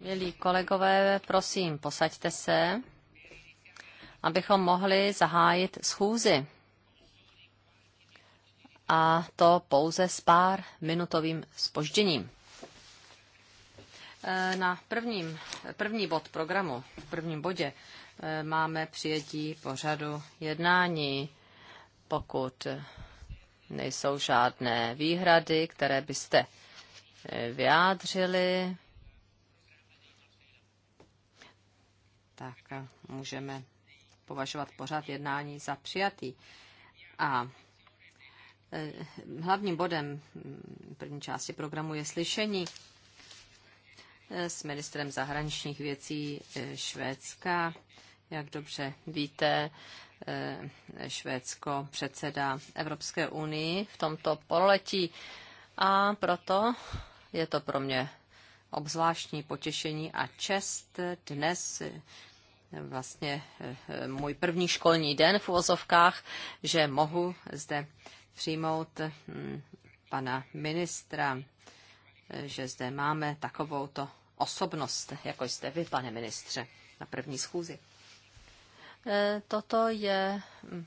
Milí kolegové, prosím, posaďte se, abychom mohli zahájit schůzi. A to pouze s pár minutovým spožděním. E, na prvním, první bod programu, v prvním bodě, e, máme přijetí pořadu jednání, pokud nejsou žádné výhrady, které byste vyjádřili, tak můžeme považovat pořád jednání za přijatý. A eh, hlavním bodem hm, první části programu je slyšení eh, s ministrem zahraničních věcí eh, Švédska. Jak dobře víte, Švédsko předseda Evropské unii v tomto pololetí a proto je to pro mě obzvláštní potěšení a čest dnes vlastně eh, můj první školní den v uvozovkách, že mohu zde přijmout hm, pana ministra, eh, že zde máme takovouto osobnost, jako jste vy, pane ministře, na první schůzi. Eh, toto je hm,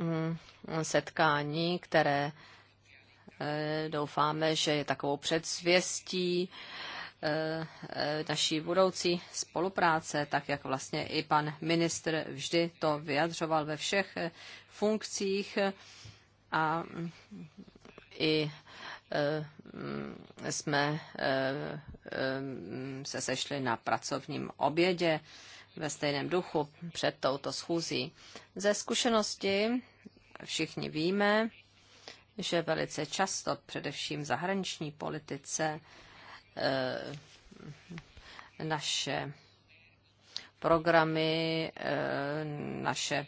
hm, setkání, které doufáme, že je takovou předzvěstí eh, eh, naší budoucí spolupráce, tak jak vlastně i pan ministr vždy to vyjadřoval ve všech eh, funkcích a mm, i mm, jsme se sešli na pracovním obědě ve stejném duchu před touto schůzí. Ze zkušenosti všichni víme, že velice často, především zahraniční politice, eh, naše programy, eh, naše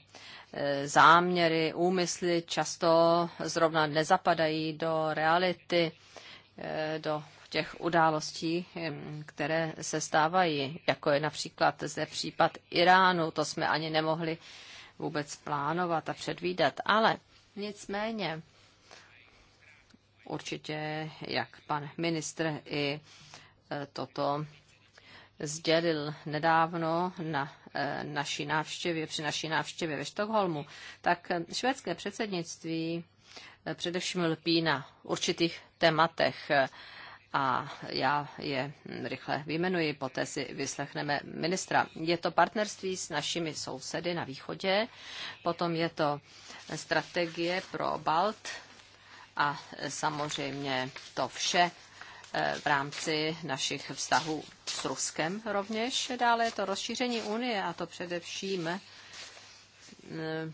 eh, záměry, úmysly často zrovna nezapadají do reality, do těch událostí, které se stávají, jako je například zde případ Iránu, to jsme ani nemohli vůbec plánovat a předvídat, ale nicméně určitě, jak pan ministr i e, toto sdělil nedávno na e, naší návštěvě, při naší návštěvě ve Štokholmu, tak švédské předsednictví e, především lpí na určitých tématech a já je rychle vyjmenuji, poté si vyslechneme ministra. Je to partnerství s našimi sousedy na východě, potom je to strategie pro Balt a e, samozřejmě to vše e, v rámci našich vztahů s Ruskem rovněž. Dále je to rozšíření Unie a to především e, mm,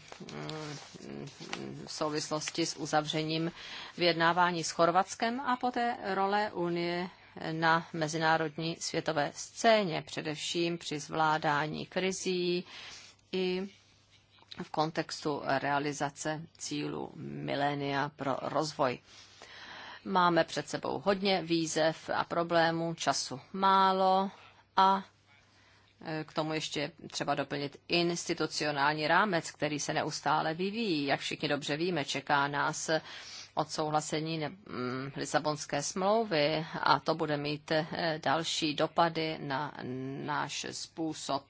v souvislosti s uzavřením vyjednávání s Chorvatskem a poté role Unie na mezinárodní světové scéně, především při zvládání krizí i v kontextu realizace cílu milénia pro rozvoj. Máme před sebou hodně výzev a problémů, času málo a e, k tomu ještě třeba doplnit institucionální rámec, který se neustále vyvíjí. Jak všichni dobře víme, čeká nás odsouhlasení mm, Lisabonské smlouvy a to bude mít e, další dopady na náš způsob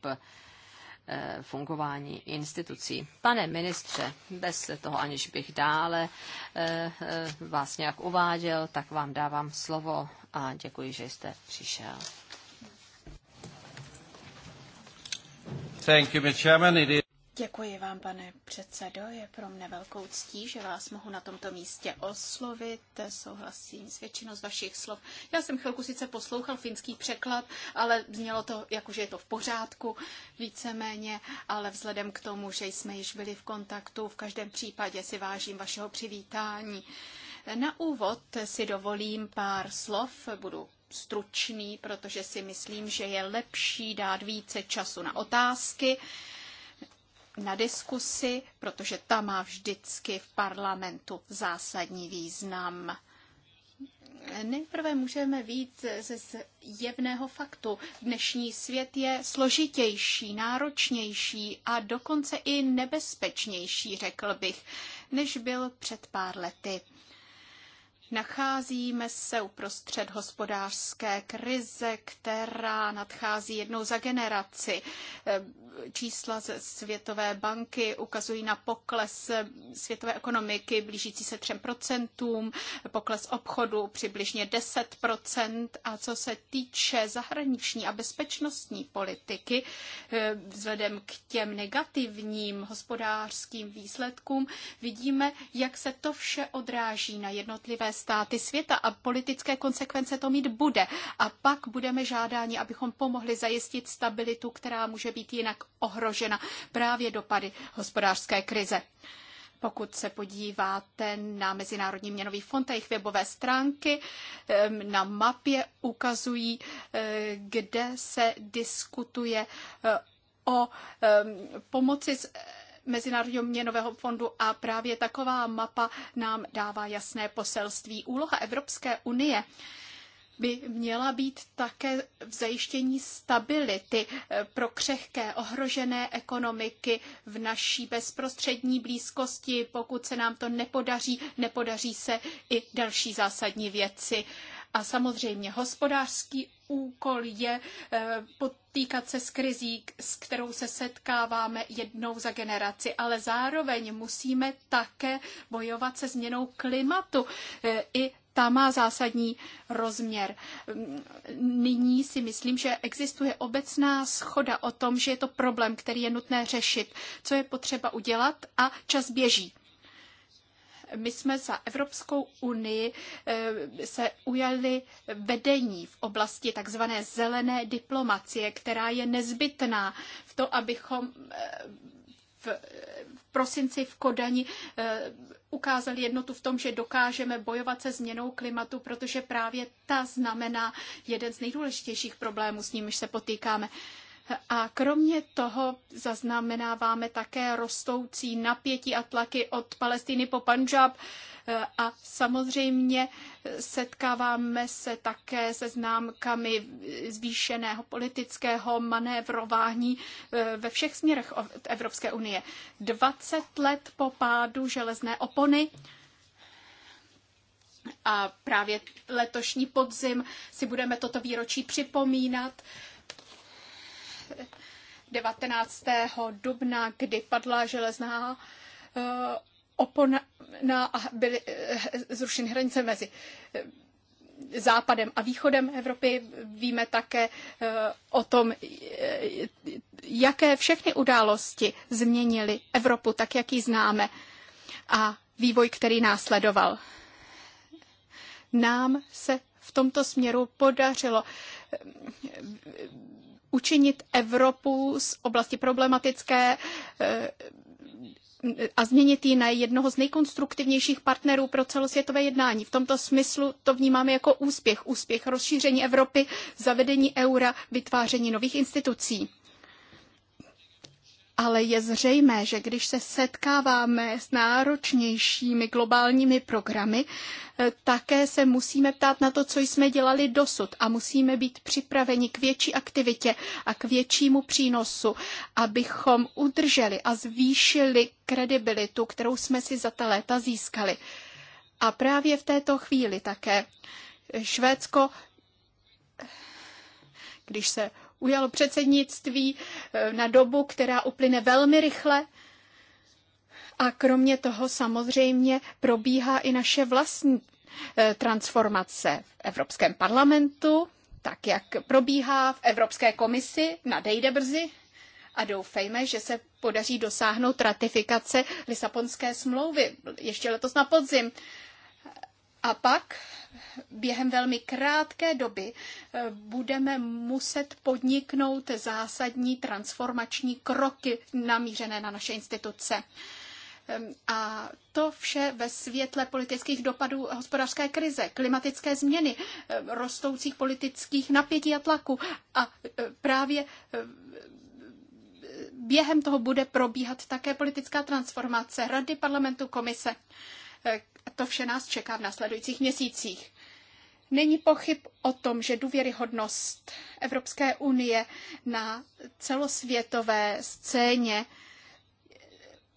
Eh, fungování institucí. Pane ministře, bez toho aniž bych dále eh, eh, vás nějak uváděl, tak vám dávám slovo a děkuji, že jste přišel. Thank you, Mr. Chairman. Děkuji vám, pane předsedo. Je pro mne velkou ctí, že vás mohu na tomto místě oslovit. Souhlasím s většinou z vašich slov. Já jsem chvilku sice poslouchal finský překlad, ale znělo to, jako že je to v pořádku, víceméně, ale vzhledem k tomu, že jsme již byli v kontaktu, v každém případě si vážím vašeho přivítání. Na úvod si dovolím pár slov, budu stručný, protože si myslím, že je lepší dát více času na otázky, na diskusi, protože ta má vždycky v parlamentu zásadní význam. Nejprve můžeme vít ze jevného faktu. Dnešní svět je složitější, náročnější a dokonce i nebezpečnější, řekl bych, než byl před pár lety. Nacházíme se uprostřed hospodářské krize, která nadchází jednou za generaci. Eh, čísla ze Světové banky ukazují na pokles světové ekonomiky blížící se 3%, pokles obchodu přibližně 10% a co se týče zahraniční a bezpečnostní politiky, eh, vzhledem k těm negativním hospodářským výsledkům, vidíme, jak se to vše odráží na jednotlivé státy světa a politické konsekvence to mít bude. A pak budeme žádáni, abychom pomohli zajistit stabilitu, která může být jinak ohrožena právě dopady hospodářské krize. Pokud se podíváte na Mezinárodní měnový fond a jejich webové stránky, na mapě ukazují, eh, kde se diskutuje eh, o pomoci z Mezinárodního měnového fondu a právě taková mapa nám dává jasné poselství. Úloha Evropské unie by měla být také v zajištění stability eh, pro křehké ohrožené ekonomiky v naší bezprostřední blízkosti. Pokud se nám to nepodaří, nepodaří se i další zásadní věci. A samozřejmě hospodářský úkol je eh, potýkat se s krizí, s kterou se setkáváme jednou za generaci, ale zároveň musíme také bojovat se změnou klimatu. Eh, I ta má zásadní rozměr. Mm, nyní si myslím, že existuje obecná schoda o tom, že je to problém, který je nutné řešit, co je potřeba udělat a čas běží. My jsme za Evropskou unii eh, se ujali vedení v oblasti takzvané zelené diplomacie, která je nezbytná v to, abychom eh, v prosinci v Kodani eh, ukázali jednotu v tom, že dokážeme bojovat se změnou klimatu, protože právě ta znamená jeden z nejdůležitějších problémů, s nimiž se potýkáme. A kromě toho zaznamenáváme také rostoucí napětí a tlaky od Palestiny po Panžab. A samozřejmě setkáváme se také se známkami zvýšeného politického manévrování eh, ve všech směrech od Evropské unie. 20 let po pádu železné opony a právě letošní podzim si budeme toto výročí připomínat. 19. dubna, kdy padla železná eh, opona a byly eh, zrušeny hranice mezi eh, západem a východem Evropy. Víme také o tom, jaké všechny události změnily Evropu, tak jak ji známe, a vývoj, který následoval. Nám se v tomto směru podařilo učinit Evropu z oblasti problematické eh, a změnit ji na jednoho z nejkonstruktivnějších partnerů pro celosvětové jednání. V tomto smyslu to vnímáme jako úspěch. Úspěch rozšíření Evropy, zavedení eura, vytváření nových institucí ale je zřejmé, že když se setkáváme s náročnějšími globálními programy, eh, také se musíme ptát na to, co jsme dělali dosud a musíme být připraveni k větší aktivitě a k většímu přínosu, abychom udrželi a zvýšili kredibilitu, kterou jsme si za ta léta získali. A právě v této chvíli také Švédsko, když se ujalo předsednictví eh, na dobu, která uplyne velmi rychle. A kromě toho samozřejmě probíhá i naše vlastní eh, transformace v Evropském parlamentu, tak jak probíhá v Evropské komisi, nadejde brzy a doufejme, že se podaří dosáhnout ratifikace Lisabonské smlouvy ještě letos na podzim. A pak během velmi krátké doby eh, budeme muset podniknout zásadní transformační kroky namířené na naše instituce. Ehm, a to vše ve světle politických dopadů hospodářské krize, klimatické změny, ehm, rostoucích politických napětí a tlaku. A eh, právě ehm, během toho bude probíhat také politická transformace Rady parlamentu komise to vše nás čeká v následujících měsících. Není pochyb o tom, že důvěryhodnost Evropské unie na celosvětové scéně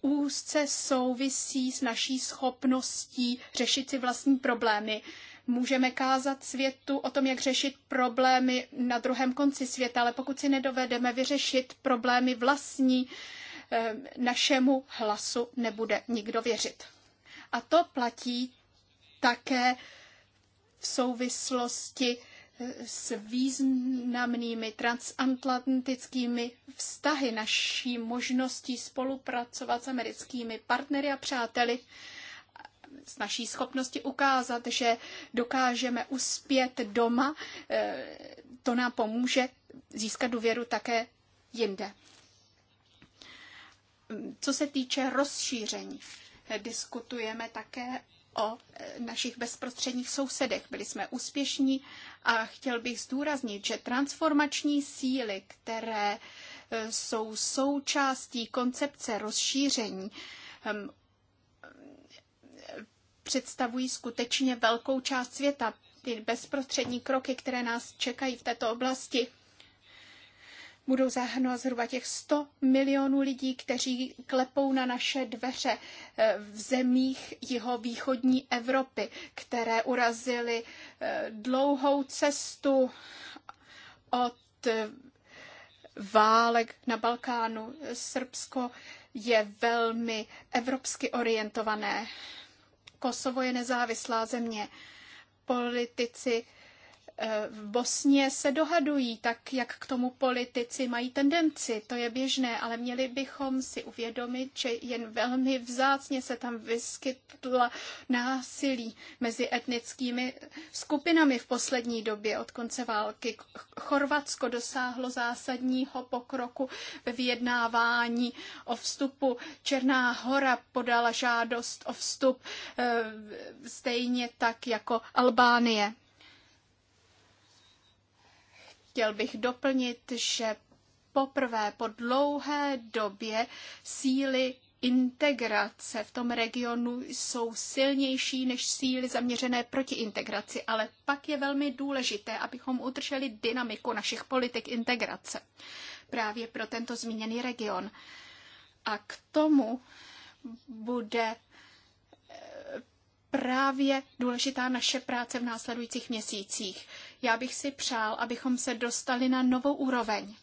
úzce souvisí s naší schopností řešit si vlastní problémy. Můžeme kázat světu o tom, jak řešit problémy na druhém konci světa, ale pokud si nedovedeme vyřešit problémy vlastní, eh, našemu hlasu nebude nikdo věřit. A to platí také v souvislosti eh, s významnými transatlantickými vztahy, naší možností spolupracovat s americkými partnery a přáteli, s naší schopnosti ukázat, že dokážeme uspět doma, eh, to nám pomůže získat důvěru také jinde. Co se týče rozšíření, diskutujeme také o e, našich bezprostředních sousedech. Byli jsme úspěšní a chtěl bych zdůraznit, že transformační síly, které e, jsou součástí koncepce rozšíření, představují skutečně velkou část světa. Ty bezprostřední kroky, které nás čekají v této oblasti, budou zahrnout zhruba těch 100 milionů lidí, kteří klepou na naše dveře eh, v zemích jeho východní Evropy, které urazily eh, dlouhou cestu od eh, válek na Balkánu. Srbsko je velmi evropsky orientované. Kosovo je nezávislá země. Politici Eh, v Bosně se dohadují tak, jak k tomu politici mají tendenci. To je běžné, ale měli bychom si uvědomit, že jen velmi vzácně se tam vyskytla násilí mezi etnickými skupinami v poslední době od konce války. Chorvatsko dosáhlo zásadního pokroku ve vyjednávání o vstupu. Černá hora podala žádost o vstup eh, stejně tak jako Albánie. Chtěl bych doplnit, že poprvé po dlouhé době síly integrace v tom regionu jsou silnější než síly zaměřené proti integraci, ale pak je velmi důležité, abychom udrželi dynamiku našich politik integrace právě pro tento zmíněný region. A k tomu bude eh, právě důležitá naše práce v následujících měsících. Já bych si přál, abychom se dostali na novou úroveň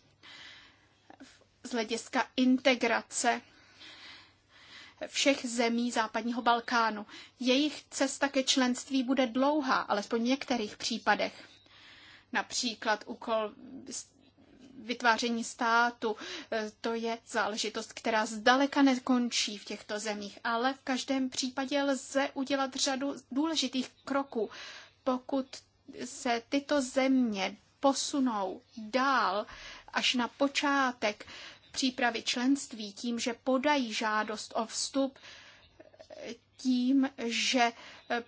z hlediska integrace všech zemí západního Balkánu. Jejich cesta ke členství bude dlouhá, alespoň v některých případech. Například úkol vytváření státu, to je záležitost, která zdaleka nekončí v těchto zemích, ale v každém případě lze udělat řadu důležitých kroků, pokud se tyto země posunou dál až na počátek přípravy členství tím, že podají žádost o vstup, tím, že eh,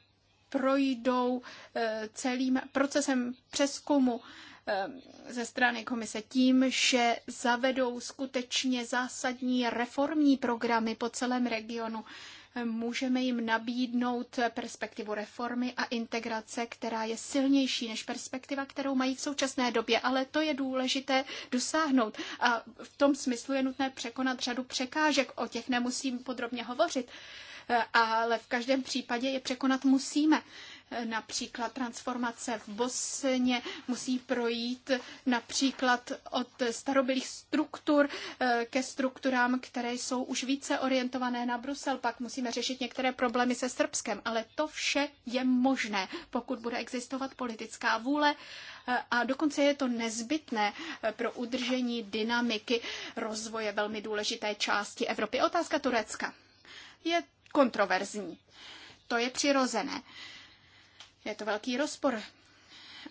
projdou eh, celým procesem přeskumu eh, ze strany komise tím, že zavedou skutečně zásadní reformní programy po celém regionu můžeme jim nabídnout perspektivu reformy a integrace, která je silnější než perspektiva, kterou mají v současné době. Ale to je důležité dosáhnout. A v tom smyslu je nutné překonat řadu překážek. O těch nemusím podrobně hovořit e, ale v každém případě je překonat musíme. Například transformace v Bosně musí projít například od starobylých struktur eh, ke strukturám, které jsou už více orientované na Brusel. Pak musíme řešit některé problémy se Srbskem, ale to vše je možné, pokud bude existovat politická vůle eh, a dokonce je to nezbytné eh, pro udržení dynamiky rozvoje velmi důležité části Evropy. Otázka Turecka je kontroverzní. To je přirozené. Je to velký rozpor.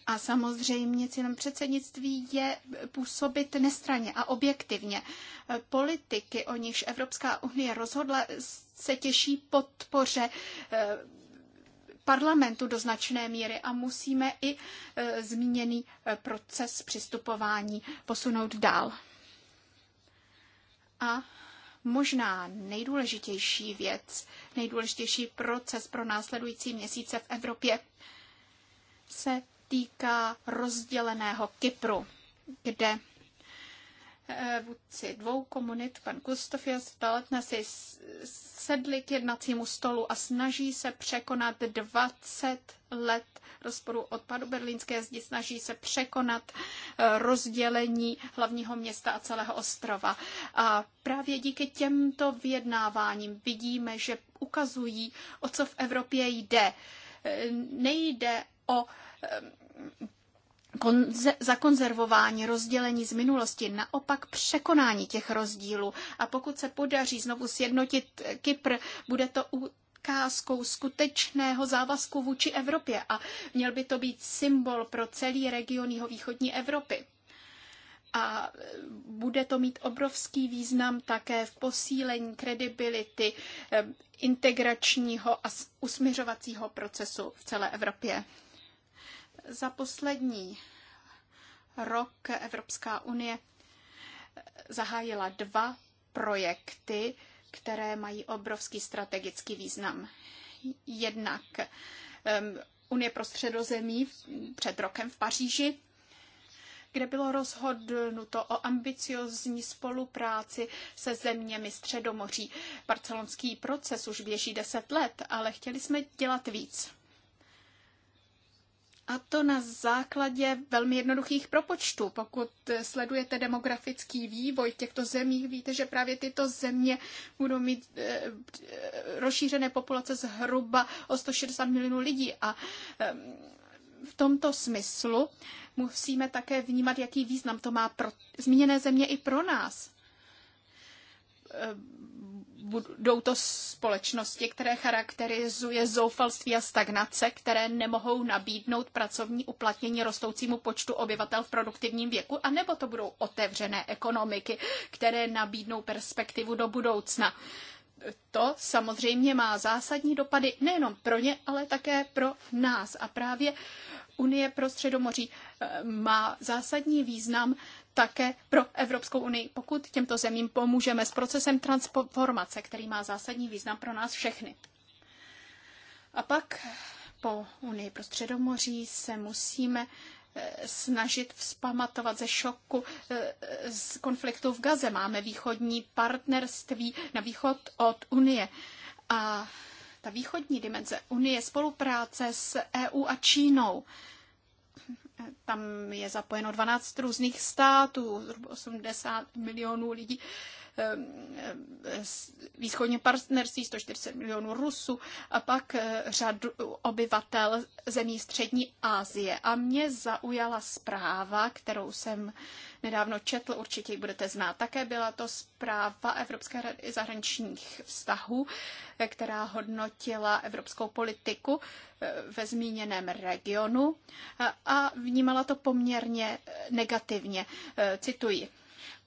A samozřejmě cílem předsednictví je působit nestraně a objektivně. Politiky, o nichž Evropská unie rozhodla, se těší podpoře eh, parlamentu do značné míry a musíme i eh, zmíněný eh, proces přistupování posunout dál. A možná nejdůležitější věc, nejdůležitější proces pro následující měsíce v Evropě se týká rozděleného Kypru, kde eh, vůdci dvou komunit, pan Gustav je Staletna, si sedli k jednacímu stolu a snaží se překonat 20 let rozporu odpadu berlínské zdi, snaží se překonat eh, rozdělení hlavního města a celého ostrova. A právě díky těmto vyjednáváním vidíme, že ukazují, o co v Evropě jde. Eh, nejde o konze- zakonzervování rozdělení z minulosti, naopak překonání těch rozdílů. A pokud se podaří znovu sjednotit Kypr, bude to ukázkou skutečného závazku vůči Evropě a měl by to být symbol pro celý region jeho východní Evropy. A bude to mít obrovský význam také v posílení kredibility integračního a usměřovacího procesu v celé Evropě. Za poslední rok Evropská unie zahájila dva projekty, které mají obrovský strategický význam. Jednak um, Unie pro středozemí před rokem v Paříži, kde bylo rozhodnuto o ambiciozní spolupráci se zeměmi Středomoří. Barcelonský proces už běží deset let, ale chtěli jsme dělat víc. A to na základě velmi jednoduchých propočtů. Pokud sledujete demografický vývoj těchto zemí, víte, že právě tyto země budou mít eh, eh, rozšířené populace zhruba o 160 milionů lidí. A ehm, v tomto smyslu musíme také vnímat, jaký význam to má pro zmíněné země i pro nás ehm, budou to společnosti, které charakterizuje zoufalství a stagnace, které nemohou nabídnout pracovní uplatnění rostoucímu počtu obyvatel v produktivním věku, anebo to budou otevřené ekonomiky, které nabídnou perspektivu do budoucna. To samozřejmě má zásadní dopady nejenom pro ně, ale také pro nás. A právě Unie pro Středomoří eh, má zásadní význam také pro Evropskou unii, pokud těmto zemím pomůžeme s procesem transformace, který má zásadní význam pro nás všechny. A pak po Unii pro Středomoří se musíme eh, snažit vzpamatovat ze šoku eh, z konfliktu v Gaze. Máme východní partnerství na východ od Unie. A ta východní dimenze Unie spolupráce s EU a Čínou tam je zapojeno 12 různých států, Zhruba 80 milionů lidí. Ehm, ehm, východní partnerství, 140 milionů Rusů a pak eh, řadu obyvatel zemí střední Asie. A mě zaujala zpráva, kterou jsem nedávno četl, určitě ji budete znát. Také byla to zpráva Evropské rady zahraničních vztahů, eh, která hodnotila evropskou politiku eh, ve zmíněném regionu a vnímala to poměrně negativně. Cituji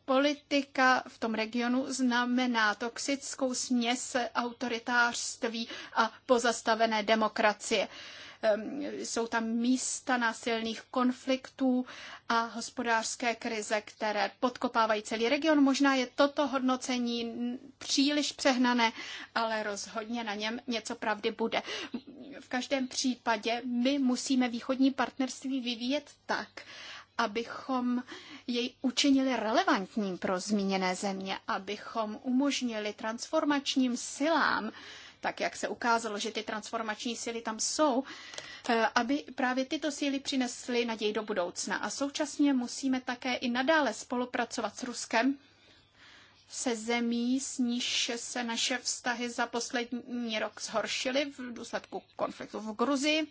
politika v tom regionu znamená toxickou směs autoritářství a pozastavené demokracie. Jsou tam místa násilných konfliktů a hospodářské krize, které podkopávají celý region. Možná je toto hodnocení příliš přehnané, ale rozhodně na něm něco pravdy bude. V každém případě my musíme východní partnerství vyvíjet tak, abychom jej učinili relevantním pro zmíněné země, abychom umožnili transformačním silám, tak jak se ukázalo, že ty transformační síly tam jsou, eh, aby právě tyto síly přinesly naději do budoucna. A současně musíme také i nadále spolupracovat s Ruskem, se zemí, s níž se naše vztahy za poslední rok zhoršily v důsledku konfliktu v Gruzii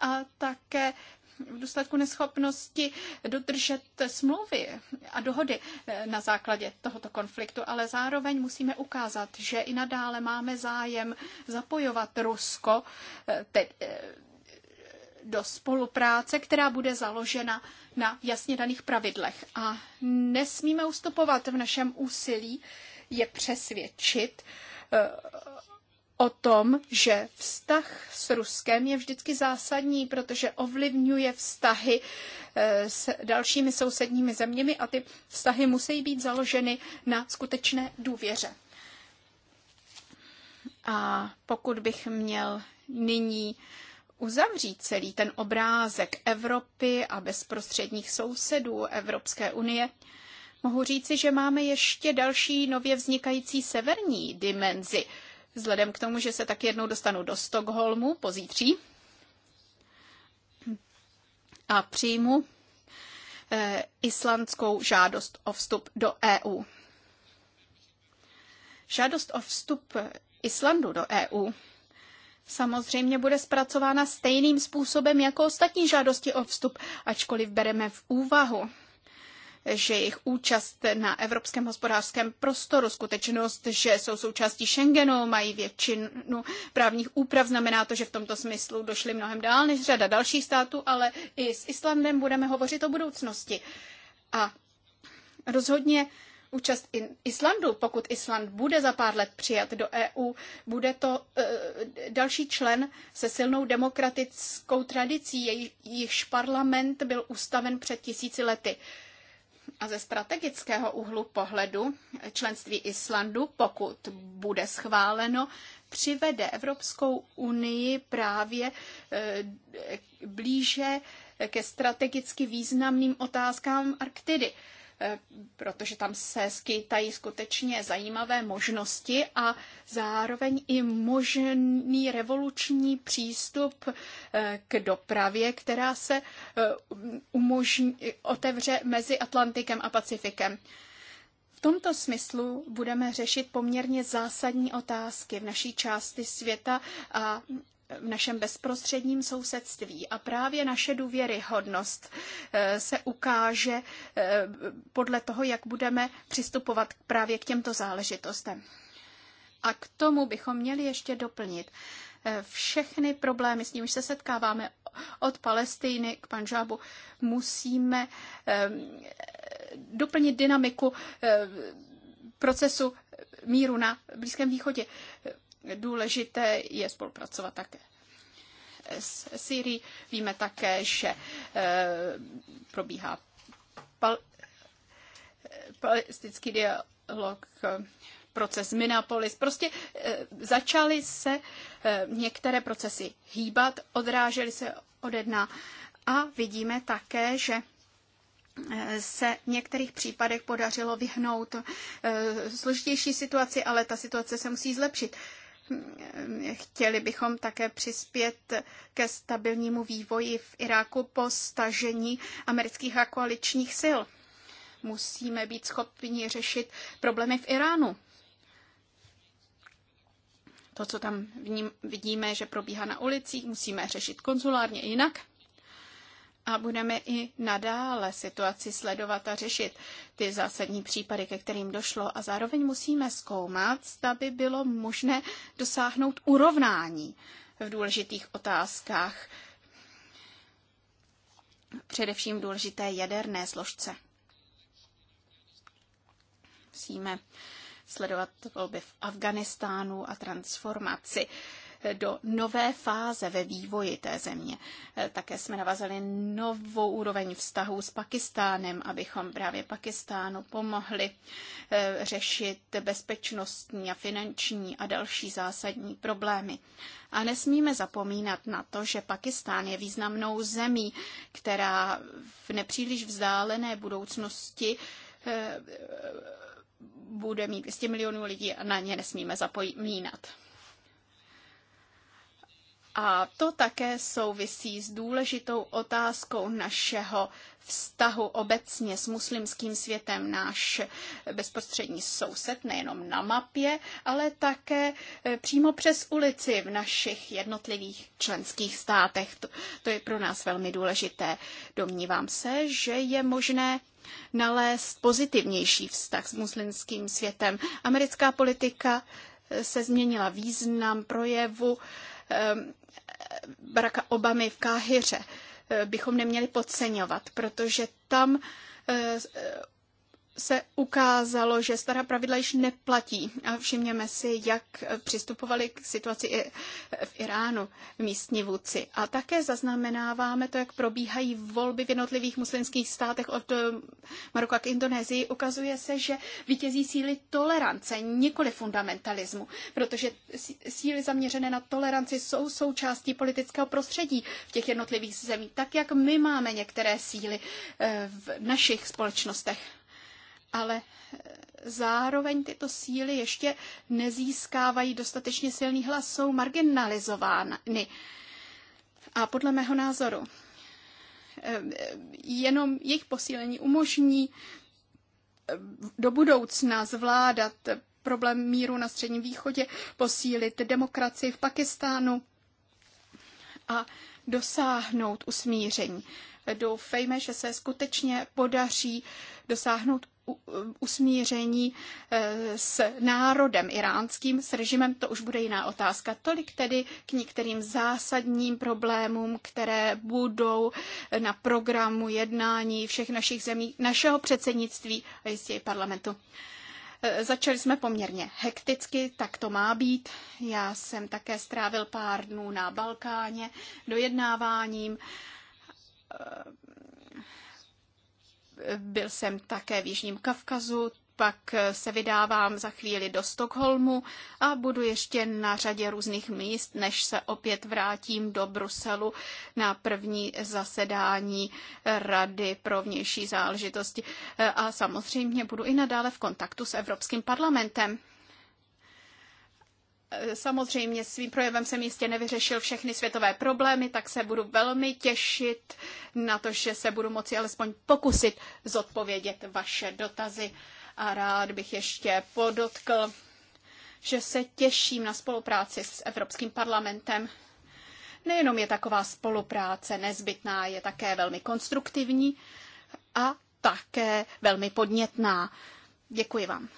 a také v důsledku neschopnosti dodržet smlouvy a dohody eh, na základě tohoto konfliktu, ale zároveň musíme ukázat, že i nadále máme zájem zapojovat Rusko eh, te, eh, do spolupráce, která bude založena na jasně daných pravidlech. A nesmíme ustupovat v našem úsilí je přesvědčit o tom, že vztah s Ruskem je vždycky zásadní, protože ovlivňuje vztahy eh, s dalšími sousedními zeměmi a ty vztahy musí být založeny na skutečné důvěře. A pokud bych měl nyní uzavřít celý ten obrázek Evropy a bezprostředních sousedů Evropské unie, mohu říci, že máme ještě další nově vznikající severní dimenzi – vzhledem k tomu, že se tak jednou dostanu do Stockholmu pozítří a přijmu eh, islandskou žádost o vstup do EU. Žádost o vstup Islandu do EU samozřejmě bude zpracována stejným způsobem jako ostatní žádosti o vstup, ačkoliv bereme v úvahu že jejich účast na evropském hospodářském prostoru, skutečnost, že jsou součástí Schengenu, mají většinu právních úprav, znamená to, že v tomto smyslu došli mnohem dál než řada dalších států, ale i s Islandem budeme hovořit o budoucnosti. A rozhodně účast Islandu, pokud Island bude za pár let přijat do EU, bude to uh, další člen se silnou demokratickou tradicí, jejichž parlament byl ustaven před tisíci lety. Uh, a ze strategického úhlu pohledu členství Islandu, pokud bude schváleno, přivede Evropskou unii právě eh, blíže ke strategicky významným otázkám Arktidy. Eh, protože tam se skýtají skutečně zajímavé možnosti a zároveň i možný revoluční přístup eh, k dopravě, která se eh, umožní, otevře mezi Atlantikem a Pacifikem. V tomto smyslu budeme řešit poměrně zásadní otázky v naší části světa a v našem bezprostředním sousedství. A právě naše důvěryhodnost eh, se ukáže eh, podle toho, jak budeme přistupovat právě k těmto záležitostem. A k tomu bychom měli ještě doplnit eh, všechny problémy, s nimiž se setkáváme od Palestiny k Panžábu, musíme doplnit dynamiku procesu míru na Blízkém východě důležité je spolupracovat také s Syrií. Víme také, že eh, probíhá pal- palestinský dialog, proces Minneapolis. Prostě eh, začaly se eh, některé procesy hýbat, odrážely se ode dna a vidíme také, že se v některých případech podařilo vyhnout složitější situaci, ale ta situace se musí zlepšit. Chtěli bychom také přispět ke stabilnímu vývoji v Iráku po stažení amerických a koaličních sil. Musíme být schopni řešit problémy v Iránu. To, co tam vním, vidíme, že probíhá na ulicích, musíme řešit konzulárně jinak a budeme i nadále situaci sledovat a řešit ty zásadní případy, ke kterým došlo a zároveň musíme zkoumat, zda by bylo možné dosáhnout urovnání v důležitých otázkách, především v důležité jaderné složce. Musíme sledovat volby v Afganistánu a transformaci uh, do nové fáze ve vývoji té země. Eh, také jsme navazali novou úroveň vztahů s Pakistánem, abychom právě Pakistánu pomohli eh, řešit bezpečnostní a finanční a další zásadní problémy. A nesmíme zapomínat na to, že Pakistán je významnou zemí, která v nepříliš vzdálené budoucnosti eh, bude mít 200 milionů lidí a na ně nesmíme zapomínat. A to také souvisí s důležitou otázkou našeho vztahu obecně s muslimským světem, náš bezprostřední soused, nejenom na mapě, ale také e, přímo přes ulici v našich jednotlivých členských státech. To, to je pro nás velmi důležité. Domnívám se, že je možné nalézt pozitivnější vztah s muslimským světem. Americká politika e, se změnila význam projevu Ehm, Baracka Obamy v Káhyře eh, bychom neměli podceňovat, protože tam eh, se ukázalo, že stará pravidla již neplatí. A všimněme si, jak přistupovali k situaci i v Iránu místní vůdci. A také zaznamenáváme to, jak probíhají volby v jednotlivých muslimských státech od eh, Maroka k Indonésii. Ukazuje se, že vítězí síly tolerance, nikoli fundamentalismu, protože síly zaměřené na toleranci jsou součástí politického prostředí v těch jednotlivých zemích, tak jak my máme některé síly eh, v našich společnostech ale eh, zároveň tyto síly ještě nezískávají dostatečně silný hlas, jsou marginalizovány. A podle mého názoru eh, jenom jejich posílení umožní eh, do budoucna zvládat problém míru na Středním východě, posílit demokracii v Pakistánu a dosáhnout usmíření. Doufejme, že se skutečně podaří dosáhnout usmíření e, s národem iránským, s režimem, to už bude jiná otázka. Tolik tedy k některým zásadním problémům, které budou na programu jednání všech našich zemí, našeho předsednictví a jistě i parlamentu. E, začali jsme poměrně hekticky, tak to má být. Já jsem také strávil pár dnů na Balkáně dojednáváním e, byl jsem také v Jižním Kavkazu, pak se vydávám za chvíli do Stockholmu a budu ještě na řadě různých míst, než se opět vrátím do Bruselu na první zasedání Rady pro vnější záležitosti. A samozřejmě budu i nadále v kontaktu s Evropským parlamentem. Samozřejmě svým projevem jsem jistě nevyřešil všechny světové problémy, tak se budu velmi těšit na to, že se budu moci alespoň pokusit zodpovědět vaše dotazy. A rád bych ještě podotkl, že se těším na spolupráci s Evropským parlamentem. Nejenom je taková spolupráce nezbytná, je také velmi konstruktivní a také velmi podnětná. Děkuji vám.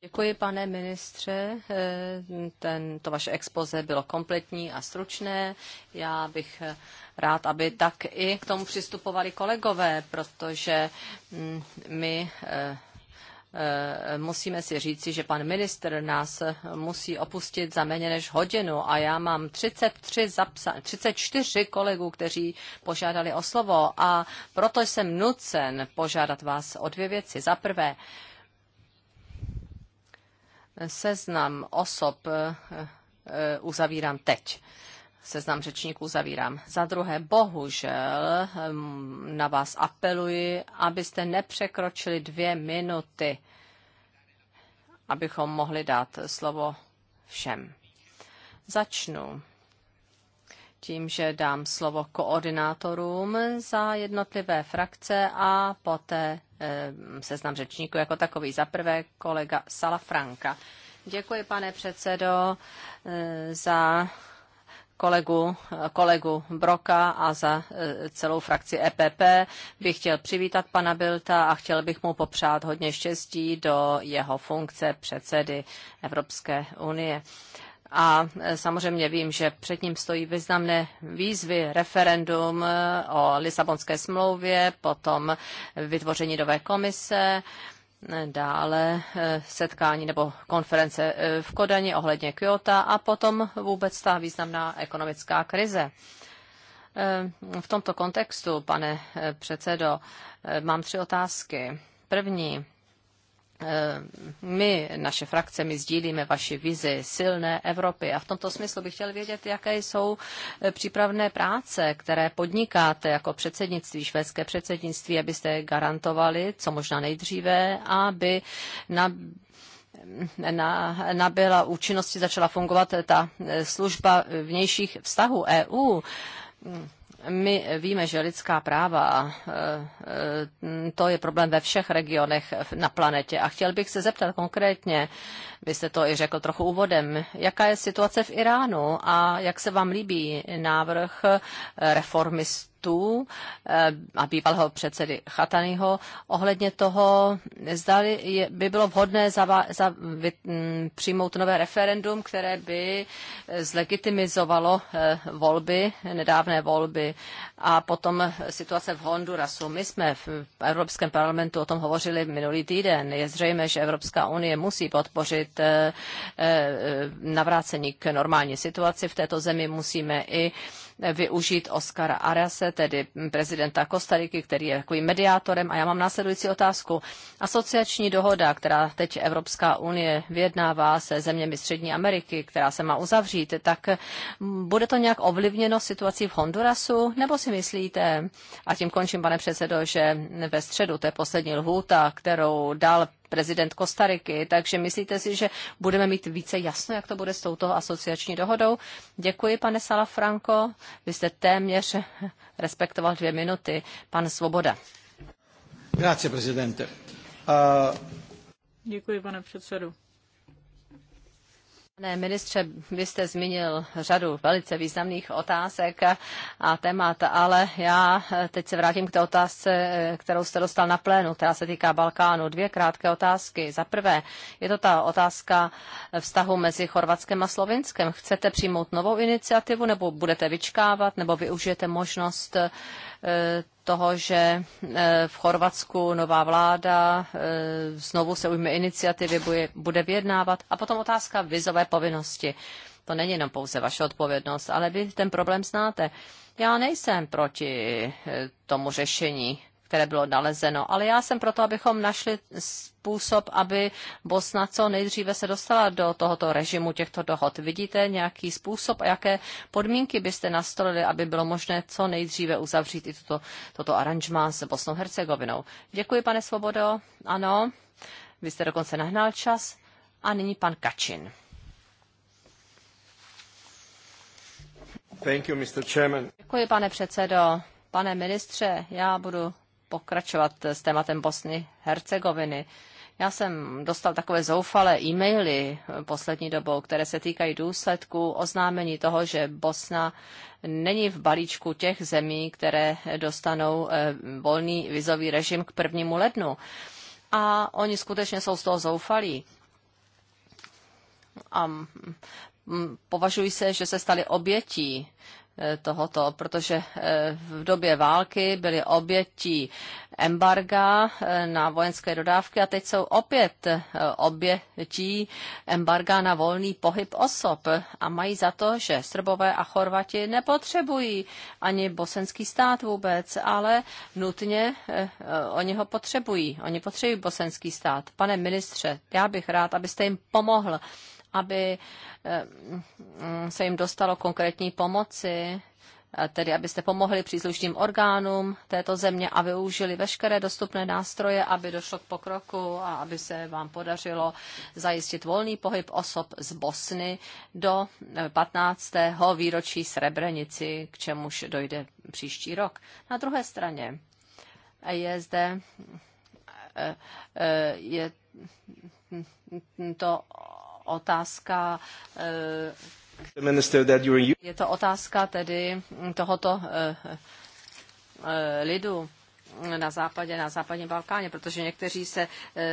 Děkuji, pane ministře. Eh, ten, to vaše expoze bylo kompletní a stručné. Já bych eh, rád, aby tak i k tomu přistupovali kolegové, protože mm, my eh, Eh, musíme si říci, že pan minister nás musí opustit za méně než hodinu a já mám 33 zapsa- 34 kolegů, kteří požádali o slovo a proto jsem nucen požádat vás o dvě věci. Za prvé, seznam osob eh, eh, uzavírám teď seznam řečníků zavírám. Za druhé, bohužel ehm, na vás apeluji, abyste nepřekročili dvě minuty, abychom mohli dát slovo všem. Začnu tím, že dám slovo koordinátorům za jednotlivé frakce a poté ehm, seznam řečníků jako takový. Za prvé kolega Salafranka. Děkuji, pane předsedo, eh, za kolegu, kolegu Broka a za e, celou frakci EPP bych chtěl přivítat pana Bilta a chtěl bych mu popřát hodně štěstí do jeho funkce předsedy Evropské unie. A e, samozřejmě vím, že před ním stojí významné výzvy, referendum e, o Lisabonské smlouvě, potom vytvoření nové komise, dále eh, setkání nebo konference eh, v Kodani ohledně Kyoto a potom vůbec ta významná ekonomická krize. Eh, v tomto kontextu, pane předsedo, mám tři otázky. První my, naše frakce, my sdílíme vaši vizi silné Evropy a v tomto smyslu bych chtěl vědět, jaké jsou eh, přípravné práce, které podnikáte jako předsednictví, švédské předsednictví, abyste garantovali, co možná nejdříve, aby na eh, na, nabyla účinnosti, začala fungovat ta eh, služba vnějších vztahů EU my víme, že lidská práva, e, to je problém ve všech regionech na planetě. A chtěl bych se zeptat konkrétně, vy jste to i řekl trochu úvodem, jaká je situace v Iránu a jak se vám líbí návrh reformistů? Britů eh, a bývalého předsedy Chatanyho ohledně toho, zda by bylo vhodné zava, za, vy, mm, přijmout nové referendum, které by eh, zlegitimizovalo eh, volby, nedávné volby a potom situace v Hondurasu. My jsme v Evropském parlamentu o tom hovořili minulý týden. Je zřejmé, že Evropská unie musí podpořit navrácení k normální situaci v této zemi. Musíme i využít Oscara Arase, tedy prezidenta Kostariky, který je takovým mediátorem. A já mám následující otázku. Asociační dohoda, která teď Evropská unie vyjednává se zeměmi Střední Ameriky, která se má uzavřít, tak bude to nějak ovlivněno situací v Hondurasu? Nebo si myslíte, a tím končím, pane předsedo, že ve středu, to je poslední lhůta, kterou dal prezident Kostariky. Takže myslíte si, že budeme mít více jasno, jak to bude s touto asociační dohodou? Děkuji, pane Salafranco. Vy jste téměř respektoval dvě minuty. Pan Svoboda. Grazie, prezidente. Uh... Děkuji, pane předsedu. Pane ministře, vy jste zmínil řadu velice významných otázek a témat, ale já eh, teď se vrátím k té otázce, eh, kterou jste dostal na plénu, která se týká Balkánu. Dvě krátké otázky. Za prvé, je to ta otázka vztahu mezi Chorvatskem a Slovinskem. Chcete přijmout novou iniciativu, nebo budete vyčkávat, nebo využijete možnost uh, Eh, toho, že eh, v Chorvatsku nová vláda eh, znovu se ujme iniciativy, bude vyjednávat. A potom otázka vizové povinnosti. To není jenom pouze vaše odpovědnost, ale vy ten problém znáte. Já nejsem proti tomu řešení které bylo nalezeno. Ale já jsem proto, abychom našli způsob, aby Bosna co nejdříve se dostala do tohoto režimu těchto dohod. Vidíte nějaký způsob a jaké podmínky byste nastolili, aby bylo možné co nejdříve uzavřít i toto toto aranžmá s Bosnou Hercegovinou. Děkuji, pane Svobodo. Ano, vy jste dokonce nahnal čas. A nyní pan Kačin. Thank you, Mr. Děkuji, pane předsedo. Pane ministře, já budu pokračovat s tématem Bosny Hercegoviny. Já jsem dostal takové zoufalé e-maily eh, poslední dobou, které se týkají důsledků oznámení toho, že Bosna není v balíčku těch zemí, které dostanou eh, volný vizový režim k prvnímu lednu. A oni skutečně jsou z toho zoufalí. A mm, mm, považují se, že se stali obětí Eh, tohoto, protože eh, v době války byly obětí embarga eh, na vojenské dodávky a teď jsou opět obětí embarga na volný pohyb osob a mají za to, že Srbové a Chorvati nepotřebují ani bosenský stát vůbec, ale nutně oni ho potřebují. Oni potřebují bosenský stát. Pane ministře, já bych rád, abyste jim pomohl aby eh, se jim dostalo konkrétní pomoci, eh, tedy abyste pomohli příslušným orgánům této země a využili veškeré dostupné nástroje, aby došlo k pokroku a aby se vám podařilo zajistit volný pohyb osob z Bosny do 15. Eh, výročí Srebrenici, k čemuž dojde příští rok. Na druhé straně je zde je to otázka eh, je to otázka tedy tohoto eh, eh, lidu na západě, na západním Balkáně, protože někteří se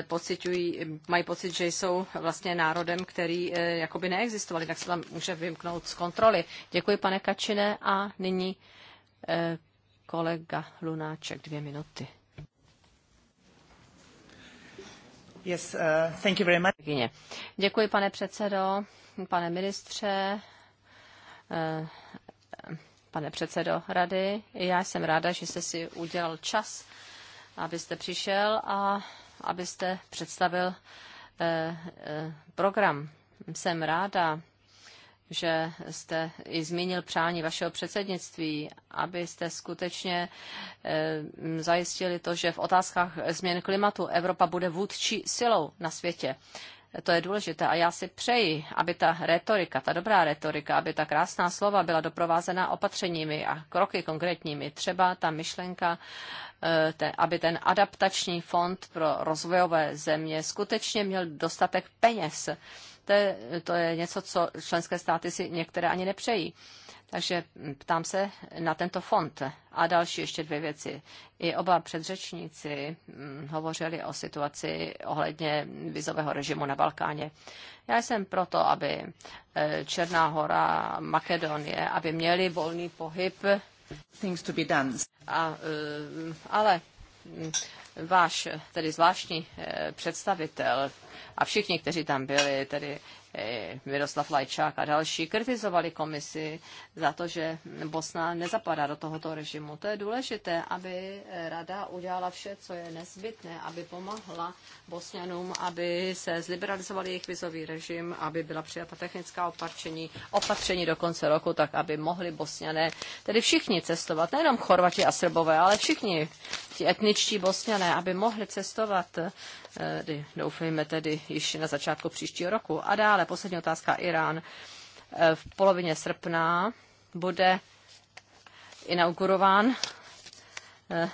pocitují, mají pocit, že jsou vlastně národem, který jakoby neexistoval, tak se tam může vymknout z kontroly. Děkuji, pane Kačine, a nyní kolega Lunáček, dvě minuty. Uh, Děkuji, pane předsedo, pane ministře, eh, pane předsedo rady. Já jsem ráda, že jste si udělal čas, abyste přišel a abyste představil eh, eh, program. Jsem ráda, že jste i zmínil přání vašeho předsednictví, abyste skutečně eh, zajistili to, že v otázkách změn klimatu Evropa bude vůdčí silou na světě. To je důležité a já si přeji, aby ta retorika, ta dobrá retorika, aby ta krásná slova byla doprovázená opatřeními a kroky konkrétními. Třeba ta myšlenka, eh, aby ten adaptační fond pro rozvojové země skutečně měl dostatek peněz to je, to je něco, co členské státy si některé ani nepřejí. Takže ptám se na tento fond. A další ještě dvě věci. I oba předřečníci mm, hovořili o situaci ohledně vizového režimu na Balkáně. Já jsem proto, aby eh, Černá hora, Makedonie, aby měli volný pohyb. Things to be done. A, eh, ale mm, váš tedy zvláštní eh, představitel a všichni, kteří tam byli, tedy Eh, Miroslav Lajčák a další, kritizovali komisi za to, že Bosna nezapadá do tohoto režimu. To je důležité, aby rada udělala vše, co je nezbytné, aby pomohla Bosňanům, aby se zliberalizoval jejich vizový režim, aby byla přijata technická opatření, opatření do konce roku, tak aby mohli Bosňané, tedy všichni cestovat, nejenom Chorvati a Srbové, ale všichni ti etničtí Bosňané, aby mohli cestovat doufejme tedy již na začátku příštího roku. A dále poslední otázka Irán. Eh, v polovině srpna bude inaugurován Eh,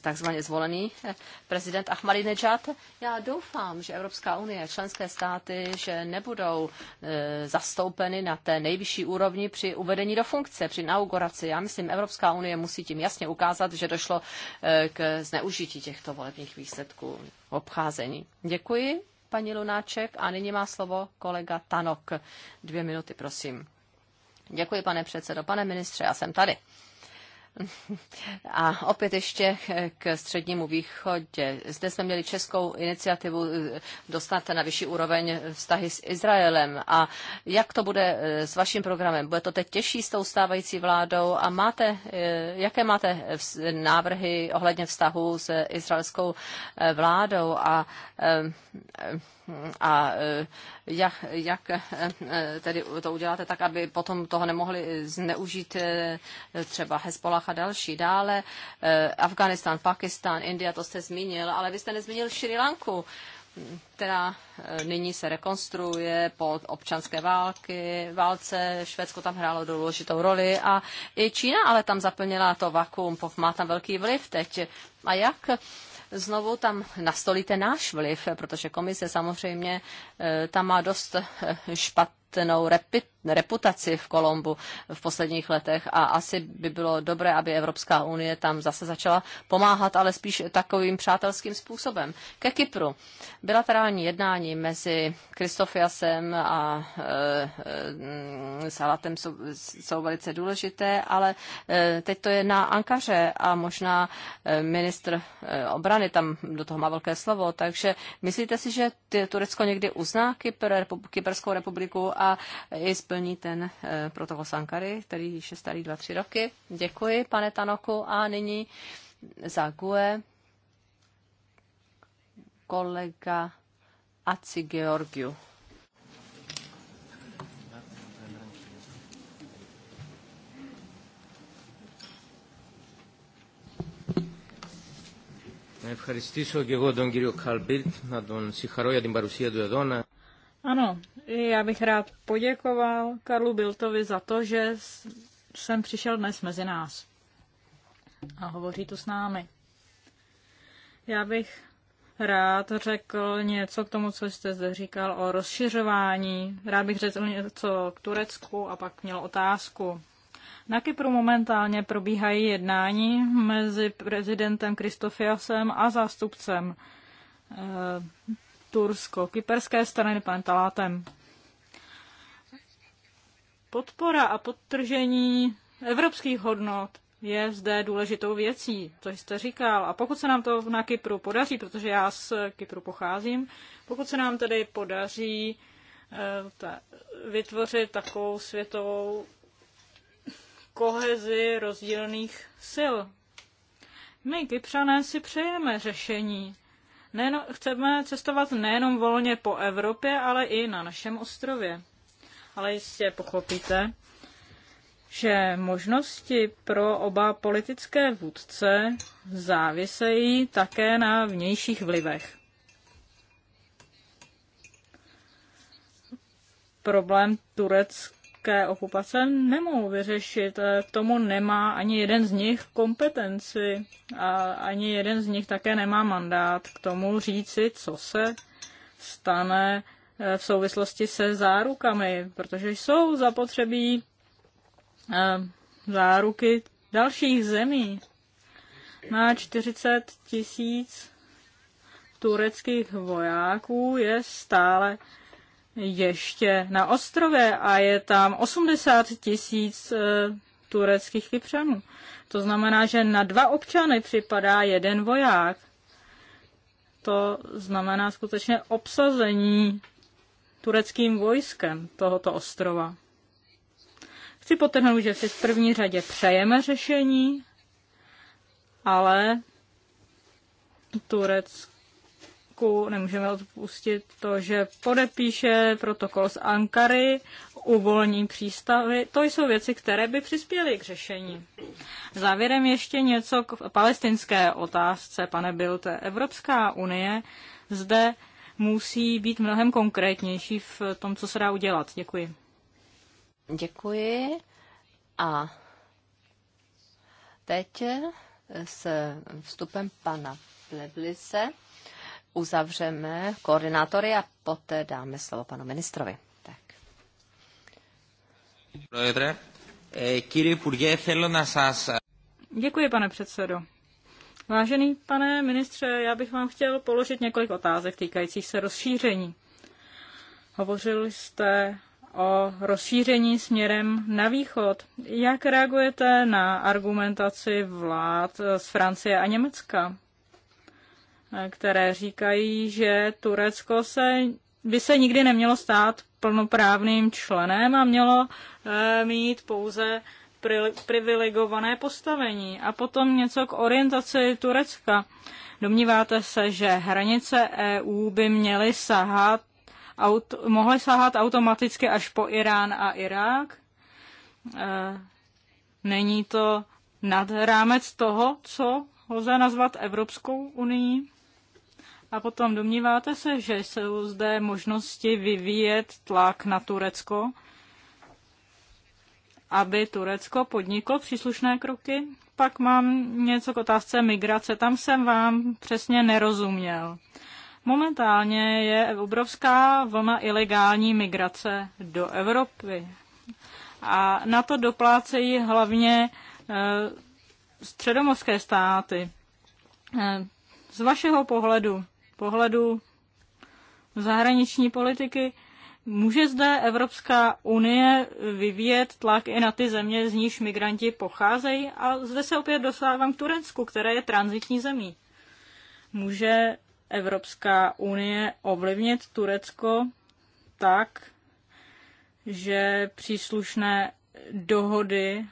takzvaně zvolený eh, prezident Ahmadinejad. Já doufám, že Evropská unie, členské státy, že nebudou eh, zastoupeny na té nejvyšší úrovni při uvedení do funkce, při inauguraci. Já myslím, Evropská unie musí tím jasně ukázat, že došlo k zneužití těchto volebních výsledků obcházení. Děkuji, paní Lunáček, a nyní má slovo kolega Tanok. Dvě minuty, prosím. Děkuji, pane předsedo. Pane ministře, já jsem tady. A opět ještě k střednímu východě. Zde jsme měli českou iniciativu eh, dostat na vyšší úroveň vztahy s Izraelem. A jak to bude eh, s vaším programem? Bude to teď těžší s tou stávající vládou? A máte, eh, jaké máte návrhy ohledně vztahu s izraelskou vládou? A, a jak, jak eh, eh, tedy to uděláte tak, aby potom toho nemohli zneužít eh, třeba Hezbollah a další. Dále Afganistán, Pakistán, India, to jste zmínil, ale vy jste nezmínil Sri Lanku která nyní se rekonstruuje po občanské války, válce, Švédsko tam hrálo důležitou roli a i Čína ale tam zaplnila to vakuum, má tam velký vliv teď. A jak znovu tam nastolíte náš vliv, protože komise samozřejmě eh, tam má dost eh, špatnou reputaci v Kolombu v posledních letech a asi by bylo dobré, aby Evropská unie tam zase začala pomáhat, ale spíš takovým přátelským způsobem. Ke Kypru. Bilaterální jednání mezi Kristofiasem a e, e Salatem jsou, jsou velice důležité, ale e, teď to je na Ankaře a možná e, ministr e, obrany tam do toho má velké slovo, takže myslíte si, že Turecko někdy uzná Kypr, Kyperskou republiku a i doplní ten eh, protokol Sankary, který již je starý 2-3 roky. Děkuji, pane Tanoku. A nyní za GUE kolega Aci Georgiu. ευχαριστήσω και εγώ τον κύριο Καλμπίρτ, να τον συγχαρώ για την παρουσία του εδώ. Ano, já bych rád poděkoval Karlu Biltovi za to, že jsem přišel dnes mezi nás a hovoří tu s námi. Já bych rád řekl něco k tomu, co jste zde říkal o rozšiřování. Rád bych řekl něco k Turecku a pak měl otázku. Na Kypru momentálně probíhají jednání mezi prezidentem Kristofiasem a zástupcem eh, Tursko, kyperské strany pan Talátem. Podpora a podtržení evropských hodnot je zde důležitou věcí, co jste říkal. A pokud se nám to na Kypru podaří, protože já z Kypru pocházím, pokud se nám tedy podaří eh, vytvořit takovou světovou kohezi rozdílných sil. My, Kypřané, si přejeme řešení Nejen, chceme cestovat nejenom volně po Evropě, ale i na našem ostrově. Ale jistě pochopíte, že možnosti pro oba politické vůdce závisejí také na vnějších vlivech. Problém Turecka ruské okupace nemohou vyřešit. Eh, k tomu nemá ani jeden z nich kompetenci a ani jeden z nich také nemá mandát k tomu říci, co se stane eh, v souvislosti se zárukami, protože jsou zapotřebí eh, záruky dalších zemí. Na 40 tisíc tureckých vojáků je stále ještě na ostrově a je tam 80 tisíc e, tureckých kypřanů. To znamená, že na dva občany připadá jeden voják. To znamená skutečně obsazení tureckým vojskem tohoto ostrova. Chci potrhnout, že si v první řadě přejeme řešení, ale Turecko Turecku nemůžeme odpustit to, že podepíše protokol z Ankary, uvolní přístavy. To jsou věci, které by přispěly k řešení. Závěrem ještě něco k palestinské otázce, pane Bilte. Evropská unie zde musí být mnohem konkrétnější v tom, co se dá udělat. Děkuji. Děkuji. A teď se vstupem pana Pleblice uzavřeme koordinátory a poté dáme slovo panu ministrovi. Tak. Eh, eh. Děkuji, pane předsedo. Vážený pane ministře, já bych vám chtěl položit několik otázek týkajících se rozšíření. Hovořil jste o rozšíření směrem na východ. Jak reagujete na argumentaci vlád z Francie a Německa? které říkají, že Turecko se, by se nikdy nemělo stát plnoprávným členem a mělo eh, mít pouze privilegované postavení. A potom něco k orientaci Turecka. Domníváte se, že hranice EU by měly sahat, aut, mohly sahat automaticky až po Irán a Irák? E, není to nad rámec toho, co lze nazvat Evropskou unii? A potom domníváte se, že jsou zde možnosti vyvíjet tlak na Turecko, aby Turecko podniklo příslušné kroky? Pak mám něco k otázce migrace. Tam jsem vám přesně nerozuměl. Momentálně je obrovská vlna ilegální migrace do Evropy. A na to doplácejí hlavně e, středomorské státy. E, z vašeho pohledu, pohledu zahraniční politiky, může zde Evropská unie vyvíjet tlak i na ty země, z níž migranti pocházejí? A zde se opět dostávám k Turecku, které je transitní zemí. Může Evropská unie ovlivnit Turecko tak, že příslušné dohody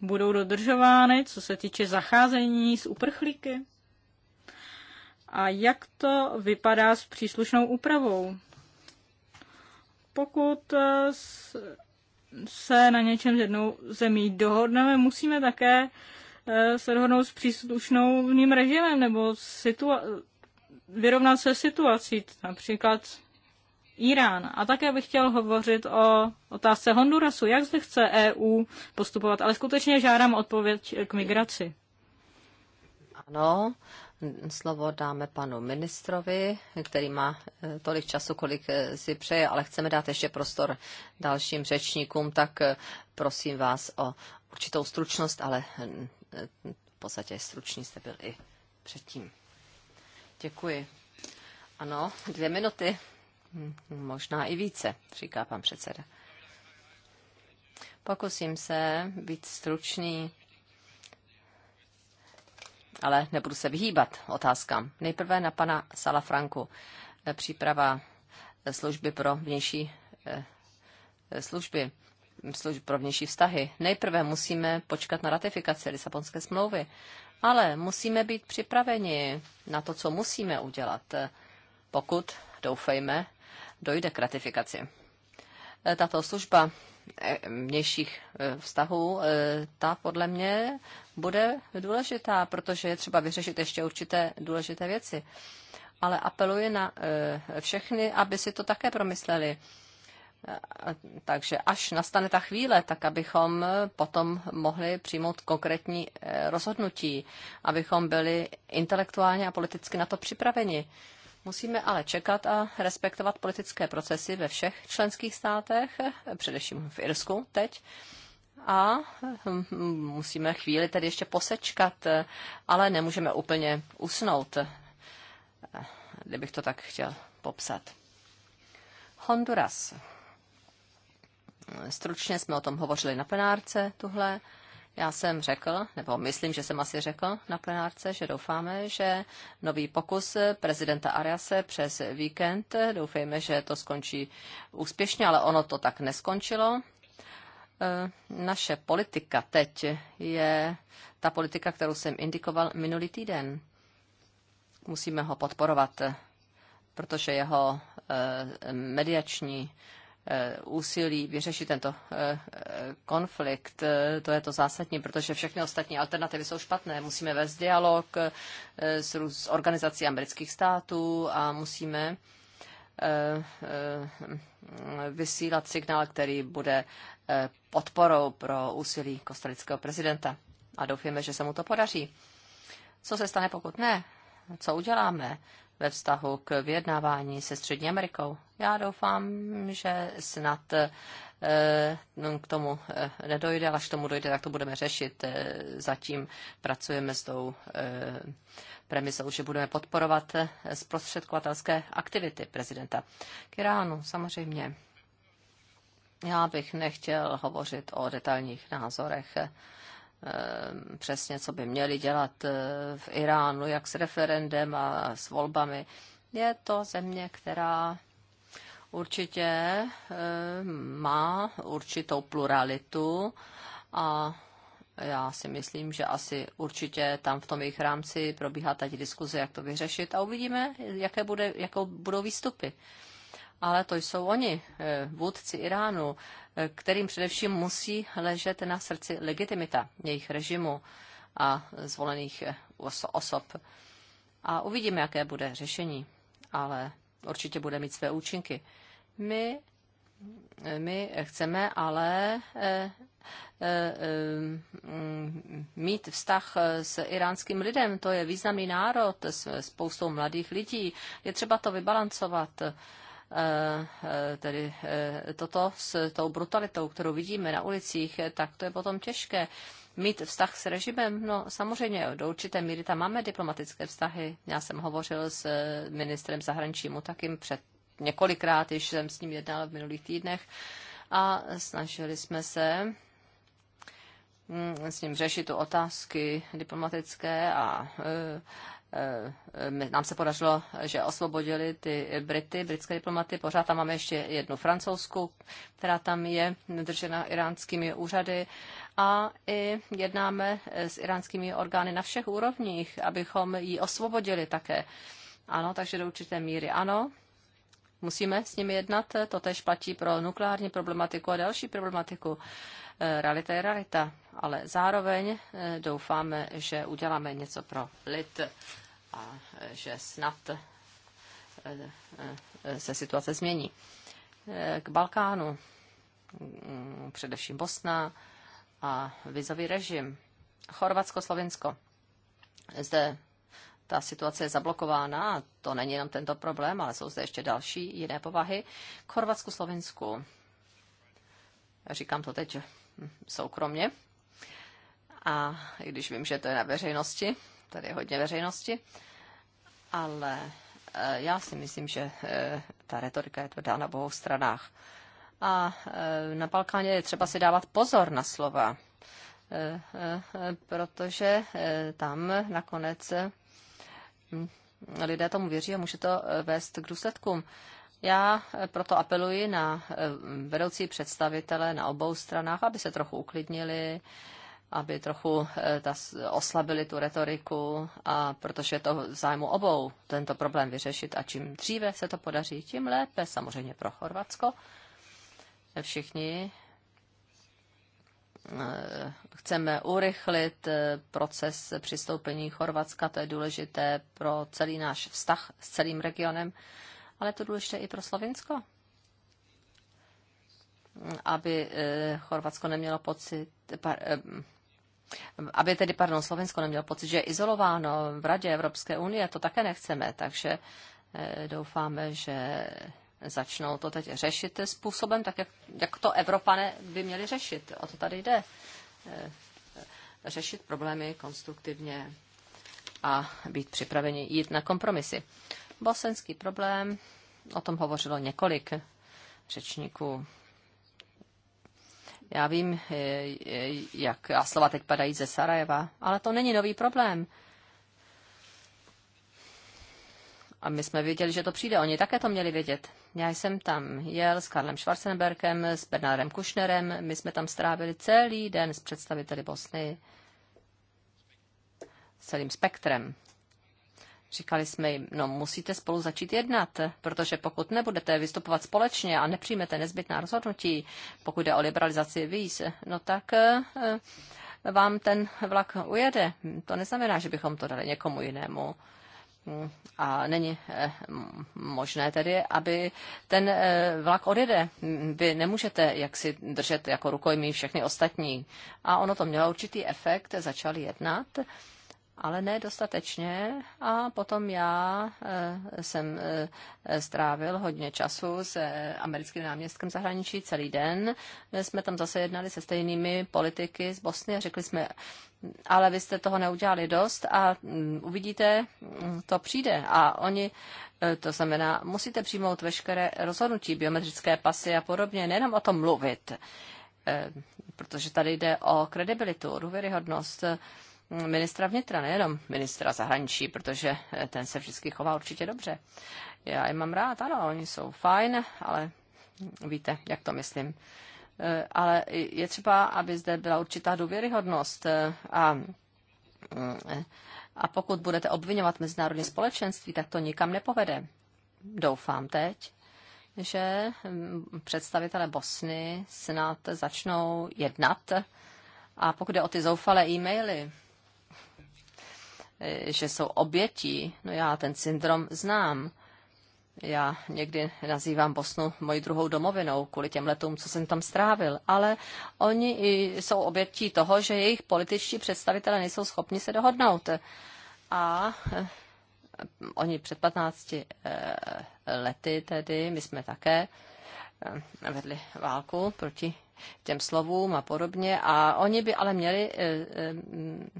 budou dodržovány, co se týče zacházení s uprchlíky? A jak to vypadá s příslušnou úpravou? Pokud eh, se na něčem z jednou zemí dohodneme, musíme také eh, se dohodnout s příslušnou vním režimem nebo situa- vyrovnat se situací, například Irán. A také bych chtěl hovořit o otázce Hondurasu. Jak zde chce EU postupovat? Ale skutečně žádám odpověď k migraci. Ano, slovo dáme panu ministrovi, který má eh, tolik času, kolik eh, si přeje, ale chceme dát ještě prostor dalším řečníkům, tak eh, prosím vás o určitou stručnost, ale v podstatě stručný jste byl i předtím. Děkuji. Ano, dvě minuty, hm, možná i více, říká pan předseda. Pokusím se být stručný ale nebudu se vyhýbat otázkám. Nejprve na pana Salafranku. Eh, příprava eh, služby pro vnější eh, služby, služby pro vnější vztahy. Nejprve musíme počkat na ratifikaci Lisabonské smlouvy, ale musíme být připraveni na to, co musíme udělat, pokud, doufejme, dojde k ratifikaci. Tato služba Eh, vnějších eh, vztahů, eh, ta podle mě bude důležitá, protože je třeba vyřešit ještě určité důležité věci. Ale apeluji na všechny, aby si to také promysleli. Takže až nastane ta chvíle, tak abychom potom mohli přijmout konkrétní rozhodnutí, abychom byli intelektuálně a politicky na to připraveni. Musíme ale čekat a respektovat politické procesy ve všech členských státech, především v Irsku teď. A hm, musíme chvíli tedy ještě posečkat, ale nemůžeme úplně usnout, kdybych to tak chtěl popsat. Honduras. Stručně jsme o tom hovořili na plenárce tuhle. Já jsem řekl, nebo myslím, že jsem asi řekl na plenárce, že doufáme, že nový pokus prezidenta Ariase přes víkend, doufejme, že to skončí úspěšně, ale ono to tak neskončilo. Eh, naše politika teď je ta politika, kterou jsem indikoval minulý týden. Musíme ho podporovat, protože jeho eh, mediační Eh, úsilí vyřešit tento eh, konflikt. Eh, to je to zásadní, protože všechny ostatní alternativy jsou špatné. Musíme vést dialog s, organizací amerických států a musíme vysílat signál, který bude podporou pro úsilí kostelického prezidenta. A doufáme, že se mu to podaří. Co se stane, pokud ne? Co uděláme? ve vztahu k vyjednávání se Střední Amerikou. Já doufám, že snad eh, no, k tomu eh, nedojde, ale až k tomu dojde, tak to budeme řešit. Eh, zatím pracujeme s tou premisou, že budeme podporovat zprostředkovatelské aktivity prezidenta Kiránu, samozřejmě. Já bych nechtěl hovořit o detailních názorech Ehm, přesně, co by měli dělat eh, v Iránu, jak s referendem a s volbami. Je to země, která určitě ehm, má určitou pluralitu a já si myslím, že asi určitě tam v tom jejich rámci probíhá teď diskuze, jak to vyřešit a uvidíme, jaké bude, jakou budou výstupy ale to jsou oni, eh, vůdci Iránu, eh, kterým především musí ležet na srdci legitimita jejich režimu a zvolených eh, osob. A uvidíme, jaké bude řešení, ale určitě bude mít své účinky. My, my chceme ale mít vztah s iránským lidem. To je významný národ s spoustou mladých lidí. Je třeba to vybalancovat Eh, eh, tedy eh, toto s tou brutalitou, kterou vidíme na ulicích, tak to je potom těžké mít vztah s režimem? No samozřejmě do určité míry tam máme diplomatické vztahy. Já jsem hovořil s ministrem zahraničí takým před několikrát, již jsem s ním jednal v minulých týdnech a snažili jsme se mm, s ním řešit tu otázky diplomatické a Eh, eh, nám se podařilo, že osvobodili ty Brity, britské diplomaty. Pořád tam máme ještě jednu francouzskou, která tam je držena iránskými úřady. A i jednáme eh, s iránskými orgány na všech úrovních, abychom ji osvobodili také. Ano, takže do určité míry ano. Musíme s nimi jednat, eh, to tež platí pro nukleární problematiku a další problematiku. Eh, realita je realita, ale zároveň eh, doufáme, že uděláme něco pro lid a že snad se situace změní. K Balkánu, mm, především Bosna a vizový režim. Chorvatsko, Slovinsko. Zde ta situace je zablokována, to není jenom tento problém, ale jsou zde ještě další jiné povahy, k Chorvatsku, Slovensku. Říkám to teď hm, soukromně. A i když vím, že to je na veřejnosti, tady je hodně veřejnosti, ale e, já si myslím, že e, ta retorika je tvrdá na obou stranách. A e, na Balkáně je třeba si dávat pozor na slova, protože tam nakonec lidé tomu věří a může to eh, vést k důsledkům. Já eh, proto apeluji na eh, vedoucí představitele na obou stranách, aby se trochu uklidnili, aby trochu ta, oslabili tu retoriku, a protože je to v zájmu obou tento problém vyřešit a čím dříve se to podaří, tím lépe, samozřejmě pro Chorvatsko. Všichni Eh, chceme urychlit eh, proces přistoupení Chorvatska, to je důležité pro celý náš vztah s celým regionem, ale je to důležité i pro Slovinsko, aby eh, Chorvatsko nemělo pocit, aby tedy, pardon, Slovensko nemělo pocit, že je izolováno v Radě Evropské unie, to také nechceme, takže doufáme, že začnou to teď řešit způsobem, tak jak, jak to Evropané by měli řešit. O to tady jde. Eh, řešit problémy konstruktivně a být připraveni jít na kompromisy. Bosenský problém, o tom hovořilo několik řečníků. Já vím, eh, eh, jak a slova teď padají ze Sarajeva, ale to není nový problém. A my jsme věděli, že to přijde. Oni také to měli vědět. Já jsem tam jel s Karlem Schwarzenberkem, s Bernardem Kušnerem. My jsme tam strávili celý den s představiteli Bosny, s celým spektrem. Říkali jsme jim, no musíte spolu začít jednat, protože pokud nebudete vystupovat společně a nepřijmete nezbytná rozhodnutí, pokud jde o liberalizaci víz, no tak eh, eh, vám ten vlak ujede. To neznamená, že bychom to dali někomu jinému a není eh, možné tedy, aby ten eh, vlak odjede. Vy nemůžete jaksi držet jako rukojmí všechny ostatní. A ono to mělo určitý efekt, začali jednat ale ne dostatečně. A potom já eh, jsem eh, strávil hodně času s eh, americkým náměstkem zahraničí celý den. Jsme tam zase jednali se stejnými politiky z Bosny a řekli jsme, ale vy jste toho neudělali dost a mm, uvidíte, mm, to přijde. A oni, to znamená, musíte přijmout veškeré rozhodnutí, biometrické pasy a podobně, nejenom o tom mluvit, protože tady jde o kredibilitu, důvěryhodnost ministra vnitra, nejenom ministra zahraničí, protože eh, ten se vždycky chová určitě dobře. Já je mám rád, ano, oni jsou fajn, ale víte, jak to myslím. Eh, ale je třeba, aby zde byla určitá důvěryhodnost eh, a a pokud budete obvinovat mezinárodní společenství, tak to nikam nepovede. Doufám teď, že hm, představitelé Bosny snad začnou jednat. A pokud jde o ty zoufalé e-maily, Eh, že jsou obětí. No já ten syndrom znám. Já někdy nazývám Bosnu mojí druhou domovinou kvůli těm letům, co jsem tam strávil, ale oni jsou obětí toho, že jejich političtí představitelé nejsou schopni se dohodnout. A eh, oni před 15 eh, lety tedy, my jsme také vedli válku proti těm slovům a podobně. A oni by ale měli eh, eh,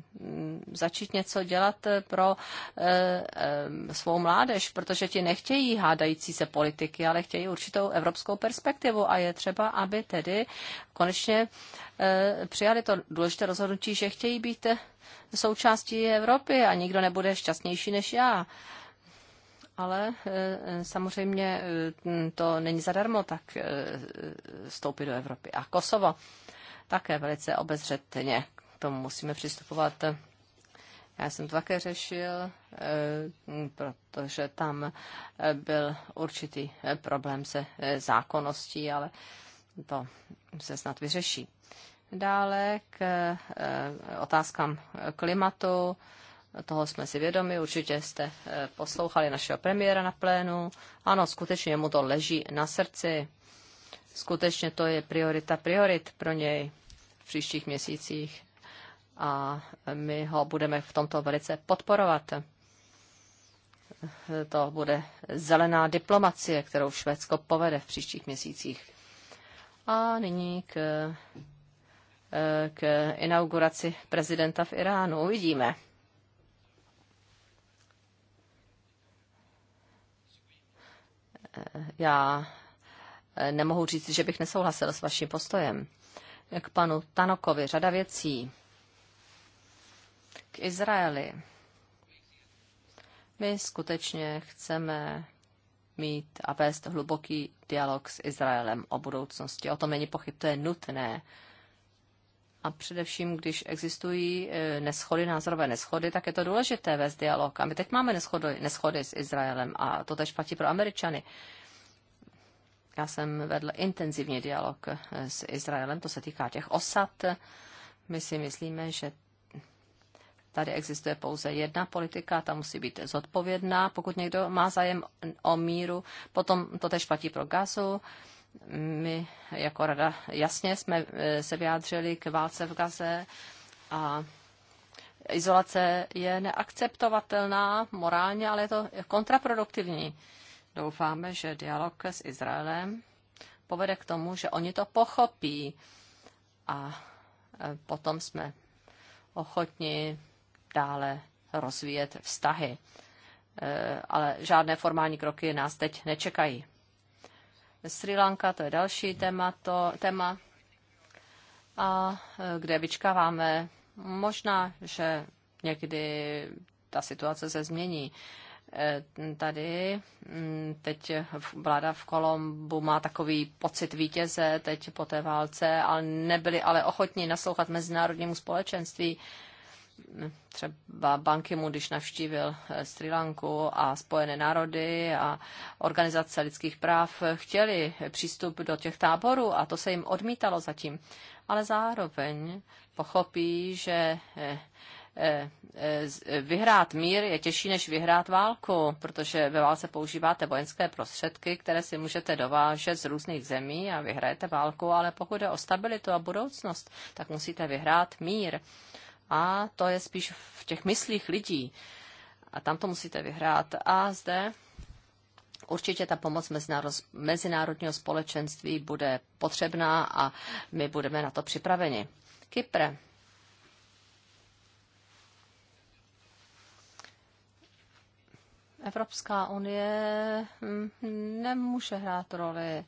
začít něco dělat eh, pro svou mládež, protože ti nechtějí hádající se politiky, ale chtějí určitou evropskou perspektivu a je třeba, aby tedy konečně přijali to důležité rozhodnutí, že chtějí být součástí Evropy a nikdo nebude šťastnější než já ale eh, eh, samozřejmě eh, to není zadarmo, tak vstoupit do Evropy. A Kosovo také velice obezřetně k tomu musíme přistupovat. Já jsem to také řešil, protože tam byl určitý problém se zákonností, ale to se snad vyřeší. Dále k otázkám klimatu toho jsme si vědomi, určitě jste eh, poslouchali našeho premiéra na plénu. Ano, skutečně mu to leží na srdci. Skutečně to je priorita priorit pro něj v příštích měsících a my ho budeme v tomto velice podporovat. To bude zelená diplomacie, kterou Švédsko povede v příštích měsících. A nyní k, eh, k inauguraci prezidenta v Iránu. Uvidíme já eh, nemohu říct, že bych nesouhlasil s vaším postojem. K panu Tanokovi řada věcí. K Izraeli. My skutečně chceme mít a vést hluboký dialog s Izraelem o budoucnosti. O tom není pochyb, to je nutné. A především, když existují e, neschody, názorové neschody, tak je to důležité vést dialog. A my teď máme neschody, neschody s Izraelem a to tež platí pro Američany. Já jsem vedl intenzivní dialog e, s Izraelem, to se týká těch osad. My si myslíme, že tady existuje pouze jedna politika, ta musí být zodpovědná. Pokud někdo má zájem o míru, potom to tež platí pro gazu. My jako rada jasně jsme eh, se vyjádřili k válce v Gaze a izolace je neakceptovatelná morálně, ale je to kontraproduktivní. Doufáme, že dialog s Izraelem povede k tomu, že oni to pochopí a eh, potom jsme ochotni dále rozvíjet vztahy. Eh, ale žádné formální kroky nás teď nečekají. Sri Lanka, to je další téma, to, téma a e, kde vyčkáváme. Možná, že někdy ta situace se změní. E, tady mm, teď vláda v Kolombu má takový pocit vítěze teď po té válce, ale nebyli ale ochotní naslouchat mezinárodnímu společenství třeba Banky mu, když navštívil eh, Sri Lanku a Spojené národy a organizace lidských práv eh, chtěli přístup do těch táborů a to se jim odmítalo zatím. Ale zároveň pochopí, že eh, vyhrát mír je těžší než vyhrát válku, protože ve válce používáte vojenské prostředky, které si můžete dovážet z různých zemí a vyhrajete válku, ale pokud je o stabilitu a budoucnost, tak musíte vyhrát mír a to je spíš v těch myslích lidí. A tam to musíte vyhrát. A zde Určitě ta pomoc mezinárodního společenství bude potřebná a my budeme na to připraveni. Kypr. Evropská unie hm, nemůže hrát roli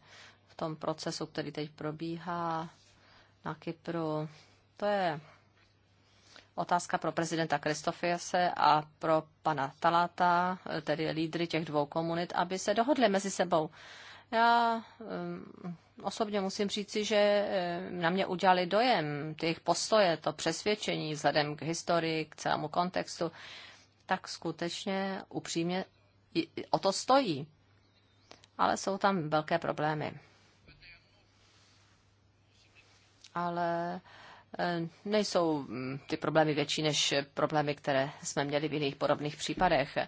v tom procesu, který teď probíhá na Kypru. To je Otázka pro prezidenta Kristofiase a pro pana Talata, tedy lídry těch dvou komunit, aby se dohodli mezi sebou. Já um, osobně musím říci, že um, na mě udělali dojem těch postoje, to přesvědčení vzhledem k historii, k celému kontextu, tak skutečně upřímně o to stojí. Ale jsou tam velké problémy. Ale Eh, nejsou mm, ty problémy větší než problémy, které jsme měli v jiných podobných případech.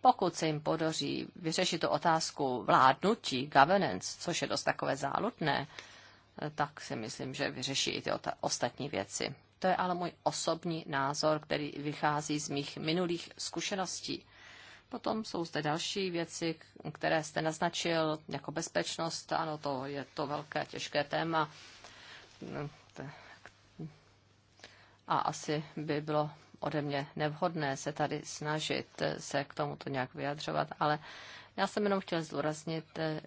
Pokud se jim podaří vyřešit tu otázku vládnutí, governance, což je dost takové záludné, eh, tak si myslím, že vyřeší i ty ostatní věci. To je ale můj osobní názor, který vychází z mých minulých zkušeností. Potom jsou zde další věci, které jste naznačil, jako bezpečnost. Ano, to je to velké, těžké téma hm, a asi by bylo ode mě nevhodné se tady snažit se k tomuto nějak vyjadřovat, ale já jsem jenom chtěl zdůraznit,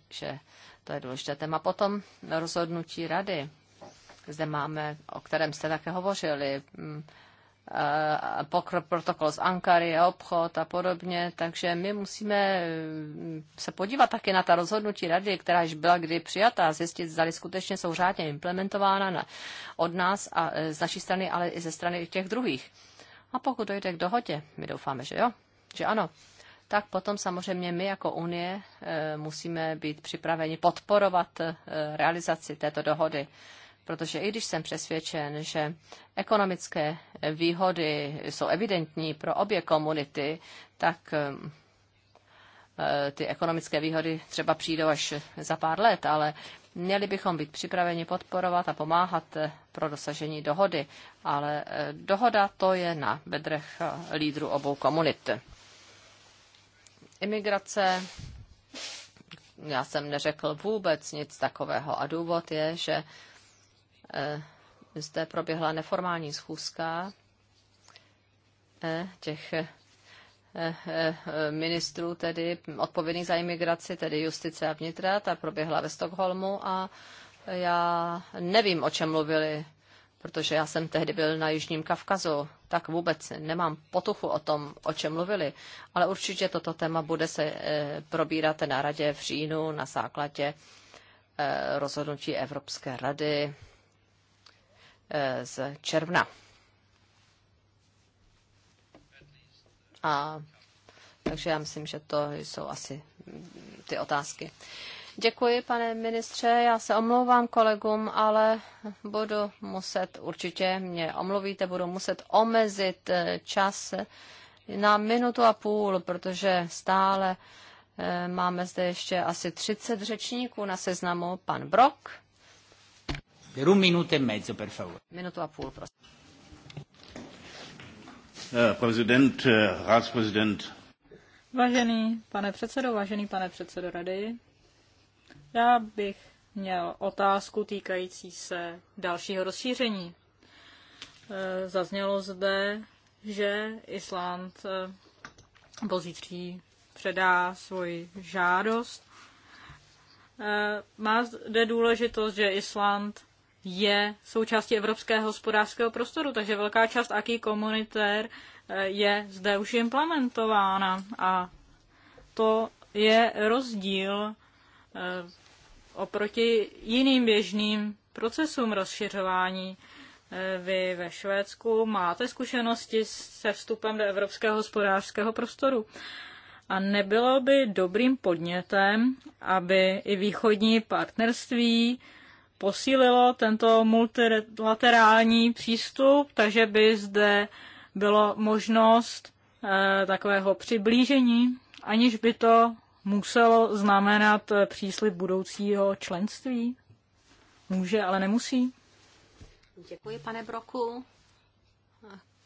že to je důležité téma. Potom rozhodnutí rady. Zde máme, o kterém jste také hovořili, mm, pokrok protokol z Ankary a obchod a podobně. Takže my musíme eh, se podívat taky na ta rozhodnutí rady, která již byla kdy přijata a zjistit, zda skutečně jsou řádně implementována na, od nás a eh, z naší strany, ale i ze strany těch druhých. A pokud dojde k dohodě, my doufáme, že jo, že ano, tak potom samozřejmě my jako Unie eh, musíme být připraveni podporovat realizaci této dohody protože i když jsem přesvědčen, že ekonomické výhody jsou evidentní pro obě komunity, tak um, eh, ty ekonomické výhody třeba přijdou až za pár let, ale měli bychom být připraveni podporovat a pomáhat eh, pro dosažení dohody. Ale eh, dohoda to je na bedrech lídrů obou komunit. Imigrace já jsem neřekl vůbec nic takového. A důvod je, že Eh, zde proběhla neformální schůzka eh, těch eh, ministrů tedy odpovědných za imigraci, tedy justice a vnitra, ta proběhla ve Stockholmu a já nevím, o čem mluvili, protože já jsem tehdy byl na Jižním Kavkazu, tak vůbec nemám potuchu o tom, o čem mluvili, ale určitě toto téma bude se probírat na radě v říjnu na základě rozhodnutí Evropské rady Eh, z června. A takže já myslím, že to jsou asi ty otázky. Děkuji, pane ministře. Já se omlouvám kolegům, ale budu muset, určitě mě omluvíte, budu muset omezit eh, čas na minutu a půl, protože stále eh, máme zde ještě asi 30 řečníků na seznamu. Pan Brok. Per un minuto e mezzo, per favore. Minuto a eh, Prezident, eh, Vážený pane předsedo, vážený pane předsedo rady, já bych měl otázku týkající se dalšího rozšíření. Eh, zaznělo zde, že Island pozítří předá svoji žádost. Má zde důležitost, že Island je součástí evropského hospodářského prostoru, takže velká část aký komunitér eh, je zde už implementována a to je rozdíl eh, oproti jiným běžným procesům rozšiřování. Eh, vy ve Švédsku máte zkušenosti se vstupem do evropského hospodářského prostoru. A nebylo by dobrým podnětem, aby i východní partnerství posílilo tento multilaterální přístup, takže by zde bylo možnost eh, takového přiblížení, aniž by to muselo znamenat eh, příslip budoucího členství? Může, ale nemusí. Děkuji, pane Broku.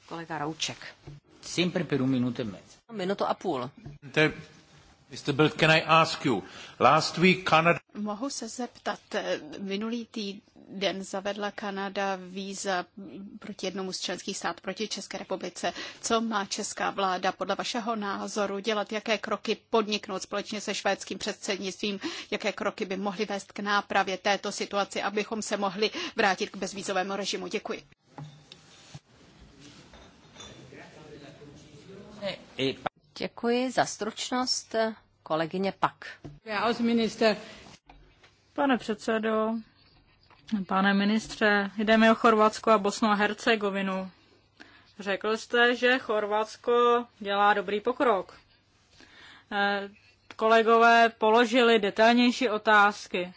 Kolega Rouček. Sempre per un minuto e mezzo. Minutu a půl. Mr. can I ask you? Last week Canada... Mohu se zeptat, eh, minulý týden zavedla Kanada víza proti jednomu z členských stát, proti České republice. Co má česká vláda podle vašeho názoru dělat, jaké kroky podniknout společně se švédským předsednictvím, jaké kroky by mohly vést k nápravě této situaci, abychom se mohli vrátit k bezvízovému režimu? Děkuji. Děkuji za stručnost kolegyně Pak. Pane předsedo, pane ministře, jde mi o Chorvatsko a Bosnu a Hercegovinu. Řekl jste, že Chorvatsko dělá dobrý pokrok. Eh, kolegové položili detailnější otázky.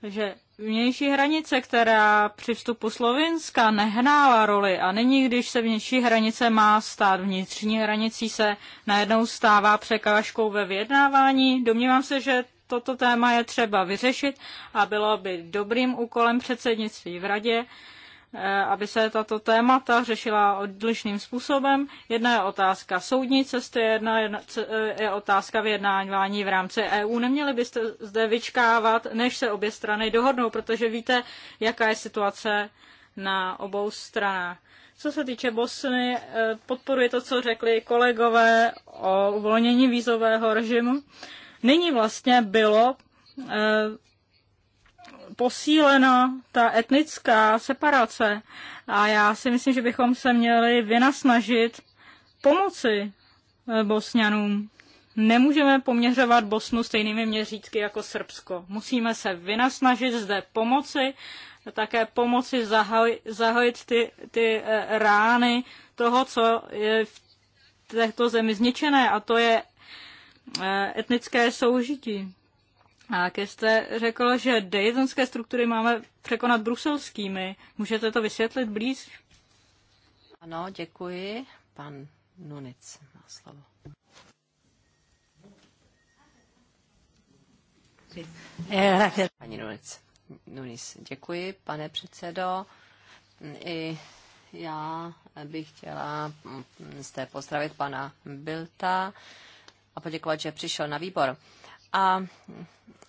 Takže vnější hranice, která při vstupu Slovinska nehnála roli a nyní, když se vnější hranice má stát vnitřní hranicí, se najednou stává překážkou ve vyjednávání. Domnívám se, že toto téma je třeba vyřešit a bylo by dobrým úkolem předsednictví v radě, Eh, aby se tato témata řešila odlišným způsobem. Jedna je otázka soudní cesty, jedna je eh, otázka vyjednávání v rámci EU. Neměli byste zde vyčkávat, než se obě strany dohodnou, protože víte, jaká je situace na obou stranách. Co se týče Bosny, eh, podporuji to, co řekli kolegové o uvolnění vízového režimu. Nyní vlastně bylo posílena ta etnická separace a já si myslím, že bychom se měli vynasnažit pomoci eh, Bosňanům. Nemůžeme poměřovat Bosnu stejnými měřítky jako Srbsko. Musíme se vynasnažit zde pomoci, také pomoci zahoj, zahojit ty, ty eh, rány toho, co je v této zemi zničené, a to je eh, etnické soužití když jste řekl, že dejetonské struktury máme překonat bruselskými. Můžete to vysvětlit blíž? Ano, děkuji. Pan Nunic má slovo. Pani Nunic. Nunis, děkuji, pane předsedo. I já bych chtěla zde pozdravit pana Bilta a poděkovat, že přišel na výbor. A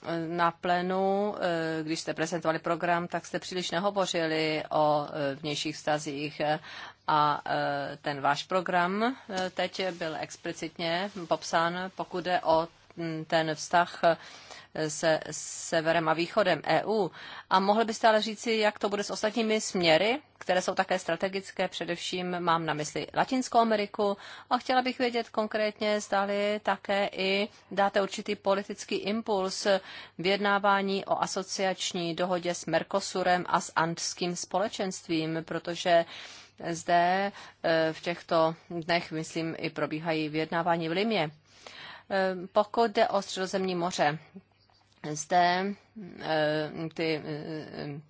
e, na plénu, e, když jste prezentovali program, tak jste příliš nehovořili o e, vnějších vztazích a ten váš program teď byl explicitně popsán, pokud jde o Hm, ten vztah eh, se severem a východem EU. A mohl byste ale říci, jak to bude s ostatními směry, které jsou také strategické, především mám na mysli Latinskou Ameriku a chtěla bych vědět konkrétně, zdali také i dáte určitý politický impuls vyjednávání o asociační dohodě s Mercosurem a s andským společenstvím, protože zde eh, v těchto dnech, myslím, i probíhají vyjednávání v Limě. Ehm, pokud jde o Středozemní moře, zde ehm, ty ehm,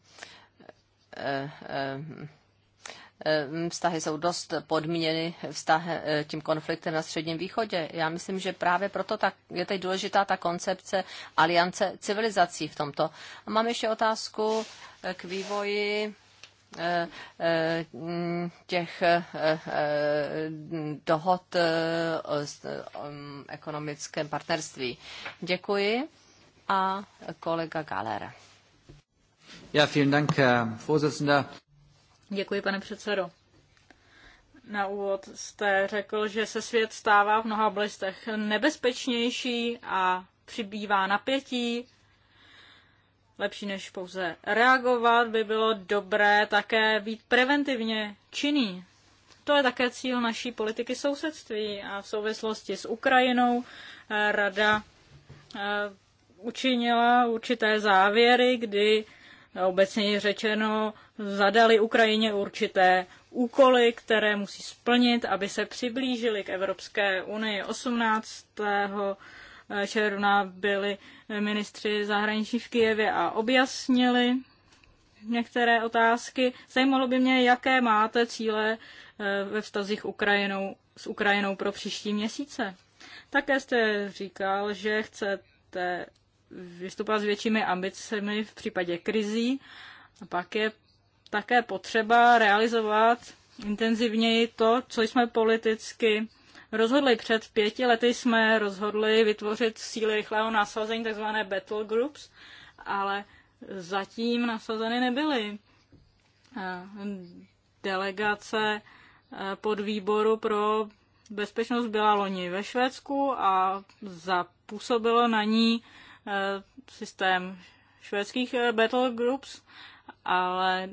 vztahy jsou dost podmíněny vztah eh, tím konfliktem na Středním východě. Já myslím, že právě proto tak, je teď důležitá ta koncepce aliance civilizací v tomto. A mám ještě otázku eh, k vývoji Eh, eh, těch eh, dohod o um, ekonomickém partnerství. Děkuji a kolega Galera. Ja, vielen Dank, Vorsitzender. Děkuji, pane předsedo. Na úvod jste řekl, že se svět stává v mnoha oblastech nebezpečnější a přibývá napětí, lepší než pouze reagovat, by bylo dobré také být preventivně činný. To je také cíl naší politiky sousedství a v souvislosti s Ukrajinou eh, rada eh, učinila určité závěry, kdy obecně řečeno zadali Ukrajině určité úkoly, které musí splnit, aby se přiblížili k Evropské unii 18. Eh, června byli eh, ministři zahraničí v Kijevě a objasnili některé otázky. Zajímalo by mě, jaké máte cíle eh, ve vztazích Ukrajinou, s Ukrajinou pro příští měsíce. Také jste říkal, že chcete vystupovat s většími ambicemi v případě krizí a pak je také potřeba realizovat intenzivněji to, co jsme politicky rozhodli před pěti lety, jsme rozhodli vytvořit síly rychlého nasazení, takzvané battle groups, ale zatím nasazeny nebyly. Eh, delegace eh, pod výboru pro bezpečnost byla loni ve Švédsku a zapůsobilo na ní eh, systém švédských battle groups, ale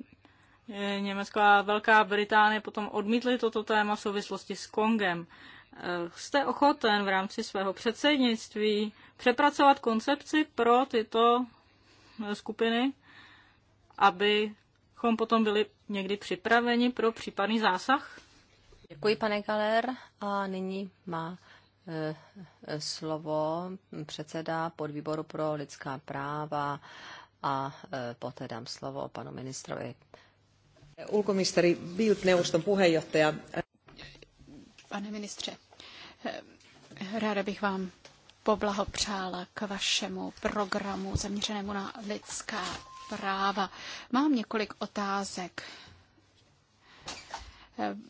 Německo a Velká Británie potom odmítly toto téma v souvislosti s Kongem jste ochoten v rámci svého předsednictví přepracovat koncepci pro tyto eh, skupiny, abychom potom byli někdy připraveni pro případný zásah? Děkuji, pane Galer. A nyní má eh, eh, slovo předseda podvýboru pro lidská práva a poté dám slovo panu ministrovi. Ulkoministeri Bildt, neuvoston puheenjohtaja. Pane ministře, Ráda bych vám poblahopřála k vašemu programu zaměřenému na lidská práva. Mám několik otázek.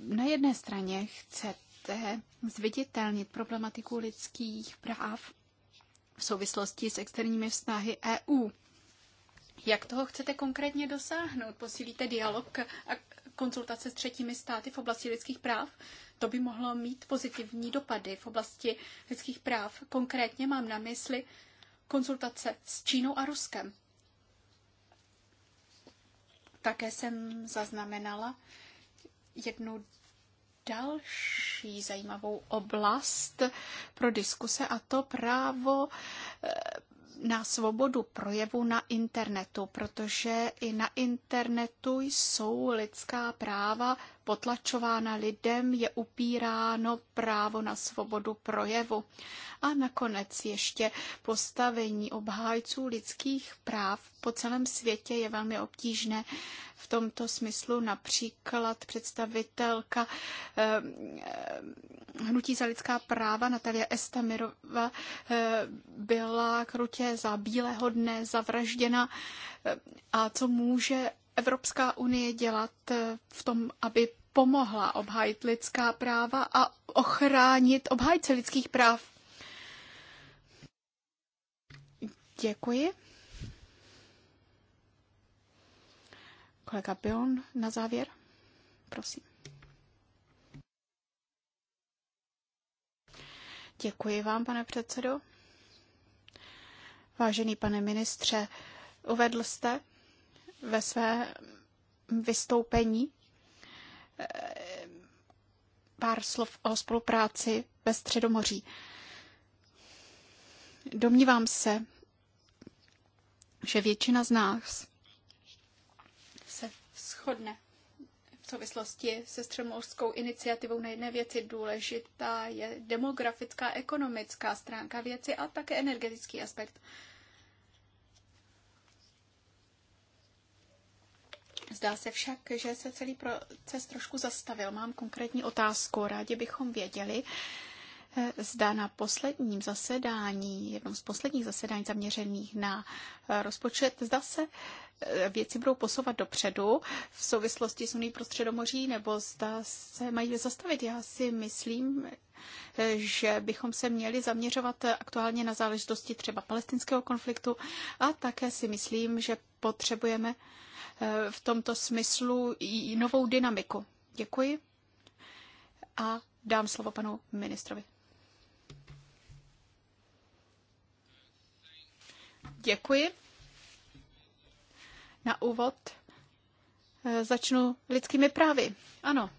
Na jedné straně chcete zviditelnit problematiku lidských práv v souvislosti s externími vztahy EU. Jak toho chcete konkrétně dosáhnout? Posílíte dialog a konzultace s třetími státy v oblasti lidských práv? To by mohlo mít pozitivní dopady v oblasti lidských práv. Konkrétně mám na mysli konzultace s Čínou a Ruskem. Také jsem zaznamenala jednu další zajímavou oblast pro diskuse a to právo eh, na svobodu projevu na internetu, protože i na internetu jsou lidská práva potlačována lidem, je upíráno právo na svobodu projevu. A nakonec ještě postavení obhájců lidských práv po celém světě je velmi obtížné. V tomto smyslu například představitelka eh, eh Hnutí za lidská práva Natalia Estamirova eh, byla krutě za bílého dne zavražděna. Eh, a co může Evropská unie dělat eh, v tom, aby pomohla obhájit lidská práva a ochránit obhájce lidských práv? Děkuji. Kolega Bion na závěr, prosím. Děkuji vám, pane předsedo. Vážený pane ministře, uvedl jste, ve své vystoupení pár slov o spolupráci ve Středomoří. Domnívám se, že většina z nás se shodne v souvislosti se střemořskou iniciativou na jedné věci důležitá je demografická, ekonomická stránka věci a také energetický aspekt. Zdá se však, že se celý proces trošku zastavil. Mám konkrétní otázku. Rádi bychom věděli, Eh, zda na posledním zasedání, jednom z posledních zasedání zaměřených na eh, rozpočet, zda se eh, věci budou posouvat dopředu v souvislosti s Unii prostředomoří, nebo zda se mají zastavit. Já si myslím, že bychom se měli zaměřovat aktuálně na záležitosti třeba palestinského konfliktu a také si myslím, že potřebujeme v tomto smyslu i novou dynamiku. Děkuji a dám slovo panu ministrovi. Děkuji. Na úvod eh, začnu lidskými právy. Ano.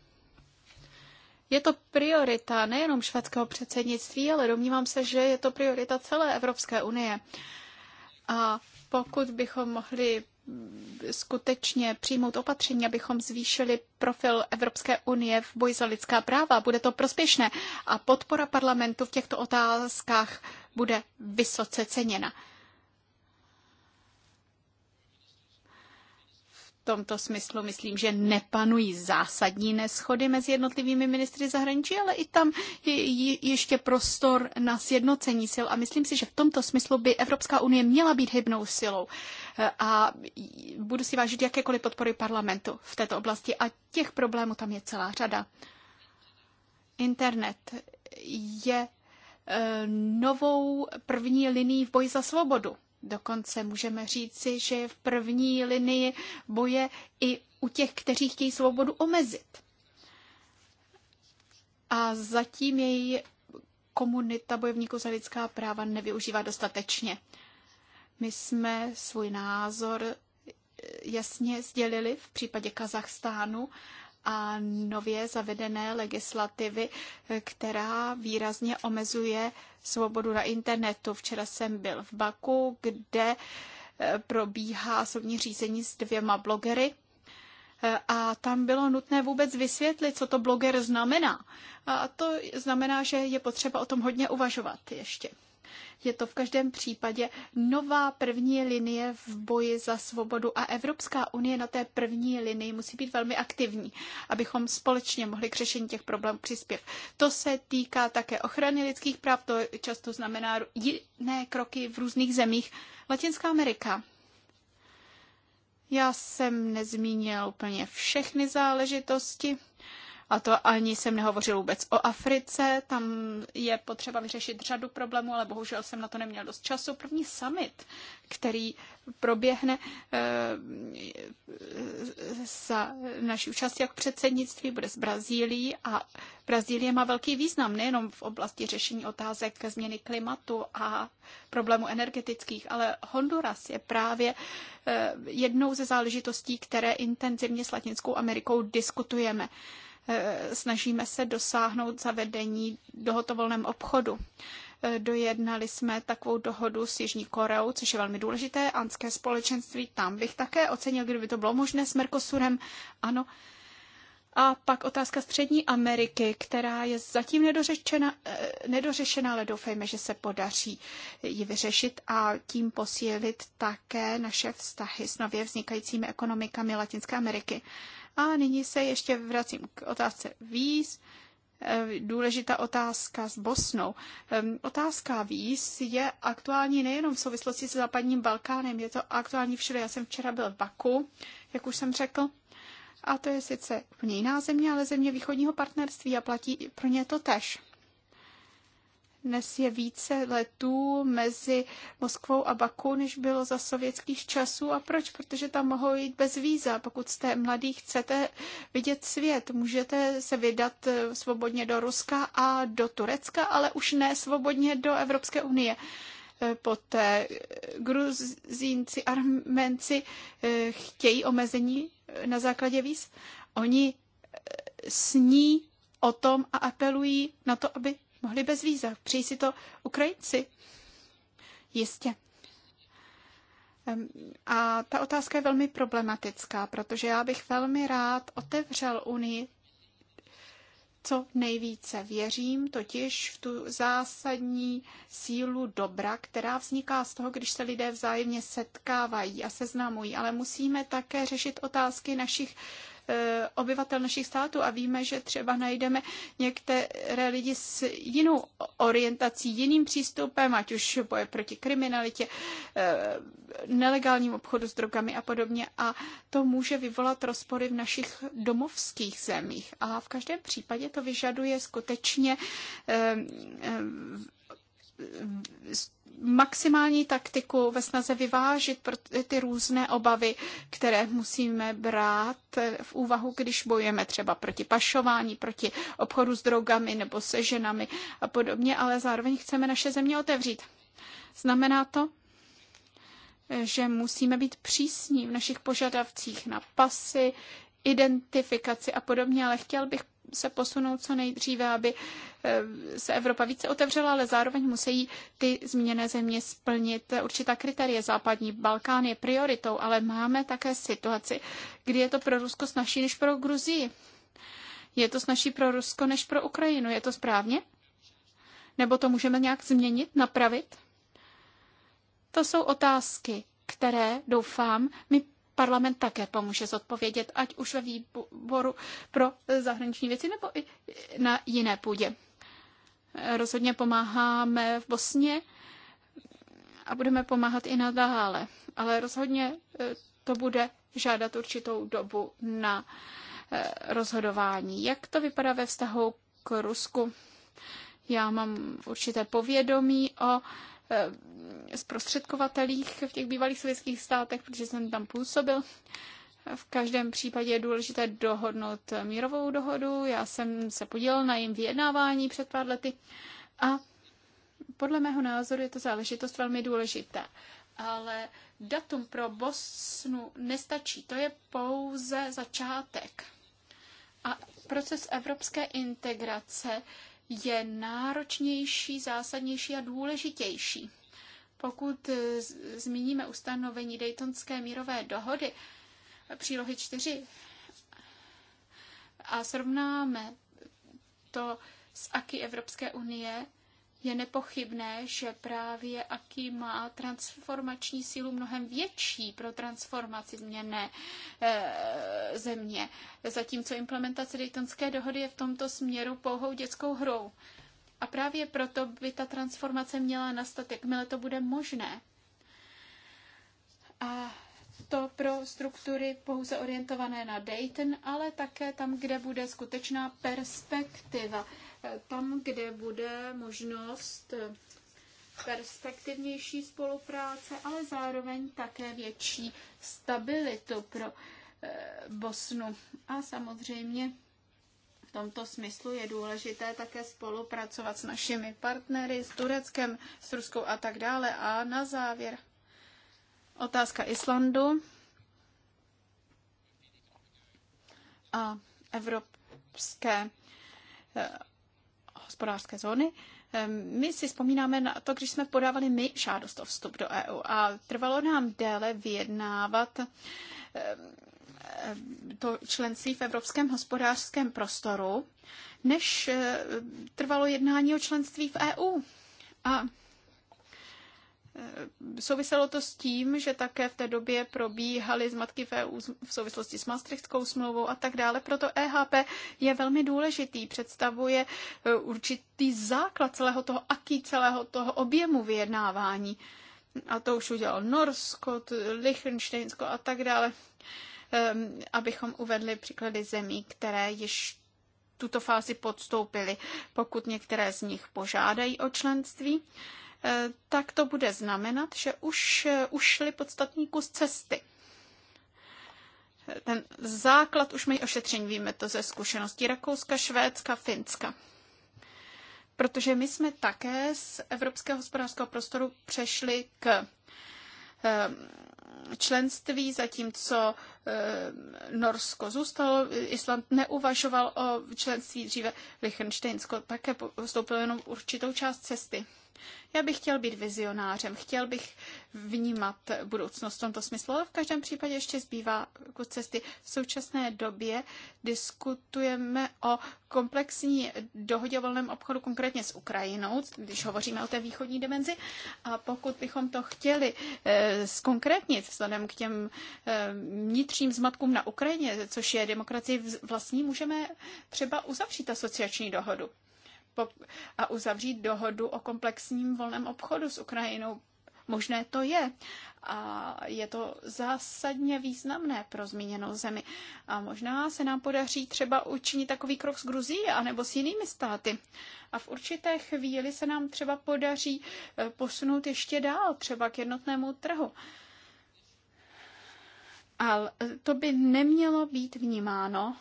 Je to priorita nejenom švédského předsednictví, ale domnívám se, že je to priorita celé Evropské unie. A pokud bychom mohli mm, skutečně přijmout opatření, abychom zvýšili profil Evropské unie v boji za lidská práva. Bude to prospěšné a podpora parlamentu v těchto otázkách bude vysoce ceněna. tomto smyslu myslím, že nepanují zásadní neschody mezi jednotlivými ministry zahraničí, ale i tam je ještě prostor na sjednocení sil a myslím si, že v tomto smyslu by Evropská unie měla být hybnou silou a budu si vážit jakékoliv podpory parlamentu v této oblasti a těch problémů tam je celá řada. Internet je eh, novou první linií v boji za svobodu Dokonce můžeme říci, že je v první linii boje i u těch, kteří chtějí svobodu omezit. A zatím její komunita bojovníků za lidská práva nevyužívá dostatečně. My jsme svůj názor eh, jasně sdělili v případě Kazachstánu a nově zavedené legislativy, která výrazně omezuje svobodu na internetu. Včera jsem byl v Baku, kde eh, probíhá soudní řízení s dvěma blogery eh, a tam bylo nutné vůbec vysvětlit, co to bloger znamená. A to znamená, že je potřeba o tom hodně uvažovat ještě. Je to v každém případě nová první linie v boji za svobodu a Evropská unie na té první linii musí být velmi aktivní, abychom společně mohli k řešení těch problémů přispět. To se týká také ochrany lidských práv, to často znamená jiné kroky v různých zemích. Latinská Amerika. Já jsem nezmínil úplně všechny záležitosti. A to ani jsem nehovořil vůbec o Africe. Tam je potřeba vyřešit řadu problémů, ale bohužel jsem na to neměl dost času. První summit, který proběhne eh, za naší účastí jak předsednictví, bude z Brazílií a Brazílie má velký význam nejenom v oblasti řešení otázek změny klimatu a problémů energetických, ale Honduras je právě eh, jednou ze záležitostí, které intenzivně s Latinskou Amerikou diskutujeme. Eh, snažíme se dosáhnout zavedení dohotovolném obchodu. Eh, dojednali jsme takovou dohodu s Jižní Koreou, což je velmi důležité, anské společenství. Tam bych také ocenil, kdyby to bylo možné s Mercosurem. Ano, a pak otázka Střední Ameriky, která je zatím nedořešena, eh, nedořešena, ale doufejme, že se podaří ji vyřešit a tím posílit také naše vztahy s nově vznikajícími ekonomikami Latinské Ameriky. A nyní se ještě vracím k otázce víz. Eh, důležitá otázka s Bosnou. Ehm, otázka víz je aktuální nejenom v souvislosti se západním Balkánem, je to aktuální všude. Já jsem včera byl v Baku, jak už jsem řekl, a to je sice úplně jiná země, ale země východního partnerství a platí pro ně to tež. Dnes je více letů mezi Moskvou a Baku, než bylo za sovětských časů. A proč? Protože tam mohou jít bez víza. Pokud jste mladý, chcete vidět svět, můžete se vydat eh, svobodně do Ruska a do Turecka, ale už ne svobodně do Evropské unie eh, poté eh, gruzínci, armenci chtějí omezení na základě víz. Oni sní o tom a apelují na to, aby mohli bez víza. Přijí si to Ukrajinci? Jistě. A ta otázka je velmi problematická, protože já bych velmi rád otevřel Unii co nejvíce věřím, totiž v tu zásadní sílu dobra, která vzniká z toho, když se lidé vzájemně setkávají a seznamují. Ale musíme také řešit otázky našich Eh, obyvatel našich států a víme, že třeba najdeme některé lidi s jinou orientací, jiným přístupem, ať už boje proti kriminalitě, eh, nelegálním obchodu s drogami a podobně. A to může vyvolat rozpory v našich domovských zemích. A v každém případě to vyžaduje skutečně eh, maximální taktiku ve snaze vyvážit ty různé obavy, které musíme brát v úvahu, když bojujeme třeba proti pašování, proti obchodu s drogami nebo se ženami a podobně, ale zároveň chceme naše země otevřít. Znamená to, že musíme být přísní v našich požadavcích na pasy, identifikaci a podobně, ale chtěl bych se posunout co nejdříve, aby eh, se Evropa více otevřela, ale zároveň musí ty zmíněné země splnit určitá kritéria. Západní Balkán je prioritou, ale máme také situaci, kdy je to pro Rusko snažší než pro Gruzii. Je to snažší pro Rusko než pro Ukrajinu. Je to správně? Nebo to můžeme nějak změnit, napravit? To jsou otázky, které, doufám, my parlament také pomůže zodpovědět, ať už ve výboru pro zahraniční věci nebo i na jiné půdě. Rozhodně pomáháme v Bosně a budeme pomáhat i nadále, ale rozhodně eh, to bude žádat určitou dobu na eh, rozhodování. Jak to vypadá ve vztahu k Rusku? Já mám určité povědomí o Eh, zprostředkovatelích v těch bývalých sovětských státech, protože jsem tam působil. V každém případě je důležité dohodnout mírovou dohodu. Já jsem se podílel na jejím vyjednávání před pár lety a podle mého názoru je to záležitost velmi důležitá. Ale datum pro Bosnu nestačí. To je pouze začátek. A proces evropské integrace je náročnější, zásadnější a důležitější. Pokud eh, zmíníme ustanovení Daytonské mírové dohody, eh, přílohy 4, a srovnáme to s aky Evropské unie, je nepochybné, že právě aký má transformační sílu mnohem větší pro transformaci změné e, země, zatímco implementace Daytonské dohody je v tomto směru pouhou dětskou hrou. A právě proto by ta transformace měla nastat, jakmile to bude možné. A to pro struktury pouze orientované na Dayton, ale také tam, kde bude skutečná perspektiva tam, kde bude možnost perspektivnější spolupráce, ale zároveň také větší stabilitu pro eh, Bosnu. A samozřejmě v tomto smyslu je důležité také spolupracovat s našimi partnery, s Tureckem, s Ruskou a tak dále. A na závěr otázka Islandu a evropské eh, hospodářské zóny. My si vzpomínáme na to, když jsme podávali my žádost o vstup do EU a trvalo nám déle vyjednávat to členství v Evropském hospodářském prostoru, než eh, trvalo jednání o členství v EU. A Eh, souviselo to s tím, že také v té době probíhaly z v EU v souvislosti s Maastrichtskou smlouvou a tak dále. Proto EHP je velmi důležitý, představuje eh, určitý základ celého toho aký, celého toho objemu vyjednávání. A to už udělal Norsko, Liechtensteinsko a tak dále. Ehm, abychom uvedli příklady zemí, které již tuto fázi podstoupily, pokud některé z nich požádají o členství. Eh, tak to bude znamenat, že už eh, ušli podstatný kus cesty. Ten základ už mají ošetření, víme to ze zkušeností Rakouska, Švédska, Finska. Protože my jsme také z Evropského hospodářského prostoru přešli k eh, členství, zatímco Norsko zůstalo, Island neuvažoval o členství dříve, Liechtensteinsko také postoupilo jenom určitou část cesty. Já bych chtěl být vizionářem, chtěl bych vnímat budoucnost v tomto smyslu, ale v každém případě ještě zbývá kus cesty. V současné době diskutujeme o komplexní dohodě o volném obchodu konkrétně s Ukrajinou, když hovoříme o té východní dimenzi. A pokud bychom to chtěli e, zkonkrétnit vzhledem k těm e, vnitřním zmatkům na Ukrajině, což je demokracii vlastní, můžeme třeba uzavřít asociační dohodu a uzavřít dohodu o komplexním volném obchodu s Ukrajinou. Možné to je. A je to zásadně významné pro zmíněnou zemi. A možná se nám podaří třeba učinit takový krok s a anebo s jinými státy. A v určité chvíli se nám třeba podaří eh, posunout ještě dál, třeba k jednotnému trhu. Ale to by nemělo být vnímáno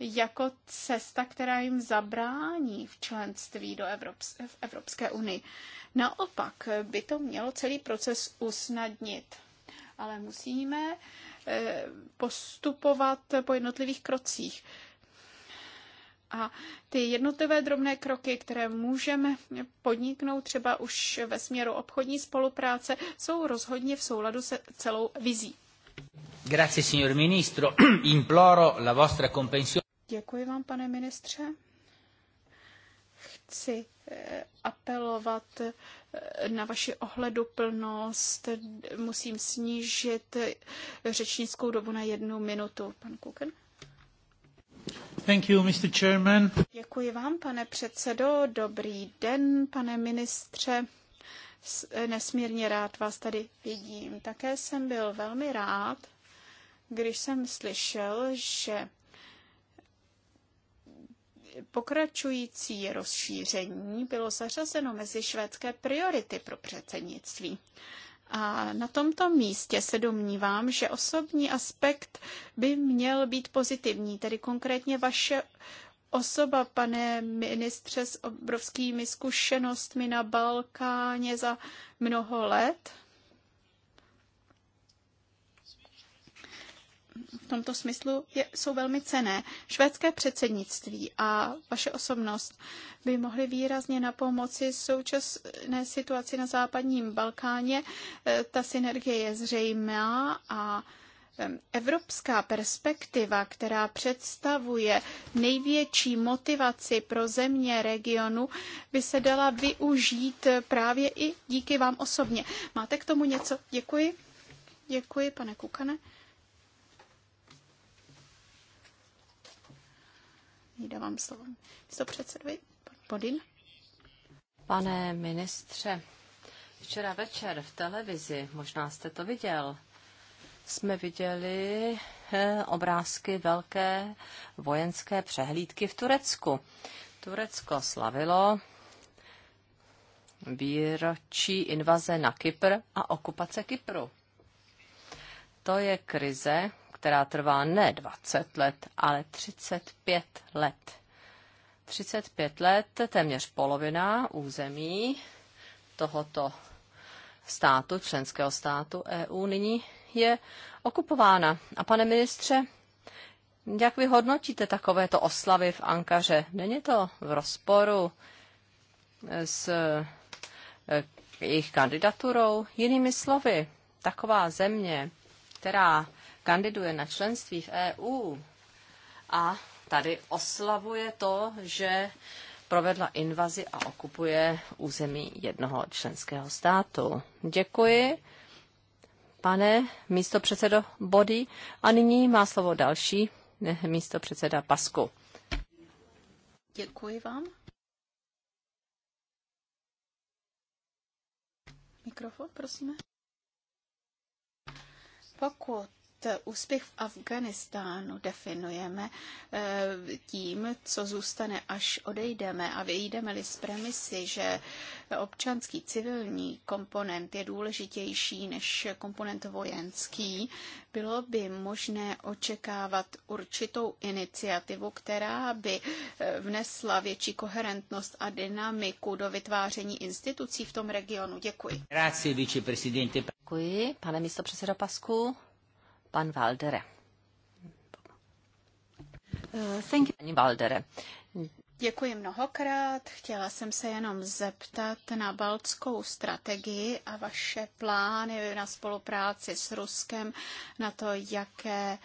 jako cesta, která jim zabrání v členství do Evrops- v Evropské unii. Naopak by to mělo celý proces usnadnit. Ale musíme eh, postupovat po jednotlivých krocích. A ty jednotlivé drobné kroky, které můžeme podniknout třeba už ve směru obchodní spolupráce, jsou rozhodně v souladu se celou vizí. Grazie signor Ministro, imploro la vostra comprensione. Děkuji vám, pane ministře. Chci eh, apelovat eh, na vaši ohleduplnost. Musím snížit eh, řečnickou dobu na jednu minutu. Pan Kuken. Thank you, Mr. Chairman. Děkuji vám, pane předsedo. Dobrý den, pane ministře. Nesmírně rád vás tady vidím. Také jsem byl velmi rád, když jsem slyšel, že pokračující rozšíření bylo zařazeno mezi švédské priority pro předsednictví. A na tomto místě se domnívám, že osobní aspekt by měl být pozitivní, tedy konkrétně vaše osoba, pane ministře, s obrovskými zkušenostmi na Balkáně za mnoho let v tomto smyslu je, jsou velmi cené. Švédské předsednictví a vaše osobnost by mohly výrazně na pomoci současné situaci na západním Balkáně. E, ta synergie je zřejmá a e, Evropská perspektiva, která představuje největší motivaci pro země regionu, by se dala využít právě i díky vám osobně. Máte k tomu něco? Děkuji. Děkuji, pane Kukane. Dávám slovo místo předsedovi, pan Podin. Pane ministře, včera večer v televizi, možná jste to viděl, jsme viděli eh, obrázky velké vojenské přehlídky v Turecku. Turecko slavilo výročí invaze na Kypr a okupace Kypru. To je krize, která trvá ne 20 let, ale 35 let. 35 let, téměř polovina území tohoto státu, členského státu EU nyní je okupována. A pane ministře, jak vy hodnotíte takovéto oslavy v Ankaře? Není to v rozporu s eh, jejich kandidaturou? Jinými slovy, taková země, která kandiduje na členství v EU a tady oslavuje to, že provedla invazi a okupuje území jednoho členského státu. Děkuji, pane místopředsedo Body. A nyní má slovo další místopředseda Pasku. Děkuji vám. Mikrofon, prosíme. Pokud E, úspěch v Afganistánu definujeme e, tím, co zůstane, až odejdeme a vyjdeme-li z premisy, že občanský civilní komponent je důležitější než komponent vojenský, bylo by možné očekávat určitou iniciativu, která by e, vnesla větší koherentnost a dynamiku do vytváření institucí v tom regionu. Děkuji. Děkuji, pane místo předseda Pasku. Pan Valdere. Eh, Pani Valdere. Děkuji mnohokrát. Chtěla jsem se jenom zeptat na baltskou strategii a vaše plány na spolupráci s Ruskem, na to, jaké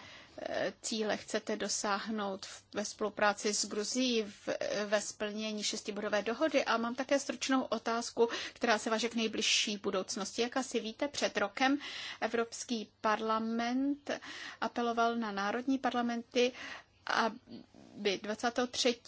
cíle chcete dosáhnout ve spolupráci s Gruzií ve splnění šestibodové dohody. A mám také stručnou otázku, která se váže k nejbližší budoucnosti. Jak asi víte, před rokem Evropský parlament apeloval na národní parlamenty, by 23.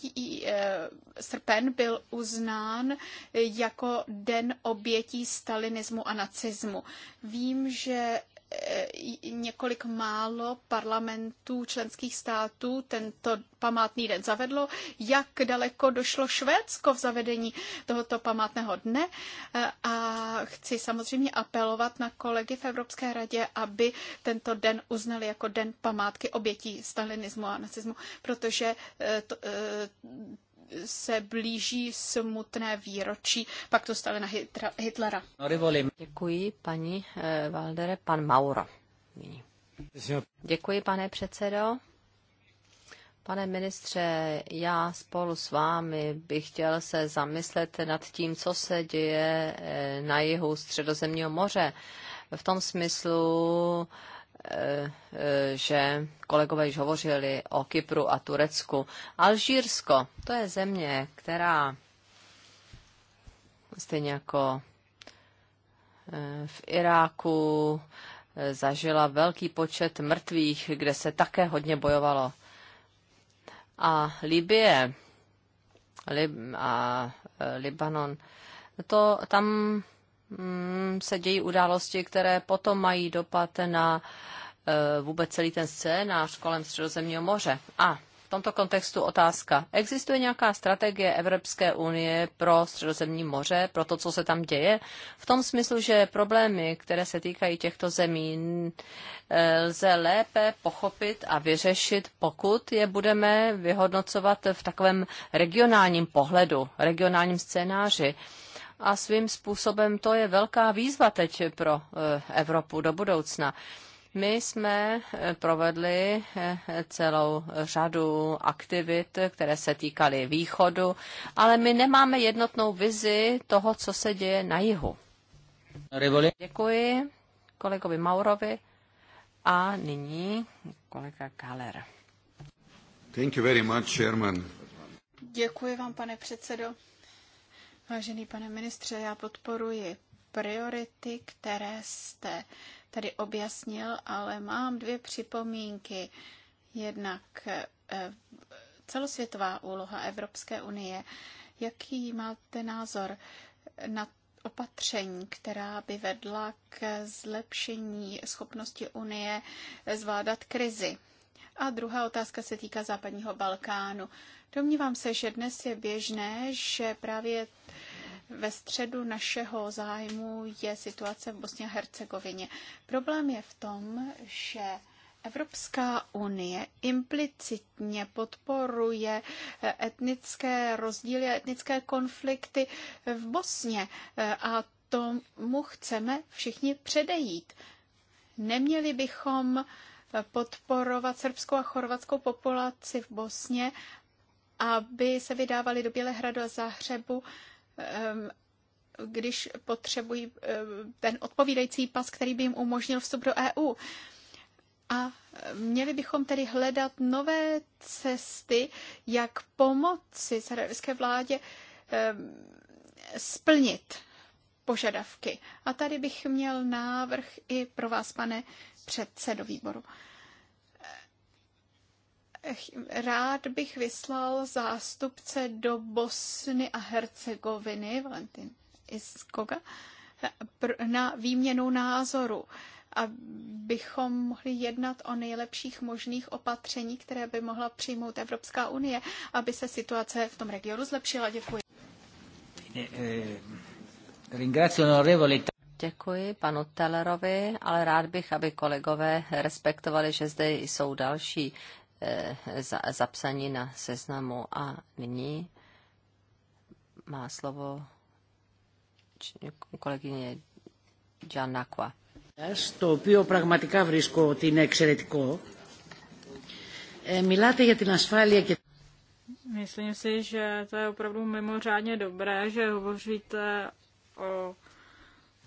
Eh, srpen byl uznán jako den obětí stalinismu a nacismu. Vím, že Eh, několik málo parlamentů členských států tento památný den zavedlo. Jak daleko došlo Švédsko v zavedení tohoto památného dne? Eh, a chci samozřejmě apelovat na kolegy v Evropské radě, aby tento den uznali jako den památky obětí stalinismu a nacismu, protože eh, to, se blíží smutné výročí pak to stále na Hitlera. Děkuji, paní eh, Valdere. Pan Mauro. Děkuji, pane předsedo. Pane ministře, já spolu s vámi bych chtěl se zamyslet nad tím, co se děje eh, na jihu středozemního moře. V tom smyslu, Eh, že kolegové již hovořili o Kypru a Turecku. Alžírsko, to je země, která stejně jako eh, v Iráku eh, zažila velký počet mrtvých, kde se také hodně bojovalo. A Libie Lib- a Libanon, to tam Mm, se dějí události, které potom mají dopad na e, vůbec celý ten scénář kolem Středozemního moře. A v tomto kontextu otázka. Existuje nějaká strategie Evropské unie pro Středozemní moře, pro to, co se tam děje? V tom smyslu, že problémy, které se týkají těchto zemí, e, lze lépe pochopit a vyřešit, pokud je budeme vyhodnocovat v takovém regionálním pohledu, regionálním scénáři a svým způsobem to je velká výzva teď pro eh, Evropu do budoucna. My jsme eh, provedli eh, celou řadu aktivit, které se týkaly východu, ale my nemáme jednotnou vizi toho, co se děje na jihu. Děkuji kolegovi Maurovi a nyní kolega Kaler. Thank you very much, Chairman. Děkuji vám, pane předsedo. Vážený pane ministře, já podporuji priority, které jste tady objasnil, ale mám dvě připomínky. Jednak eh, celosvětová úloha Evropské unie. Jaký máte názor na opatření, která by vedla k zlepšení schopnosti Unie zvládat krizi? A druhá otázka se týká západního Balkánu. Domnívám se, že dnes je běžné, že právě ve středu našeho zájmu je situace v Bosně a Hercegovině. Problém je v tom, že Evropská unie implicitně podporuje etnické rozdíly a etnické konflikty v Bosně a tomu chceme všichni předejít. Neměli bychom podporovat srbskou a chorvatskou populaci v Bosně aby se vydávali do Bělehradu a Zahřebu, když potřebují ten odpovídající pas, který by jim umožnil vstup do EU. A měli bychom tedy hledat nové cesty, jak pomoci sarajevské vládě splnit požadavky. A tady bych měl návrh i pro vás, pane předsedo výboru. Rád bych vyslal zástupce do Bosny a Hercegoviny, Valentin Iskoga, na výměnu názoru, abychom mohli jednat o nejlepších možných opatření, které by mohla přijmout Evropská unie, aby se situace v tom regionu zlepšila. Děkuji. Eh, Děkuji panu Tellerovi, ale rád bych, aby kolegové respektovali, že zde jsou další Eh, zapsaní na seznamu. A nyní má slovo kolegyně Giannacqua. To οποίο pragmatika βρίσκω ty nexeretko. Miláte je ty για Myslím si, že to je opravdu mimořádně dobré, že hovoříte o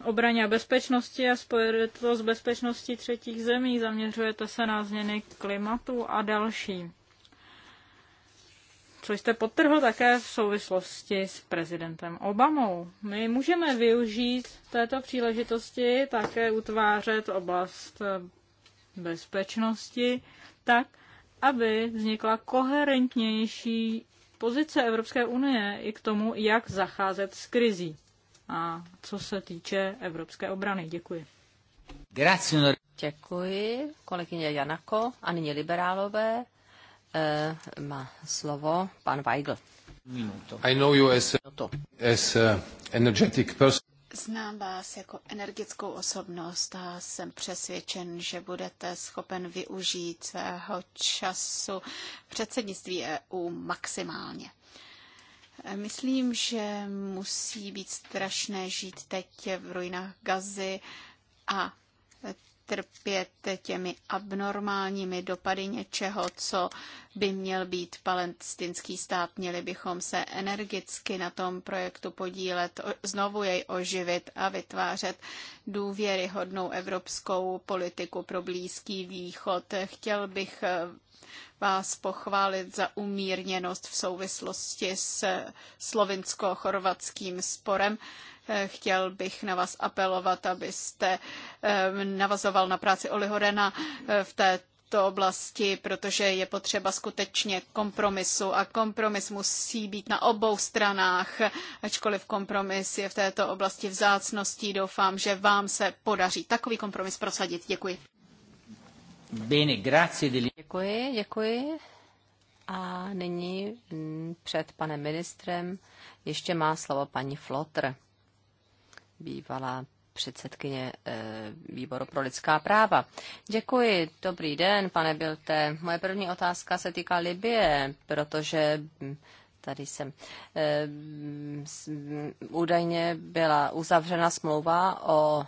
obraně a bezpečnosti a spojuje to s bezpečností třetích zemí, zaměřujete se na změny klimatu a další. Co jste potrhl také v souvislosti s prezidentem Obamou. My můžeme využít této příležitosti také utvářet oblast bezpečnosti tak, aby vznikla koherentnější pozice Evropské unie i k tomu, jak zacházet s krizí a co se týče evropské obrany. Děkuji. Děkuji, kolegyně Janako. A nyní liberálové. E, má slovo pan Weigl. Minuto. I know you as, as energetic person. Znám vás jako energickou osobnost a jsem přesvědčen, že budete schopen využít svého času předsednictví EU maximálně. Myslím, že musí být strašné žít teď v ruinách Gazy a trpět těmi abnormálními dopady něčeho, co by měl být palestinský stát. Měli bychom se energicky na tom projektu podílet, znovu jej oživit a vytvářet důvěryhodnou evropskou politiku pro Blízký východ. Chtěl bych eh, vás pochválit za umírněnost v souvislosti s eh, slovinsko-chorvatským sporem Chtěl bych na vás apelovat, abyste eh, navazoval na práci Olihorena eh, v té této oblasti, protože je potřeba skutečně kompromisu a kompromis musí být na obou stranách, ačkoliv kompromis je v této oblasti vzácností. Doufám, že vám se podaří takový kompromis prosadit. Děkuji. Bene, grazie Děkuji, děkuji. A nyní mm, před panem ministrem ještě má slovo paní Flotr bývalá předsedkyně eh, Výboru pro lidská práva. Děkuji, dobrý den, pane Bilte. Moje první otázka se týká Libie, protože hm, tady jsem, ehm, údajně byla uzavřena smlouva o e,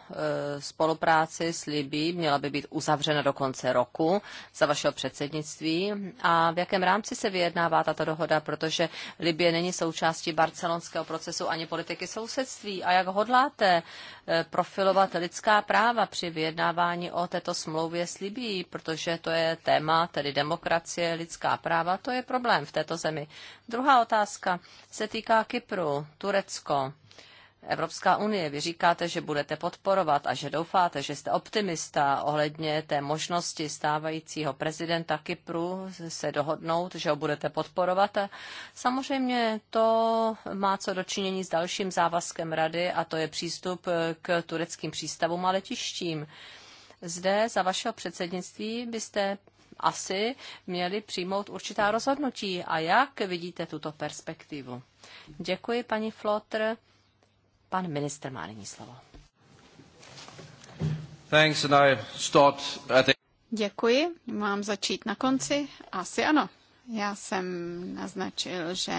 spolupráci s Libí, měla by být uzavřena do konce roku za vašeho předsednictví. A v jakém rámci se vyjednává tato dohoda, protože Libie není součástí barcelonského procesu ani politiky sousedství. A jak hodláte Eh, profilovat lidská práva při vyjednávání o této smlouvě s Libií, protože to je téma, tedy demokracie, lidská práva, to je problém v této zemi. Druhá otázka se týká Kypru, Turecko. Evropská unie. Vy říkáte, že budete podporovat a že doufáte, že jste optimista ohledně té možnosti stávajícího prezidenta Kypru se dohodnout, že ho budete podporovat. samozřejmě to má co dočinění s dalším závazkem rady a to je přístup k tureckým přístavům a letištím. Zde za vašeho předsednictví byste asi měli přijmout určitá rozhodnutí. A jak vidíte tuto perspektivu? Děkuji, paní Flotr. Pan minister má nyní slovo. Thanks and I start at the... Děkuji. Mám začít na konci? Asi ano. Já jsem naznačil, že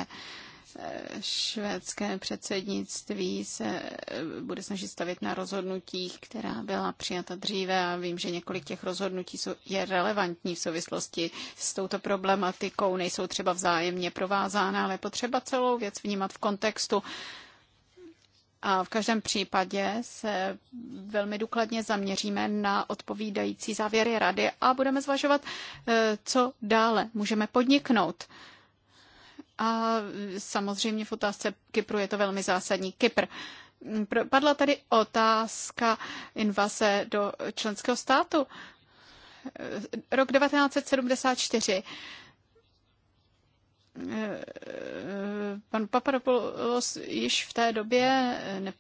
eh, švédské předsednictví se eh, bude snažit stavit na rozhodnutích, která byla přijata dříve a vím, že několik těch rozhodnutí je relevantní v souvislosti s touto problematikou, nejsou třeba vzájemně provázána, ale potřeba celou věc vnímat v kontextu a v každém případě se velmi důkladně zaměříme na odpovídající závěry rady a budeme zvažovat, eh, co dále můžeme podniknout. A samozřejmě v otázce Kypru je to velmi zásadní. Kypr. Padla tady otázka invaze do členského státu. Eh, rok 1974 Eh, pan Papadopoulos již v té době eh, ne,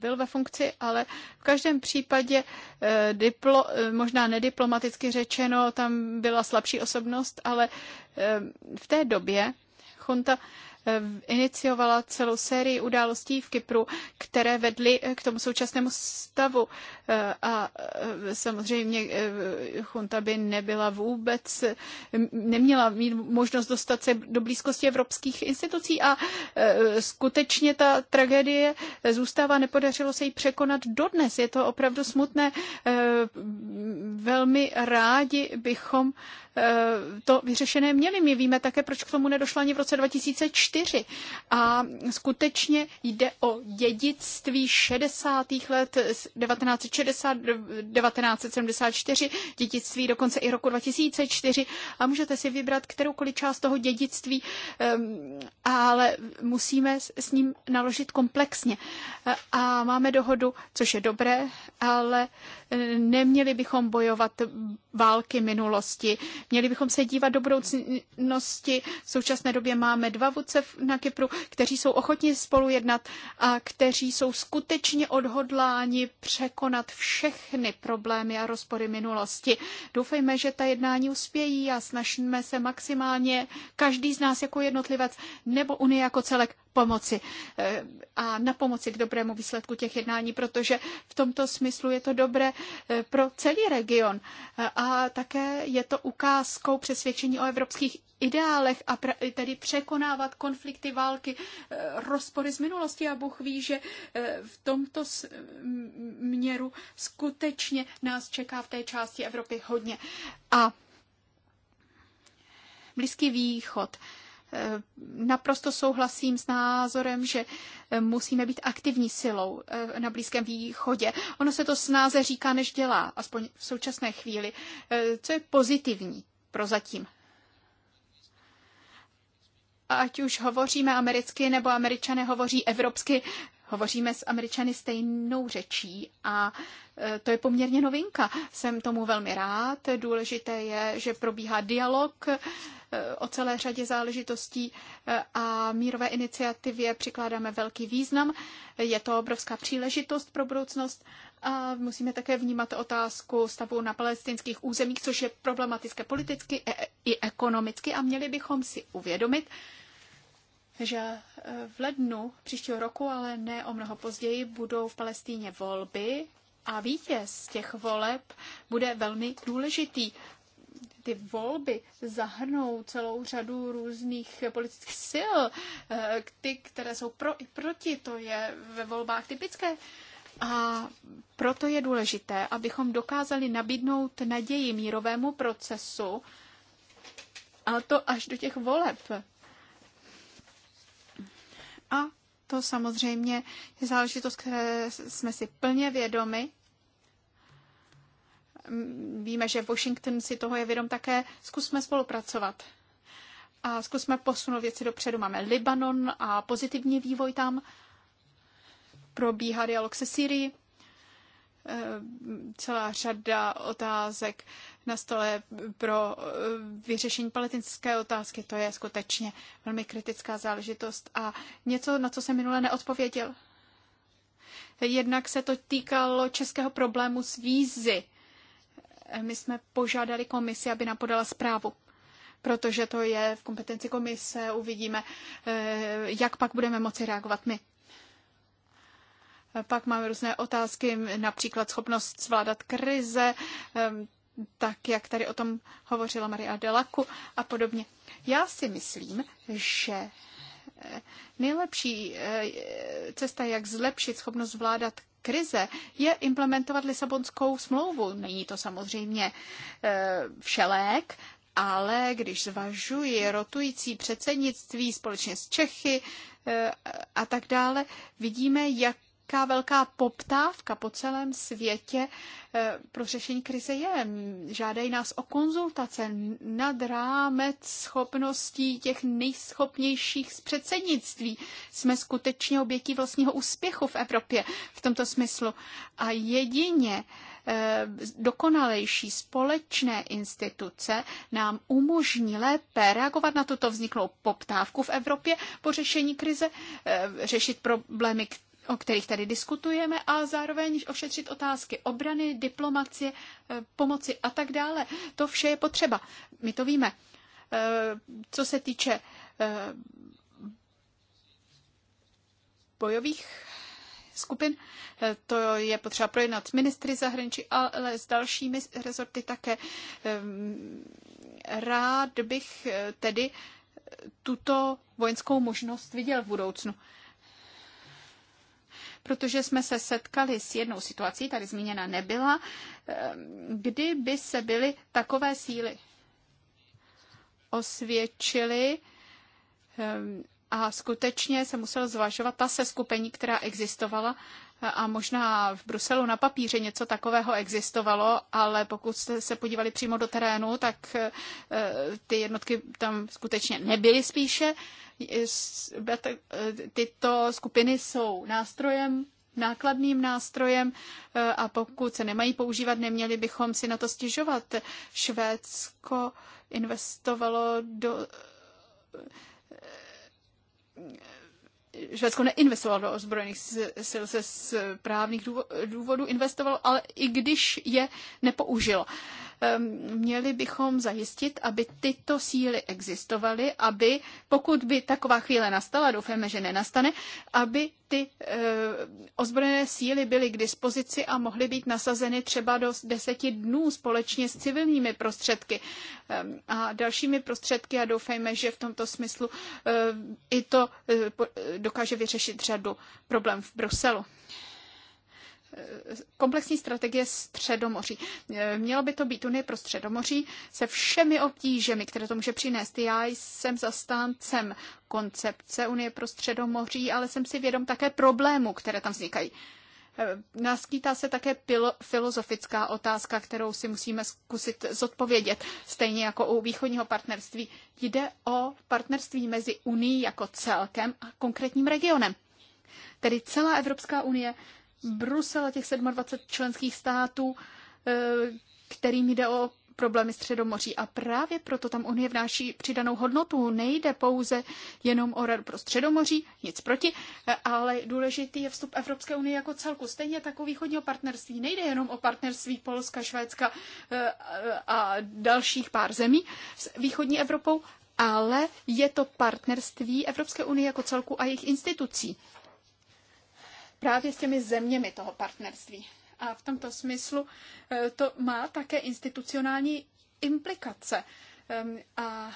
byl ve funkci, ale v každém případě eh, diplo, možná nediplomaticky řečeno, tam byla slabší osobnost, ale v té době Chunta iniciovala celou sérii událostí v Kypru, které vedly eh, k tomu současnému stavu. Eh, a eh, samozřejmě chunta by nebyla vůbec, neměla mít možnost dostat se do blízkosti evropských institucí a skutečně ta tragédie zůstává, nepodařilo se jí překonat dodnes. Je to opravdu smutné. Velmi rádi bychom Eh, to vyřešené měli. My víme také, proč k tomu nedošlo ani v roce 2004. A skutečně jde o dědictví 60. let 1960, 1974, dědictví dokonce i roku 2004 a můžete si vybrat kteroukoliv část toho dědictví, eh, ale musíme s ním naložit komplexně. Eh, a máme dohodu, což je dobré, ale neměli bychom bojovat války minulosti, Měli bychom se dívat do budoucnosti. V současné době máme dva vůdce na Kypru, kteří jsou ochotni spolu jednat a kteří jsou skutečně odhodláni překonat všechny problémy a rozpory minulosti. Doufejme, že ta jednání uspějí a snažíme se maximálně každý z nás jako jednotlivec nebo Unie jako celek pomoci eh, a na pomoci k dobrému výsledku těch jednání, protože v tomto smyslu je to dobré eh, pro celý region a také je to ukázání láskou, přesvědčení o evropských ideálech a tedy překonávat konflikty, války, eh, rozpory z minulosti a Bůh ví, že eh, v tomto směru skutečně nás čeká v té části Evropy hodně. A Blízký východ Eh, naprosto souhlasím s názorem, že eh, musíme být aktivní silou eh, na Blízkém východě. Ono se to snáze říká, než dělá, aspoň v současné chvíli. Co je pozitivní pro zatím. Ať už hovoříme americky nebo američané hovoří evropsky, hovoříme s Američany stejnou řečí a to je poměrně novinka. Jsem tomu velmi rád. Důležité je, že probíhá dialog Eh, o celé řadě záležitostí eh, a mírové iniciativě přikládáme velký význam. Je to obrovská příležitost pro budoucnost a musíme také vnímat otázku stavu na palestinských územích, což je problematické politicky e, i ekonomicky a měli bychom si uvědomit, že eh, v lednu příštího roku, ale ne o mnoho později, budou v Palestíně volby a vítěz těch voleb bude velmi důležitý ty volby zahrnou celou řadu různých politických sil, eh, ty, které jsou pro i proti, to je ve volbách typické. A proto je důležité, abychom dokázali nabídnout naději mírovému procesu, a to až do těch voleb. A to samozřejmě je záležitost, které jsme si plně vědomi Víme, že Washington si toho je vědom také. Zkusme spolupracovat. A zkusme posunout věci dopředu. Máme Libanon a pozitivní vývoj tam. Probíhá dialog se Syrií. E, celá řada otázek na stole pro e, vyřešení palestinské otázky. To je skutečně velmi kritická záležitost. A něco, na co jsem minule neodpověděl. Jednak se to týkalo českého problému s vízy. My jsme požádali komisi, aby nám podala zprávu protože to je v kompetenci komise, uvidíme, eh, jak pak budeme moci reagovat my. Pak máme různé otázky, například schopnost zvládat krize, ehm, tak jak tady o tom hovořila Maria Delaku a podobně. Já si myslím, že eh, nejlepší eh, cesta, jak zlepšit schopnost zvládat krize, je implementovat Lisabonskou smlouvu. Není to samozřejmě e, všelék, ale když zvažuji rotující předsednictví společně s Čechy e, a tak dále, vidíme, jak jaká velká poptávka po celém světě eh, pro řešení krize je. Žádají nás o konzultace nad rámec schopností těch nejschopnějších z předsednictví. Jsme skutečně obětí vlastního úspěchu v Evropě v tomto smyslu. A jedině eh, dokonalejší společné instituce nám umožní lépe reagovat na tuto vzniklou poptávku v Evropě po řešení krize, eh, řešit problémy, o kterých tady diskutujeme, a zároveň ošetřit otázky obrany, diplomacie, eh, pomoci a tak dále. To vše je potřeba. My to víme. Eh, co se týče eh, bojových skupin. To je potřeba projednat s ministry zahraničí, ale s dalšími rezorty také. Rád bych tedy tuto vojenskou možnost viděl v budoucnu protože jsme se setkali s jednou situací, tady zmíněna nebyla, ehm, kdyby se byly takové síly osvědčily ehm, a skutečně se muselo zvažovat ta seskupení, která existovala e, a možná v Bruselu na papíře něco takového existovalo, ale pokud jste se podívali přímo do terénu, tak e, e, ty jednotky tam skutečně nebyly spíše E, tyto skupiny jsou nástrojem nákladným nástrojem e, a pokud se nemají používat, neměli bychom si na to stěžovat. Švédsko investovalo do e, Švédsko neinvestovalo do ozbrojených sil se správných důvodů, investovalo, ale i když je nepoužilo. Měli bychom zajistit, aby tyto síly existovaly, aby pokud by taková chvíle nastala, doufáme, že nenastane, aby ty eh, ozbrojené síly byly k dispozici a mohly být nasazeny třeba do deseti dnů společně s civilními prostředky a dalšími prostředky a doufejme, že v tomto smyslu eh, i to eh, dokáže vyřešit řadu problémů v Bruselu komplexní strategie Středomoří. Mělo by to být Unie pro Středomoří se všemi obtížemi, které to může přinést. Já jsem zastáncem koncepce Unie pro Středomoří, ale jsem si vědom také problémů, které tam vznikají. Naskýtá se také pilo- filozofická otázka, kterou si musíme zkusit zodpovědět, stejně jako u východního partnerství. Jde o partnerství mezi Unii jako celkem a konkrétním regionem. Tedy celá Evropská unie Brusel a těch 27 členských států, eh, kterým jde o problémy Středomoří. A právě proto tam Unie vnáší přidanou hodnotu. Nejde pouze jenom o radu pro Středomoří, nic proti, eh, ale důležitý je vstup Evropské unie jako celku. Stejně tak o východního partnerství. Nejde jenom o partnerství Polska, Švédska eh, a dalších pár zemí s východní Evropou, ale je to partnerství Evropské unie jako celku a jejich institucí právě s těmi zeměmi toho partnerství. A v tomto smyslu eh, to má také institucionální implikace. Ehm, a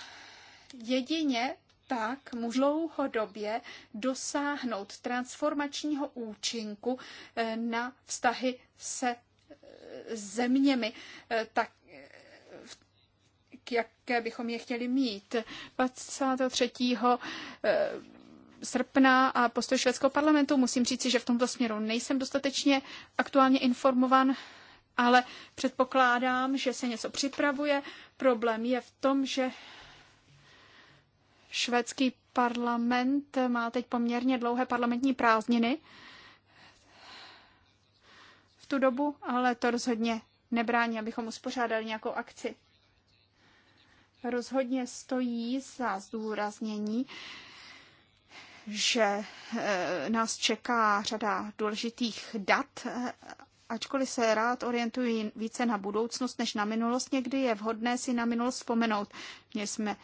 jedině tak dlouhodobě dosáhnout transformačního účinku eh, na vztahy se eh, zeměmi, tak jaké bychom je chtěli mít. 23 srpna a postoj švédského parlamentu. Musím říci, že v tomto směru nejsem dostatečně aktuálně informovan, ale předpokládám, že se něco připravuje. Problém je v tom, že švédský parlament má teď poměrně dlouhé parlamentní prázdniny v tu dobu, ale to rozhodně nebrání, abychom uspořádali nějakou akci. Rozhodně stojí za zdůraznění, že eh, nás čeká řada důležitých dat, eh, ačkoliv se rád orientuji více na budoucnost než na minulost, někdy je vhodné si na minulost vzpomenout. Měli jsme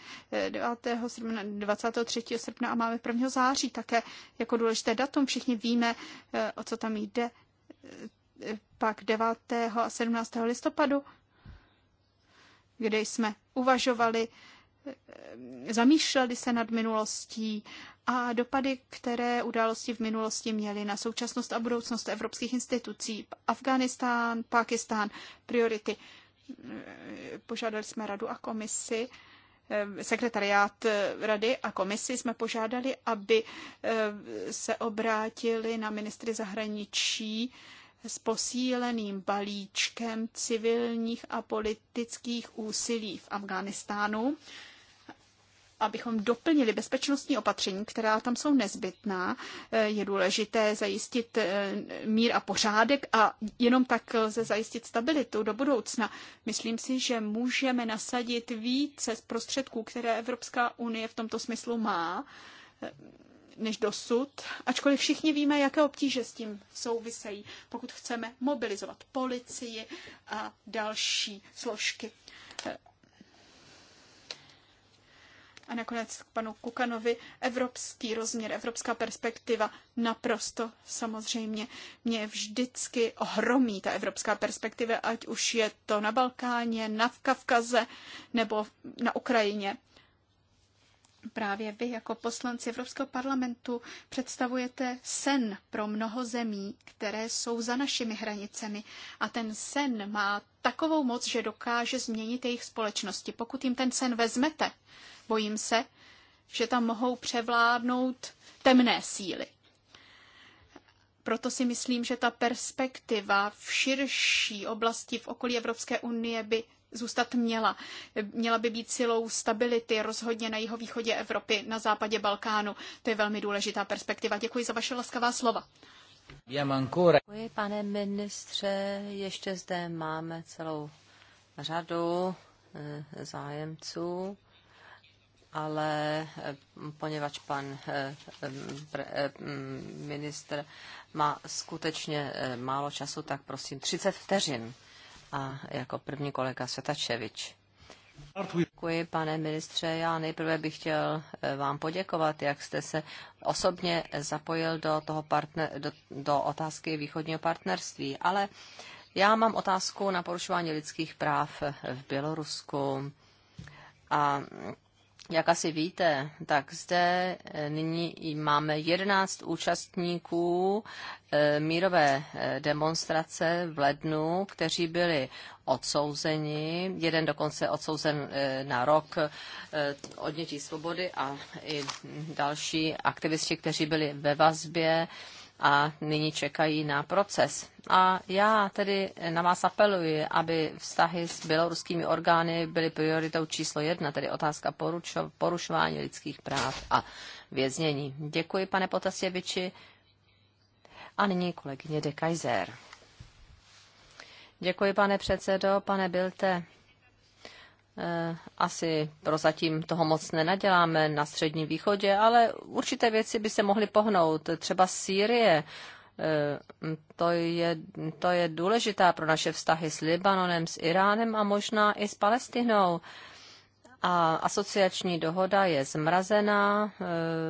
9. Eh, srpna, 23. srpna a máme 1. září také jako důležité datum. Všichni víme, o co tam jde. Pak 9. a 17. listopadu, kde jsme uvažovali zamýšleli se nad minulostí a dopady, které události v minulosti měly na současnost a budoucnost evropských institucí. Afganistán, Pakistán, priority. Požádali jsme radu a komisi, sekretariát rady a komisi jsme požádali, aby se obrátili na ministry zahraničí s posíleným balíčkem civilních a politických úsilí v Afghánistánu abychom doplnili bezpečnostní opatření, která tam jsou nezbytná. Je důležité zajistit eh, mír a pořádek a jenom tak lze zajistit stabilitu do budoucna. Myslím si, že můžeme nasadit více prostředků, které Evropská unie v tomto smyslu má eh, než dosud, ačkoliv všichni víme, jaké obtíže s tím souvisejí, pokud chceme mobilizovat policii a další složky. Eh, a nakonec k panu Kukanovi evropský rozměr, evropská perspektiva naprosto samozřejmě. Mě vždycky ohromí ta evropská perspektiva, ať už je to na Balkáně, na Kavkaze nebo na Ukrajině. Právě vy jako poslanci Evropského parlamentu představujete sen pro mnoho zemí, které jsou za našimi hranicemi. A ten sen má takovou moc, že dokáže změnit jejich společnosti. Pokud jim ten sen vezmete, Bojím se, že tam mohou převládnout temné síly. Proto si myslím, že ta perspektiva v širší oblasti v okolí Evropské unie by zůstat měla. Měla by být silou stability rozhodně na jihovýchodě Evropy, na západě Balkánu. To je velmi důležitá perspektiva. Děkuji za vaše laskavá slova. Děkuji, pane ministře. Ještě zde máme celou řadu eh, zájemců ale eh, poněvadž pan eh, eh, mm, ministr má skutečně málo času, tak prosím 30 vteřin. A jako první kolega Svetačevič. Děkuji, pane ministře. Já nejprve bych chtěl vám poděkovat, jak jste se osobně zapojil do, toho partner, do, do otázky východního partnerství. Ale já mám otázku na porušování lidských práv v Bělorusku. A mm, jak asi víte, tak zde eh, nyní máme 11 účastníků eh, mírové eh, demonstrace v lednu, kteří byli odsouzeni, jeden dokonce odsouzen na rok odnětí svobody a i další aktivisti, kteří byli ve vazbě a nyní čekají na proces. A já tedy na vás apeluji, aby vztahy s běloruskými orgány byly prioritou číslo jedna, tedy otázka poručo, porušování lidských práv a věznění. Děkuji, pane Potasěviči. A nyní kolegyně de Kaiser. Děkuji, pane předsedo, pane Bilte. Eh, asi prozatím toho moc nenaděláme na Středním východě, ale určité věci by se mohly pohnout. Třeba Sýrie, eh, to je, to je důležitá pro naše vztahy s Libanonem, s Iránem a možná i s Palestinou a asociační dohoda je zmrazená, eh,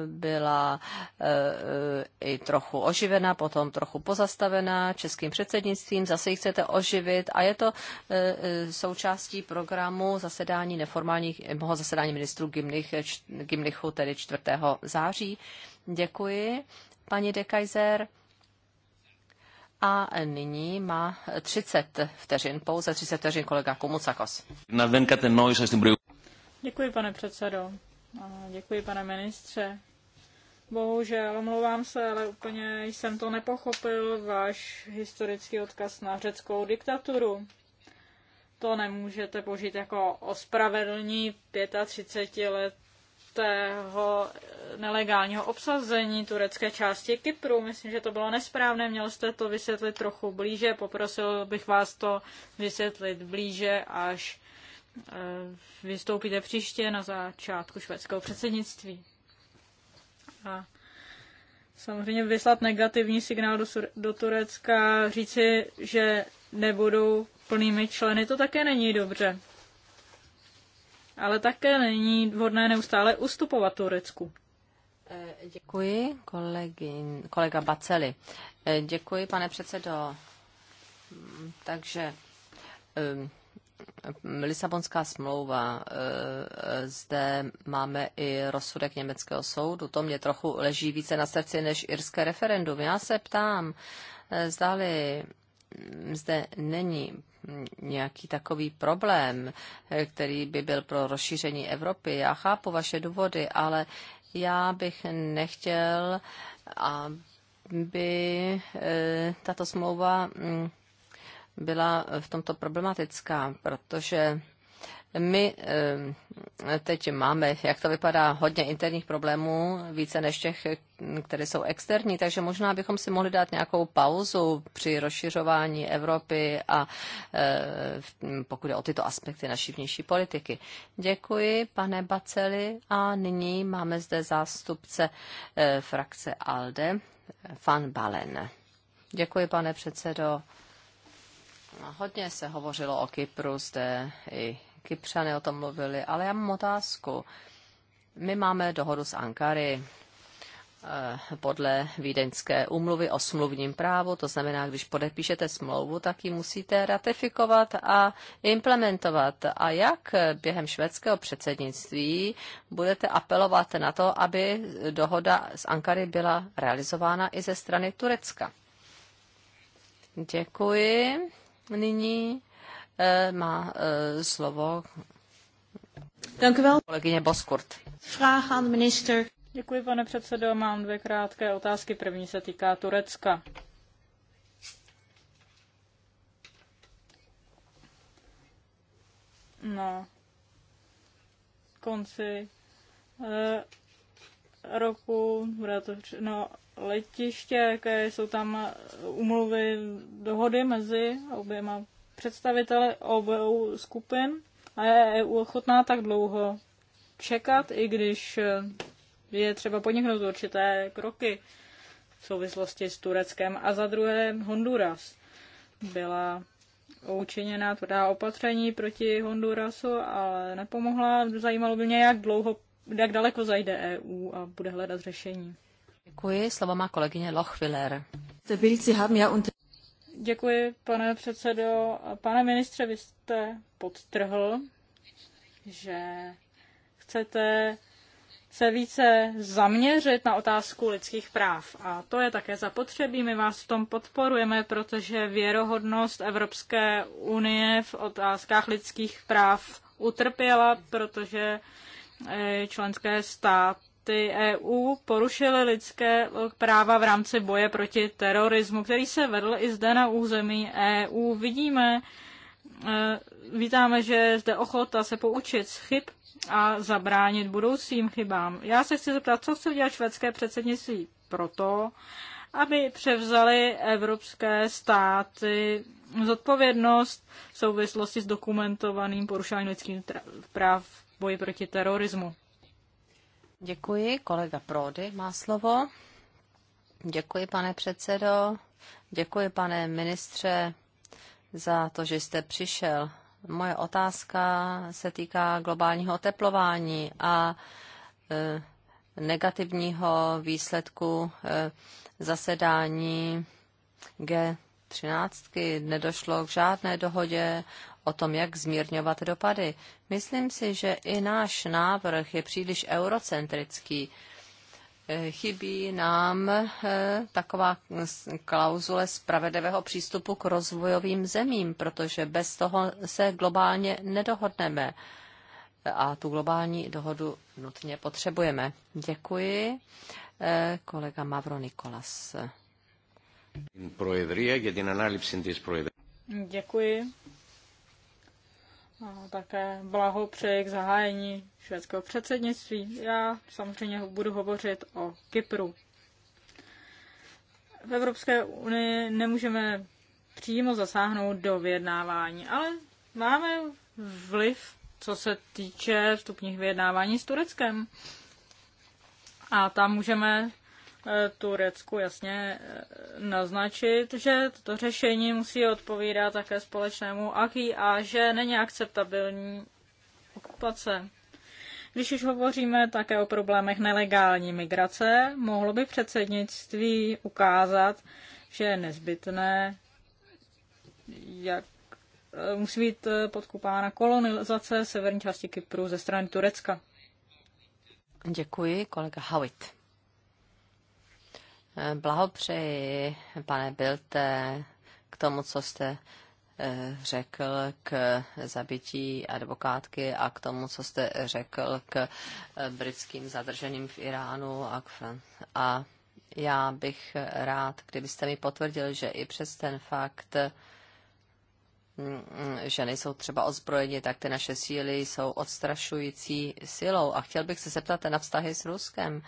byla eh, i trochu oživena, potom trochu pozastavená českým předsednictvím, zase ji chcete oživit a je to eh, součástí programu zasedání neformálních, zasedání ministrů Gimlich, Gimlichu, tedy 4. září. Děkuji, paní de Kaiser. A nyní má 30 vteřin, pouze 30 vteřin kolega Komucakos. Děkuji, pane předsedo. Děkuji, pane ministře. Bohužel, omlouvám se, ale úplně jsem to nepochopil, váš historický odkaz na řeckou diktaturu. To nemůžete použít jako ospravedlní 35-letého nelegálního obsazení turecké části Kypru. Myslím, že to bylo nesprávné, měl jste to vysvětlit trochu blíže, poprosil bych vás to vysvětlit blíže, až Eh, vystoupíte příště na začátku švédského předsednictví. A samozřejmě vyslat negativní signál do, do Turecka, říci, že nebudou plnými členy, to také není dobře. Ale také není vhodné neustále ustupovat Turecku. Eh, děkuji, kolegy, kolega Baceli. Eh, děkuji, pane předsedo. Mm, takže mm, Lisabonská smlouva, eh, eh, zde máme i rozsudek německého soudu, to mě trochu leží více na srdci než irské referendum. Já se ptám, eh, zdali zde není nějaký takový problém, který by byl pro rozšíření Evropy. Já chápu vaše důvody, ale já bych nechtěl, aby tato smlouva mm, byla v tomto problematická, protože my eh, teď máme, jak to vypadá, hodně interních problémů, více než těch, které jsou externí, takže možná bychom si mohli dát nějakou pauzu při rozšiřování Evropy a eh, pokud je o tyto aspekty naší vnější politiky. Děkuji, pane Baceli, a nyní máme zde zástupce eh, frakce ALDE, Fan Balen. Děkuji, pane předsedo. Hodně se hovořilo o Kypru zde, i Kypřany o tom mluvili, ale já mám otázku. My máme dohodu s Ankary eh, podle Vídeňské úmluvy o smluvním právu, to znamená, když podepíšete smlouvu, tak ji musíte ratifikovat a implementovat. A jak během švédského předsednictví budete apelovat na to, aby dohoda z Ankary byla realizována i ze strany Turecka? Děkuji. Nyní eh, má eh, slovo Kolegyně Boskurt. minister. Děkuji, pane předsedo. Mám dvě krátké otázky. První se týká Turecka. Na konci eh, roku bude to no, letiště, jaké jsou tam umluvy, dohody mezi oběma představiteli obou skupin a je EU ochotná tak dlouho čekat, i když je třeba podniknout určité kroky v souvislosti s Tureckem. A za druhé Honduras byla učiněna tvrdá opatření proti Hondurasu, ale nepomohla. Zajímalo by mě, jak dlouho, jak daleko zajde EU a bude hledat řešení. Děkuji, slovo má kolegyně Lochwiller. Děkuji, pane předsedo. Pane ministře, vy jste podtrhl, že chcete se více zaměřit na otázku lidských práv. A to je také zapotřebí. My vás v tom podporujeme, protože věrohodnost Evropské unie v otázkách lidských práv utrpěla, protože eh, členské státy státy EU porušily lidské práva v rámci boje proti terorismu, který se vedl i zde na území EU. Vidíme, eh, vítáme, že je zde ochota se poučit z chyb a zabránit budoucím chybám. Já se chci zeptat, co chce udělat švédské předsednictví proto, aby převzali evropské státy zodpovědnost v souvislosti s dokumentovaným porušováním lidských práv v boji proti terorismu. Děkuji. Kolega Prody má slovo. Děkuji, pane předsedo. Děkuji, pane ministře, za to, že jste přišel. Moje otázka se týká globálního oteplování a e, negativního výsledku e, zasedání G13. Nedošlo k žádné dohodě o tom, jak zmírňovat dopady. Myslím si, že i náš návrh je příliš eurocentrický. Eh, chybí nám eh, taková klauzule spravedlivého přístupu k rozvojovým zemím, protože bez toho se globálně nedohodneme. A tu globální dohodu nutně potřebujeme. Děkuji. Eh, kolega Mavro Nikolas. Děkuji a také blahopřeji k zahájení švédského předsednictví. Já samozřejmě budu hovořit o Kypru. V Evropské unii nemůžeme přímo zasáhnout do vyjednávání, ale máme vliv, co se týče vstupních vyjednávání s Tureckem. A tam můžeme Eh, Turecku jasně eh, naznačit, že toto řešení musí odpovídat také společnému AKI a že není akceptabilní okupace. Když už hovoříme také o problémech nelegální migrace, mohlo by předsednictví ukázat, že je nezbytné, jak eh, musí být podkupána kolonizace severní části Kypru ze strany Turecka. Děkuji, kolega Howitt. Blahopřeji, pane Bilte, k tomu, co jste eh, řekl k zabití advokátky a k tomu, co jste řekl k eh, britským zadrženým v Iránu a k Fran- a já bych rád, kdybyste mi potvrdil, že i přes ten fakt, mm, mm, že nejsou třeba ozbrojeni, tak ty naše síly jsou odstrašující silou. A chtěl bych se zeptat na vztahy s Ruskem. Uh,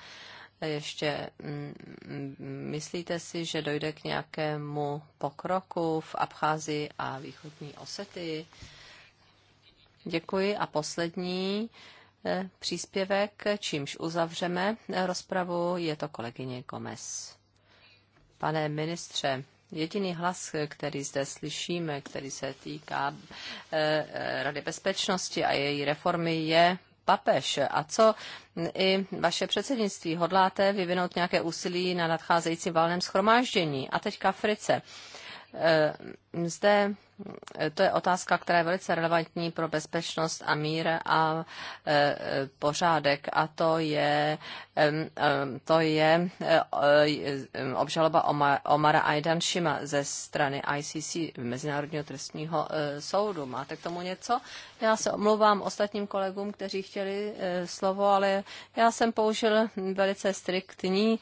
ještě mm, myslíte si, že dojde k nějakému pokroku v Abcházi a východní Osety? Děkuji. A poslední eh, příspěvek, čímž uzavřeme rozpravu, je to kolegyně Gomez. Pane ministře, Jediný hlas, který zde slyšíme, který se týká eh, eh, Rady bezpečnosti a její reformy, je papež. A co i vaše předsednictví? Hodláte vyvinout nějaké úsilí na nadcházejícím valném schromáždění? A teď k Africe. Eh, zde eh, to je otázka, která je velice relevantní pro bezpečnost a mír a eh, pořádek. A to je, to je obžaloba Omara Shima ze strany ICC, Mezinárodního trestního soudu. Máte k tomu něco? Já se omlouvám ostatním kolegům, kteří chtěli slovo, ale já jsem použil velice striktní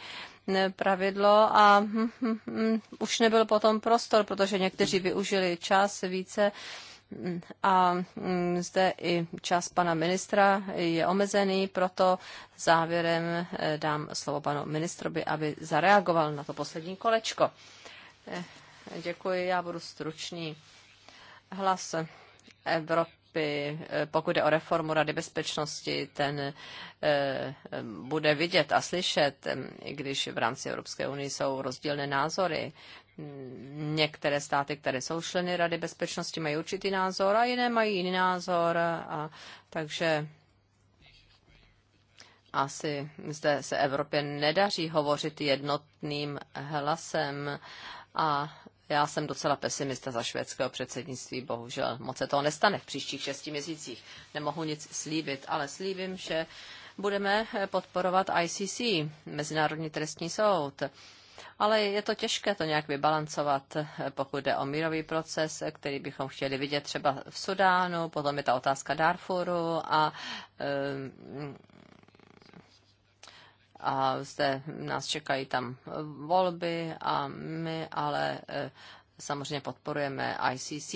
pravidlo a hm, hm, hm, už nebyl potom prostor, protože někteří využili čas více a zde i čas pana ministra je omezený, proto závěrem eh, dám slovo panu ministrovi, aby zareagoval na to poslední kolečko. Eh, děkuji, já budu stručný. Hlas Evropy by, eh, pokud je o reformu Rady bezpečnosti, ten eh, eh, bude vidět a slyšet, i když v rámci Evropské unie jsou rozdílné názory. Některé státy, které jsou členy Rady bezpečnosti, mají určitý názor a jiné mají jiný názor. A, takže asi zde se Evropě nedaří hovořit jednotným hlasem a já jsem docela pesimista za švédského předsednictví, bohužel moc se toho nestane v příštích šesti měsících. Nemohu nic slíbit, ale slíbím, že budeme podporovat ICC, Mezinárodní trestní soud. Ale je to těžké to nějak vybalancovat, pokud jde o mírový proces, který bychom chtěli vidět třeba v Sudánu, potom je ta otázka Darfuru a a zde nás čekají tam volby a my ale e, samozřejmě podporujeme ICC.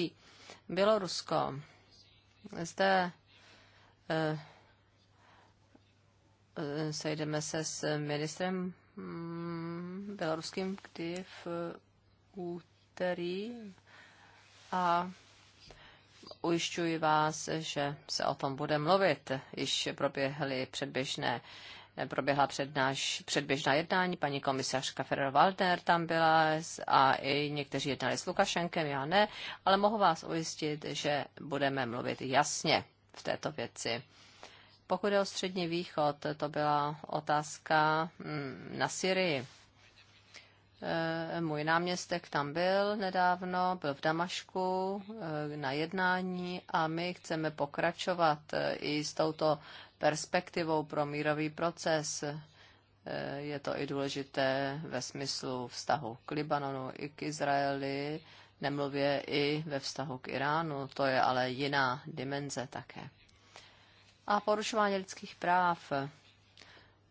Bělorusko. Zde e, e, sejdeme se s ministrem mm, běloruským, kdy v úterý a ujišťuji vás, že se o tom bude mluvit. Již proběhly předběžné uh, proběhla před náš předběžná jednání, paní komisařka Ferrer-Waldner tam byla a i někteří jednali s Lukašenkem, já ne, ale mohu vás ujistit, že budeme mluvit jasně v této věci. Pokud je o Střední východ, to byla otázka mm, na Syrii. Eh, můj náměstek tam byl nedávno, byl v Damašku eh, na jednání a my chceme pokračovat eh, i s touto perspektivou pro mírový proces. E, je to i důležité ve smyslu vztahu k Libanonu i k Izraeli, nemluvě i ve vztahu k Iránu. To je ale jiná dimenze také. A porušování lidských práv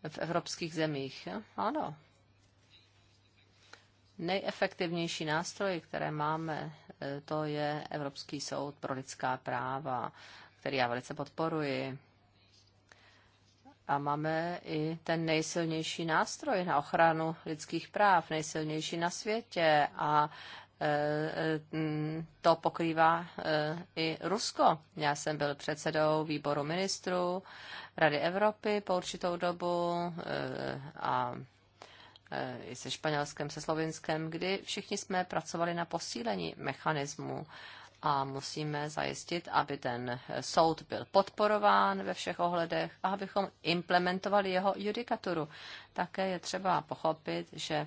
v evropských zemích. Ano. Nejefektivnější nástroj, které máme, e, to je Evropský soud pro lidská práva, který já velice podporuji. A máme i ten nejsilnější nástroj na ochranu lidských práv, nejsilnější na světě. A e, e, to pokrývá e, i Rusko. Já jsem byl předsedou výboru ministrů Rady Evropy po určitou dobu a i se Španělskem, se Slovinskem, kdy všichni jsme pracovali na posílení mechanismu a musíme zajistit, aby ten soud byl podporován ve všech ohledech a abychom implementovali jeho judikaturu. Také je třeba pochopit, že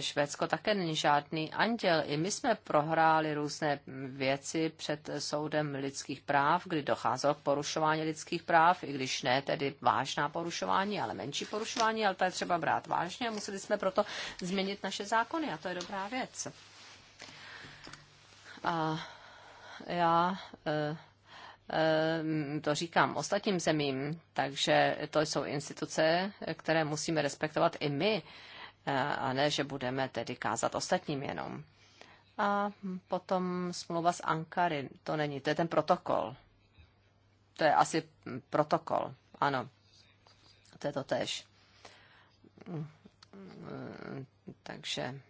Švédsko také není žádný anděl. I my jsme prohráli různé věci před soudem lidských práv, kdy docházelo k porušování lidských práv, i když ne tedy vážná porušování, ale menší porušování, ale to je třeba brát vážně a museli jsme proto změnit naše zákony a to je dobrá věc. A já eh, eh, to říkám ostatním zemím, takže to jsou instituce, které musíme respektovat i my, eh, a ne, že budeme tedy kázat ostatním jenom. A potom smlouva z Ankary, to není, to je ten protokol. To je asi protokol, ano. To je to tež. Mm, mm, takže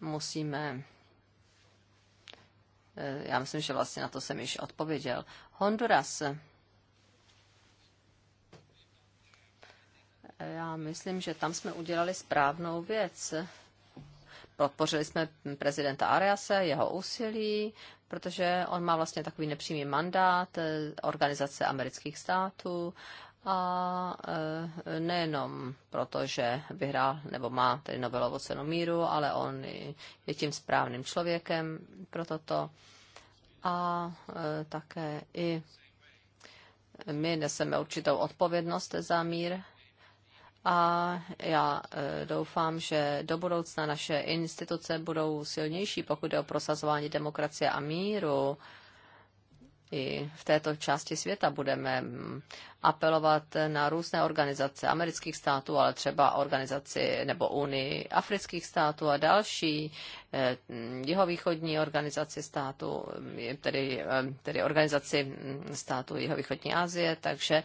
musíme Eh, já myslím, že vlastně na to jsem již odpověděl. Honduras. Eh, já myslím, že tam jsme udělali správnou věc. Podpořili jsme prezidenta Ariase, jeho úsilí, protože on má vlastně takový nepřímý mandát eh, organizace amerických států a e, nejenom proto, že vyhrál nebo má tedy Nobelovu cenu míru, ale on je tím správným člověkem pro toto a e, také i my neseme určitou odpovědnost za mír a já e, doufám, že do budoucna naše instituce budou silnější, pokud je o prosazování demokracie a míru i v této části světa budeme mm, apelovat na různé organizace amerických států, ale třeba organizaci nebo Unii afrických států a další eh, mm, jihovýchodní organizaci států, mm, tedy, eh, tedy organizaci států jihovýchodní Asie, takže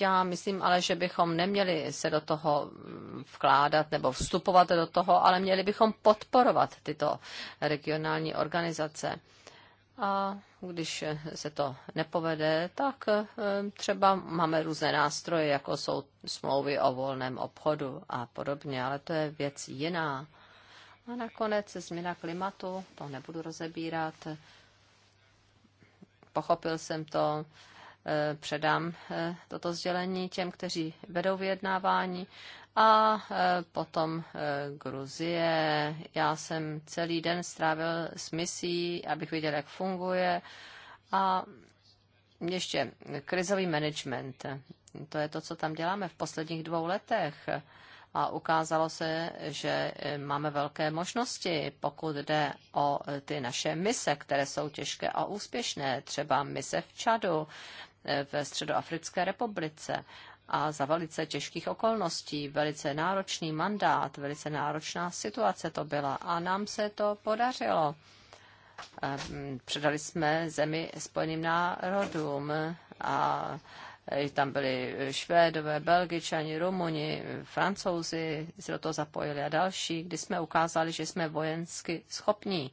já myslím ale, že bychom neměli se do toho vkládat nebo vstupovat do toho, ale měli bychom podporovat tyto regionální organizace. A když se to nepovede, tak eh, třeba máme různé nástroje, jako jsou smlouvy o volném obchodu a podobně, ale to je věc jiná. A nakonec změna klimatu, to nebudu rozebírat. Pochopil jsem to, eh, předám eh, toto sdělení těm, kteří vedou vyjednávání a e, potom e, Gruzie. Já jsem celý den strávil s misí, abych viděl, jak funguje. A ještě krizový management. To je to, co tam děláme v posledních dvou letech. A ukázalo se, že e, máme velké možnosti, pokud jde o ty naše mise, které jsou těžké a úspěšné, třeba mise v Čadu, ve Středoafrické republice a za velice těžkých okolností. Velice náročný mandát, velice náročná situace to byla a nám se to podařilo. Ehm, předali jsme zemi Spojeným národům a tam byli Švédové, Belgičani, Rumuni, Francouzi se do toho zapojili a další, kdy jsme ukázali, že jsme vojensky schopní.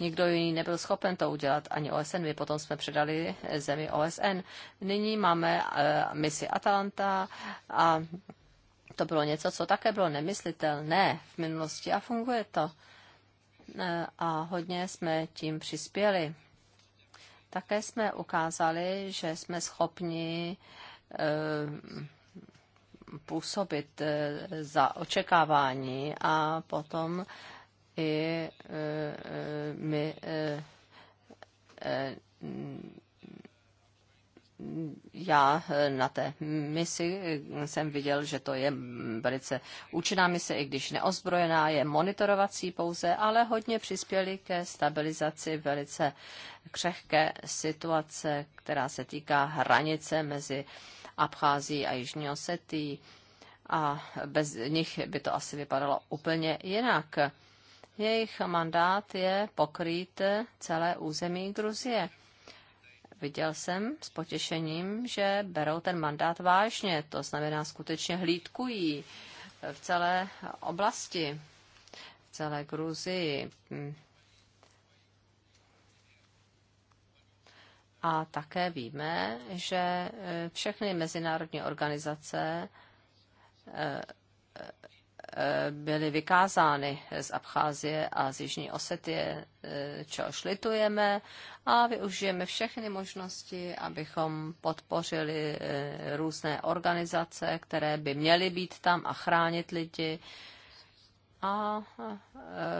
Nikdo jiný nebyl schopen to udělat, ani OSN. My potom jsme předali zemi OSN. Nyní máme eh, misi Atalanta a to bylo něco, co také bylo nemyslitelné v minulosti a funguje to. Eh, a hodně jsme tím přispěli. Také jsme ukázali, že jsme schopni eh, působit za očekávání a potom i eh, my eh, já na té misi jsem viděl, že to je velice účinná mise, i když neozbrojená, je monitorovací pouze, ale hodně přispěli ke stabilizaci velice křehké situace, která se týká hranice mezi Abchází a Jižní Osetí. A bez nich by to asi vypadalo úplně jinak. Jejich mandát je pokrýt celé území Gruzie. Viděl jsem s potěšením, že berou ten mandát vážně, to znamená skutečně hlídkují v celé oblasti, v celé Gruzii. A také víme, že eh, všechny mezinárodní organizace eh, byly vykázány z Abcházie a z Jižní Osetie, eh, čehož litujeme a využijeme všechny možnosti, abychom podpořili eh, různé organizace, které by měly být tam a chránit lidi. A eh,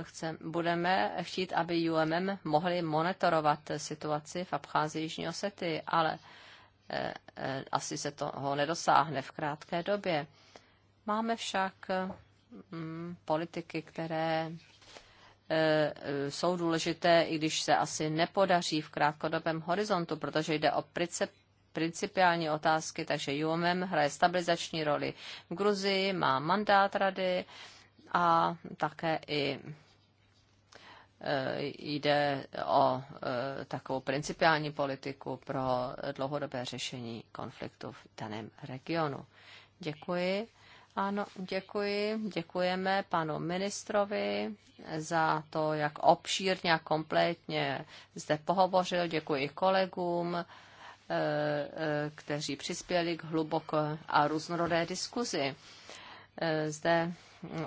chcem, budeme chtít, aby UMM mohli monitorovat situaci v Abcházii Jižní Osety, ale asi se toho nedosáhne v krátké době. Máme však Mm, politiky, které e, e, jsou důležité, i když se asi nepodaří v krátkodobém horizontu, protože jde o princip, principiální otázky, takže UMM hraje stabilizační roli v Gruzii, má mandát rady a také i e, jde o takovou principiální politiku pro dlouhodobé řešení konfliktu v daném regionu. Děkuji. Ano, děkuji. Děkujeme panu ministrovi za to, jak obšírně a kompletně zde pohovořil. Děkuji kolegům, eh, eh, kteří přispěli k hluboké a různorodé diskuzi. Eh, zde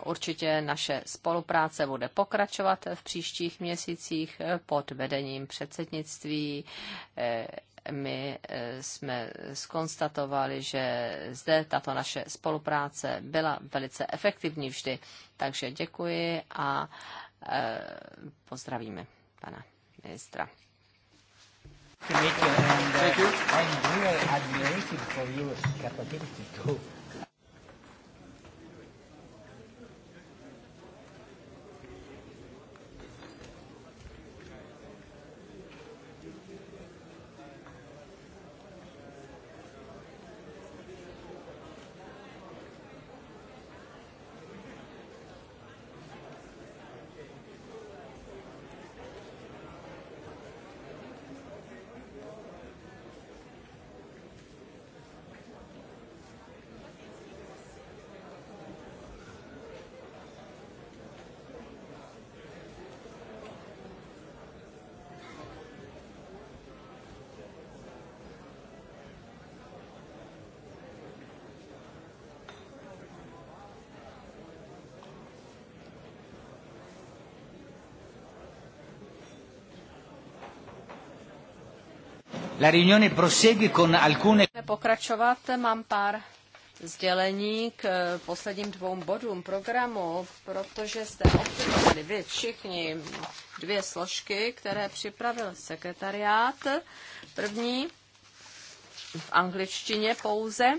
určitě naše spolupráce bude pokračovat v příštích měsících pod vedením předsednictví my e, jsme skonstatovali, že zde tato naše spolupráce byla velice efektivní vždy. Takže děkuji a e, pozdravíme pana ministra. Thank you. Uh, La riunione prosegue con alcune... Pokračovat mám pár sdělení k posledním dvou bodům programu, protože jste obdrželi vy všichni dvě složky, které připravil sekretariát. První v angličtině pouze.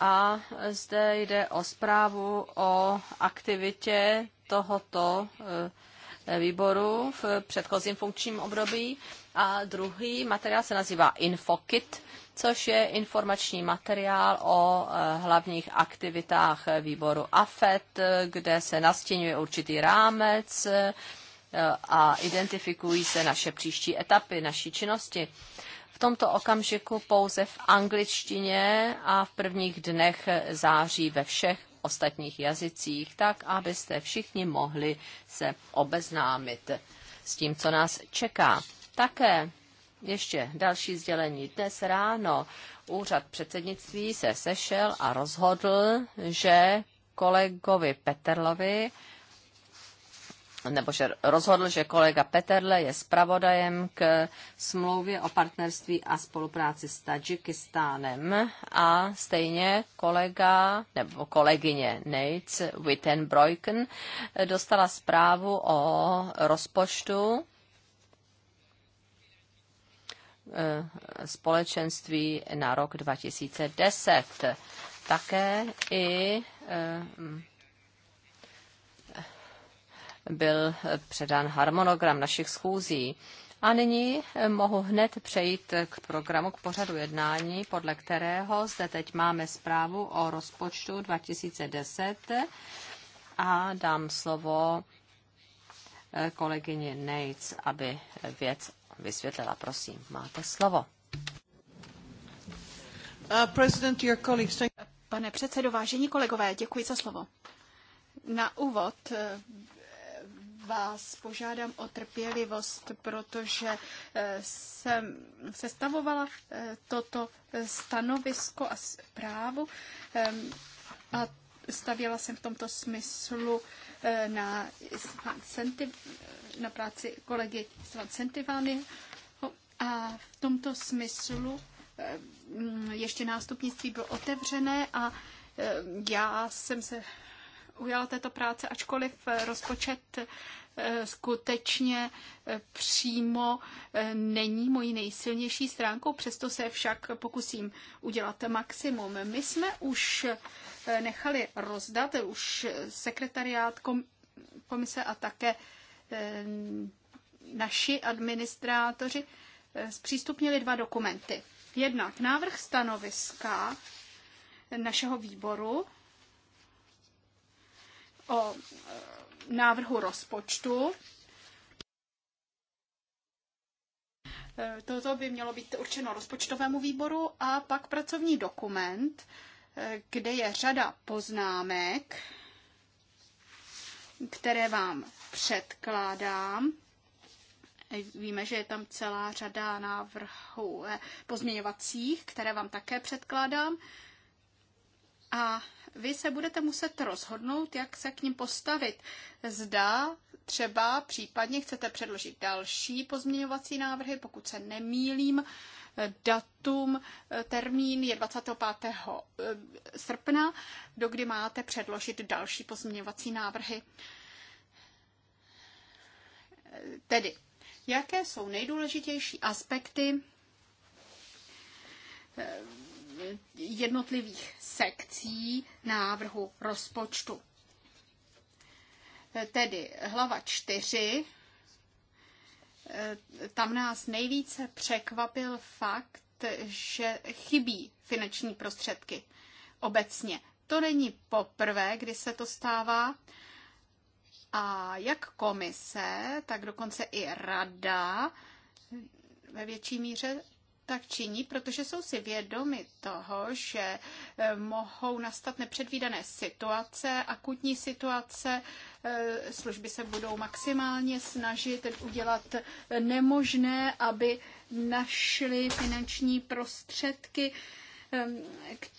A zde jde o zprávu o aktivitě tohoto eh, výboru v předchozím funkčním období. A druhý materiál se nazývá InfoKit, což je informační materiál o eh, hlavních aktivitách výboru AFET, kde se nastěňuje určitý rámec eh, a identifikují se naše příští etapy naší činnosti. V tomto okamžiku pouze v angličtině a v prvních dnech září ve všech ostatních jazycích, tak abyste všichni mohli se obeznámit s tím, co nás čeká. Také ještě další sdělení. Dnes ráno úřad předsednictví se sešel a rozhodl, že kolegovi Peterlovi nebo že rozhodl, že kolega Peterle je zpravodajem k smlouvě o partnerství a spolupráci s Tadžikistánem a stejně kolega nebo kolegyně Nates Wittenbreuken dostala zprávu o rozpočtu Eh, společenství na rok 2010. Také i eh, byl předán harmonogram našich schůzí. A nyní eh, mohu hned přejít k programu, k pořadu jednání, podle kterého zde teď máme zprávu o rozpočtu 2010 a dám slovo kolegyni Nejc, aby věc vysvětlila. Prosím, máte slovo. Uh, Pane předsedo, vážení kolegové, děkuji za slovo. Na úvod eh, vás požádám o trpělivost, protože eh, jsem sestavovala eh, toto stanovisko a zprávu a stavěla jsem v tomto smyslu eh, na, na práci kolegy Svan a v tomto smyslu eh, mm, ještě nástupnictví bylo otevřené a eh, já jsem se ujala této práce, ačkoliv rozpočet Eh, skutečně eh, přímo eh, není mojí nejsilnější stránkou, přesto se však pokusím udělat maximum. My jsme už nechali rozdat, už sekretariát komise a také naši administrátoři zpřístupnili dva dokumenty. Jednak návrh stanoviska našeho výboru o návrhu rozpočtu. E, toto by mělo být určeno rozpočtovému výboru a pak pracovní dokument, e, kde je řada poznámek, které vám předkládám. E, víme, že je tam celá řada návrhů pozměňovacích, které vám také předkládám. A vy se budete muset rozhodnout, jak se k ním postavit. Zda třeba případně chcete předložit další pozměňovací návrhy, pokud se nemýlím, datum, termín je 25. Eh, srpna, do kdy máte předložit další pozměňovací návrhy. Eh, tedy, jaké jsou nejdůležitější aspekty eh, jednotlivých sekcí návrhu rozpočtu. Tedy hlava 4, tam nás nejvíce překvapil fakt, že chybí finanční prostředky obecně. To není poprvé, kdy se to stává. A jak komise, tak dokonce i rada ve větší míře tak činí, protože jsou si vědomi toho, že eh, mohou nastat nepředvídané situace, akutní situace, eh, služby se budou maximálně snažit udělat eh, nemožné, aby našli finanční prostředky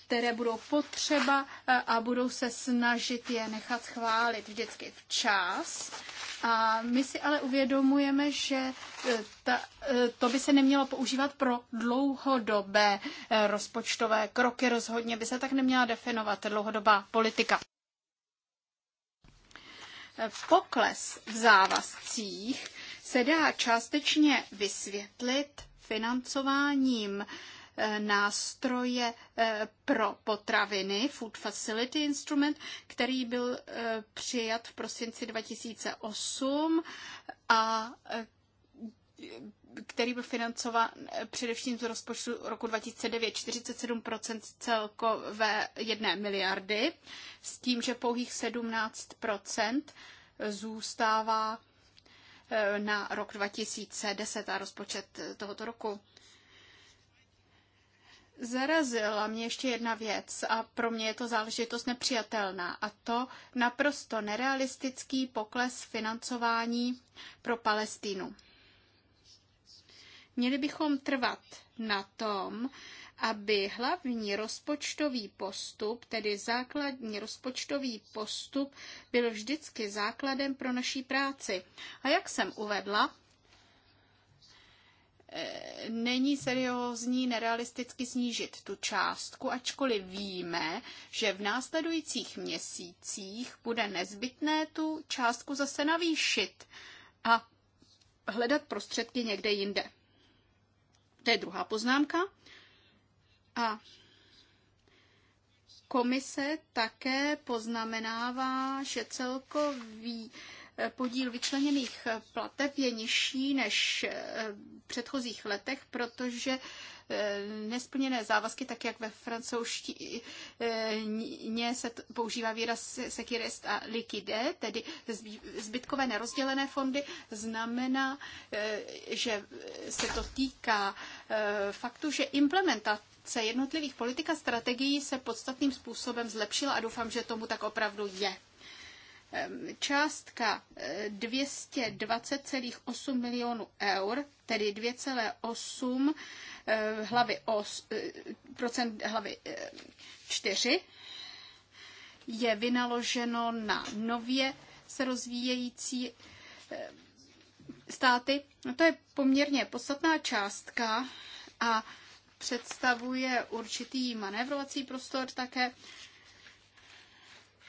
které budou potřeba e, a budou se snažit je nechat schválit vždycky včas. A my si ale uvědomujeme, že e, ta, e, to by se nemělo používat pro dlouhodobé rozpočtové kroky. Rozhodně by se tak neměla definovat dlouhodobá politika pokles v závazcích se dá částečně vysvětlit financováním nástroje eh, pro potraviny, Food Facility Instrument, který byl eh, přijat v prosinci 2008 a eh, který byl financován především z rozpočtu roku 2009 47% celkové jedné miliardy, s tím, že pouhých 17% zůstává na rok 2010 a rozpočet tohoto roku zarazila mě ještě jedna věc a pro mě je to záležitost nepřijatelná a to naprosto nerealistický pokles financování pro Palestínu. Měli bychom trvat na tom, aby hlavní rozpočtový postup, tedy základní rozpočtový postup, byl vždycky základem pro naší práci. A jak jsem uvedla, není seriózní nerealisticky snížit tu částku, ačkoliv víme, že v následujících měsících bude nezbytné tu částku zase navýšit a hledat prostředky někde jinde. To je druhá poznámka. A komise také poznamenává, že celkový podíl vyčleněných plateb je nižší než eh, v předchozích letech, protože eh, nesplněné závazky, tak jak ve francouzštině eh, se používá výraz sekirest a liquide, tedy zbytkové nerozdělené fondy, znamená, že se to týká faktu, že implementace se jednotlivých a strategií se podstatným způsobem zlepšila a doufám, že tomu tak opravdu je. Ehm, částka 220,8 eh, milionů eur, tedy 2,8 eh, hlavy os, eh, procent hlavy 4, je vynaloženo na nově se rozvíjející státy. No to je poměrně podstatná částka a představuje určitý manévrovací prostor také,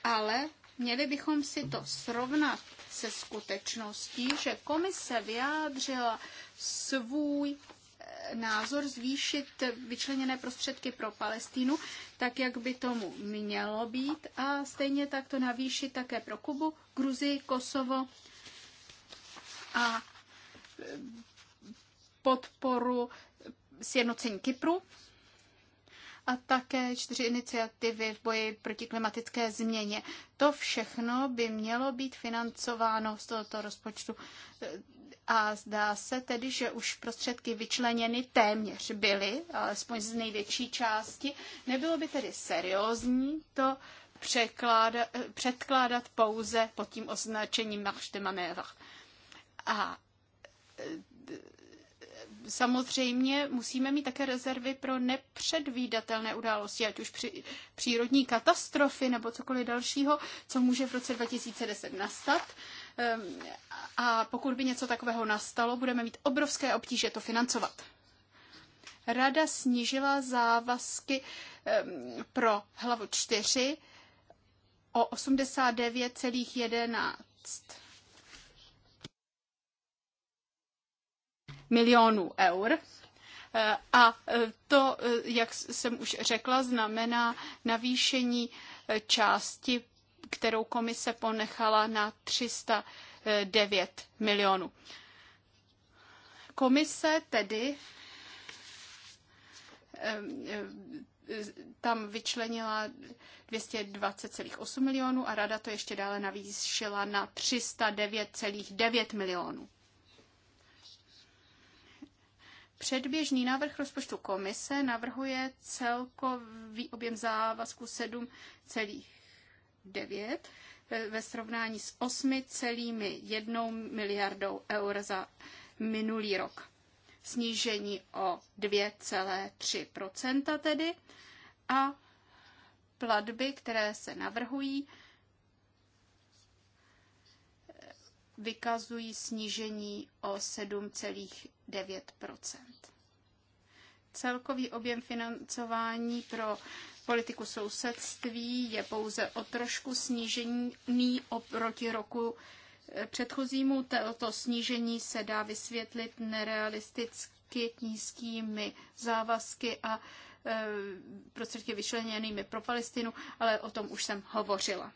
ale Měli bychom si to srovnat se skutečností, že komise vyjádřila svůj eh, názor zvýšit vyčleněné prostředky pro Palestínu, tak jak by tomu mělo být, a stejně tak to navýšit také pro Kubu, Gruzii, Kosovo a eh, podporu sjednocení Kypru a také čtyři iniciativy v boji proti klimatické změně. To všechno by mělo být financováno z tohoto rozpočtu. E, a zdá se tedy, že už prostředky vyčleněny téměř byly, alespoň z největší části. Nebylo by tedy seriózní to překládat, e, předkládat pouze pod tím označením marche de A e, samozřejmě musíme mít také rezervy pro nepředvídatelné události, ať už při, přírodní katastrofy nebo cokoliv dalšího, co může v roce 2010 nastat. Ehm, a pokud by něco takového nastalo, budeme mít obrovské obtíže to financovat. Rada snížila závazky ehm, pro hlavu 4 o 89,11 milionů eur. Eh, a eh, to, eh, jak jsem už řekla, znamená navýšení části, kterou komise ponechala na 309 milionů. Komise tedy tam vyčlenila 220,8 milionů a rada to ještě dále navýšila na 309,9 milionů. Předběžný návrh rozpočtu komise navrhuje celkový objem závazku 7,9 ve srovnání s 8,1 miliardou eur za minulý rok. Snížení o 2,3 tedy a platby, které se navrhují, vykazují snížení o 7,9 Celkový objem financování pro politiku sousedství je pouze o trošku snížený oproti roku eh, předchozímu. Toto snížení se dá vysvětlit nerealisticky nízkými závazky a eh, prostředky vyčleněnými pro Palestinu, ale o tom už jsem hovořila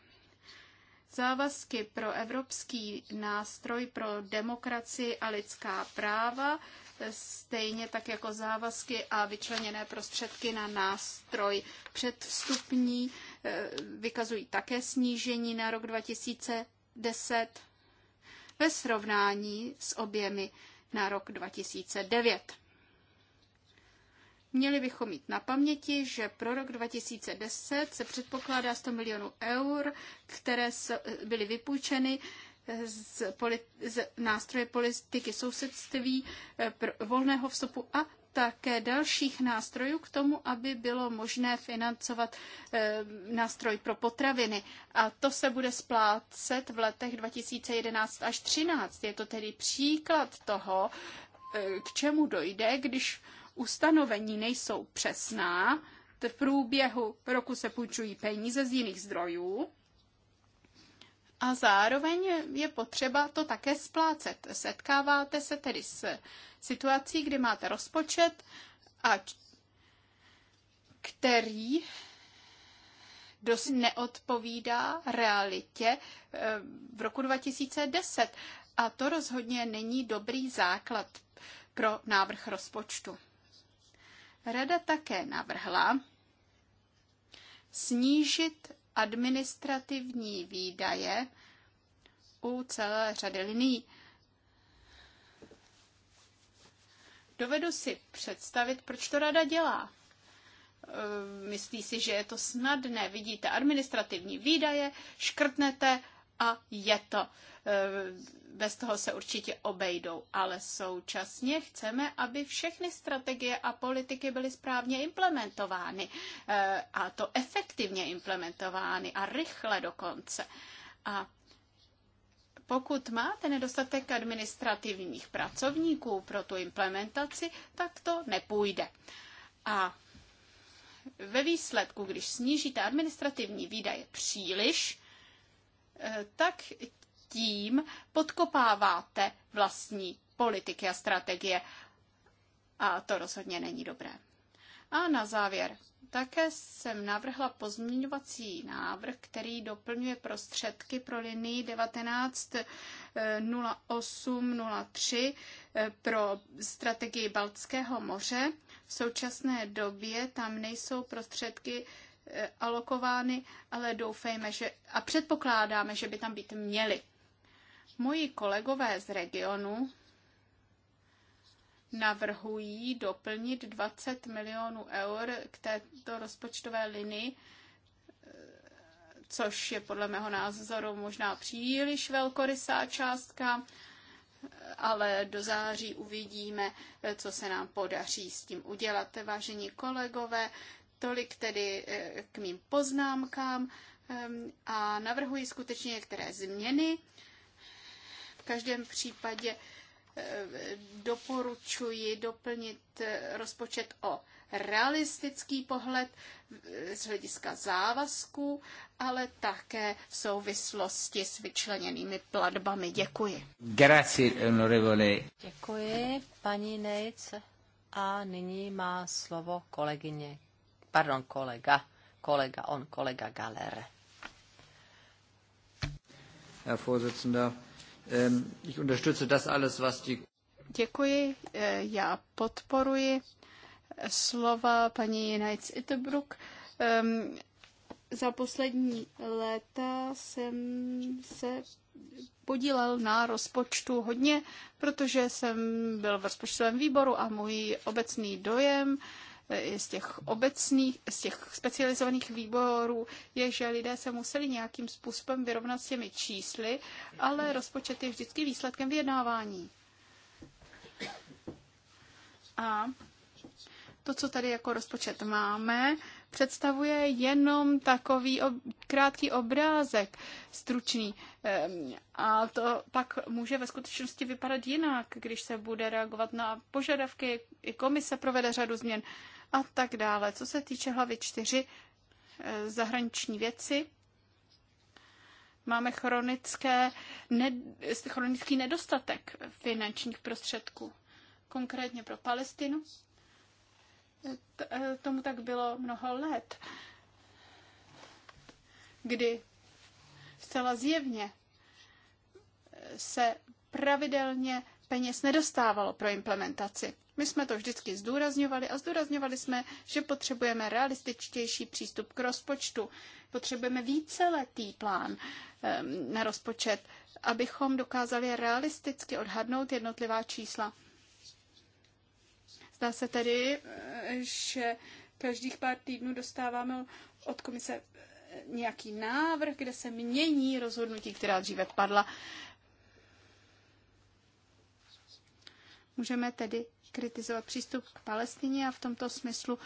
závazky pro Evropský nástroj pro demokracii a lidská práva, stejně tak jako závazky a vyčleněné prostředky na nástroj předvstupní, eh, vykazují také snížení na rok 2010 ve srovnání s objemy na rok 2009. Měli bychom mít na paměti, že pro rok 2010 se předpokládá 100 milionů eur, které byly vypůjčeny z, politi- z nástroje politiky sousedství, eh, volného vstupu a také dalších nástrojů k tomu, aby bylo možné financovat e, nástroj pro potraviny. A to se bude splácet v letech 2011 až 2013. Je to tedy příklad toho, e, k čemu dojde, když e, ustanovení nejsou přesná, v průběhu roku se půjčují peníze z jiných zdrojů a zároveň je potřeba to také splácet. Setkáváte se tedy s situací, kdy máte rozpočet, a který dost neodpovídá realitě eh, v roku 2010. A to rozhodně není dobrý základ pro návrh rozpočtu. Rada také navrhla snížit administrativní výdaje u celé řady liní. Dovedu si představit, proč to rada dělá. Ehm, myslí si, že je to snadné. Vidíte administrativní výdaje, škrtnete a je to. Ehm, bez toho se určitě obejdou, ale současně chceme, aby všechny strategie a politiky byly správně implementovány eh, a to efektivně implementovány a rychle dokonce. A pokud máte nedostatek administrativních pracovníků pro tu implementaci, tak to nepůjde. A ve výsledku, když snížíte administrativní výdaje příliš, eh, tak tím podkopáváte vlastní politiky a strategie. A to rozhodně není dobré. A na závěr. Také jsem navrhla pozměňovací návrh, který doplňuje prostředky pro linii 190803 eh, pro strategii Baltského moře. V současné době tam nejsou prostředky eh, alokovány, ale doufejme, že a předpokládáme, že by tam být měly. Moji kolegové z regionu navrhují doplnit 20 milionů eur k této rozpočtové linii, což je podle mého názoru možná příliš velkorysá částka, ale do září uvidíme, co se nám podaří s tím udělat. Vážení kolegové, tolik tedy eh, k mým poznámkám ehm, a navrhuji skutečně některé změny každém případě eh, doporučuji doplnit eh, rozpočet o realistický pohled eh, z hlediska závazků, ale také v souvislosti s vyčleněnými platbami. Děkuji. Grazie, Děkuji, paní Nejc. A nyní má slovo kolegyně, pardon, kolega, kolega, on, kolega Galer. Herr Vorsitzender, Ähm, ich unterstütze das alles, was die... Děkuji, eh, já podporuji slova paní Knights Itebruk. Ehm, za poslední léta jsem se podílel na rozpočtu hodně, protože jsem byl v rozpočtovém výboru a můj obecný dojem Eh, z těch obecných, z těch specializovaných výborů, je, že lidé se museli nějakým způsobem vyrovnat s těmi čísly, ale rozpočet je vždycky výsledkem vyjednávání. A to, co tady jako rozpočet máme, představuje jenom takový ob- krátký obrázek, stručný. Ehm, a to pak může ve skutečnosti vypadat jinak, když se bude reagovat na požadavky. I komise provede řadu změn. Ehm, a tak dále. Co se týče hlavy 4, eh, zahraniční věci, máme chronické, ne, chronický nedostatek finančních prostředků, konkrétně pro Palestinu. T, eh, tomu tak bylo mnoho let, kdy zcela zjevně se pravidelně peněz nedostávalo pro implementaci. My jsme to vždycky zdůrazňovali a zdůrazňovali jsme, že potřebujeme realističtější přístup k rozpočtu. Potřebujeme víceletý plán ehm, na rozpočet, abychom dokázali realisticky odhadnout jednotlivá čísla. Zdá se tedy, eh, že každých pár týdnů dostáváme od komise eh, nějaký návrh, kde se mění rozhodnutí, která dříve padla. Můžeme tedy kritizovat přístup k Palestině a v tomto smyslu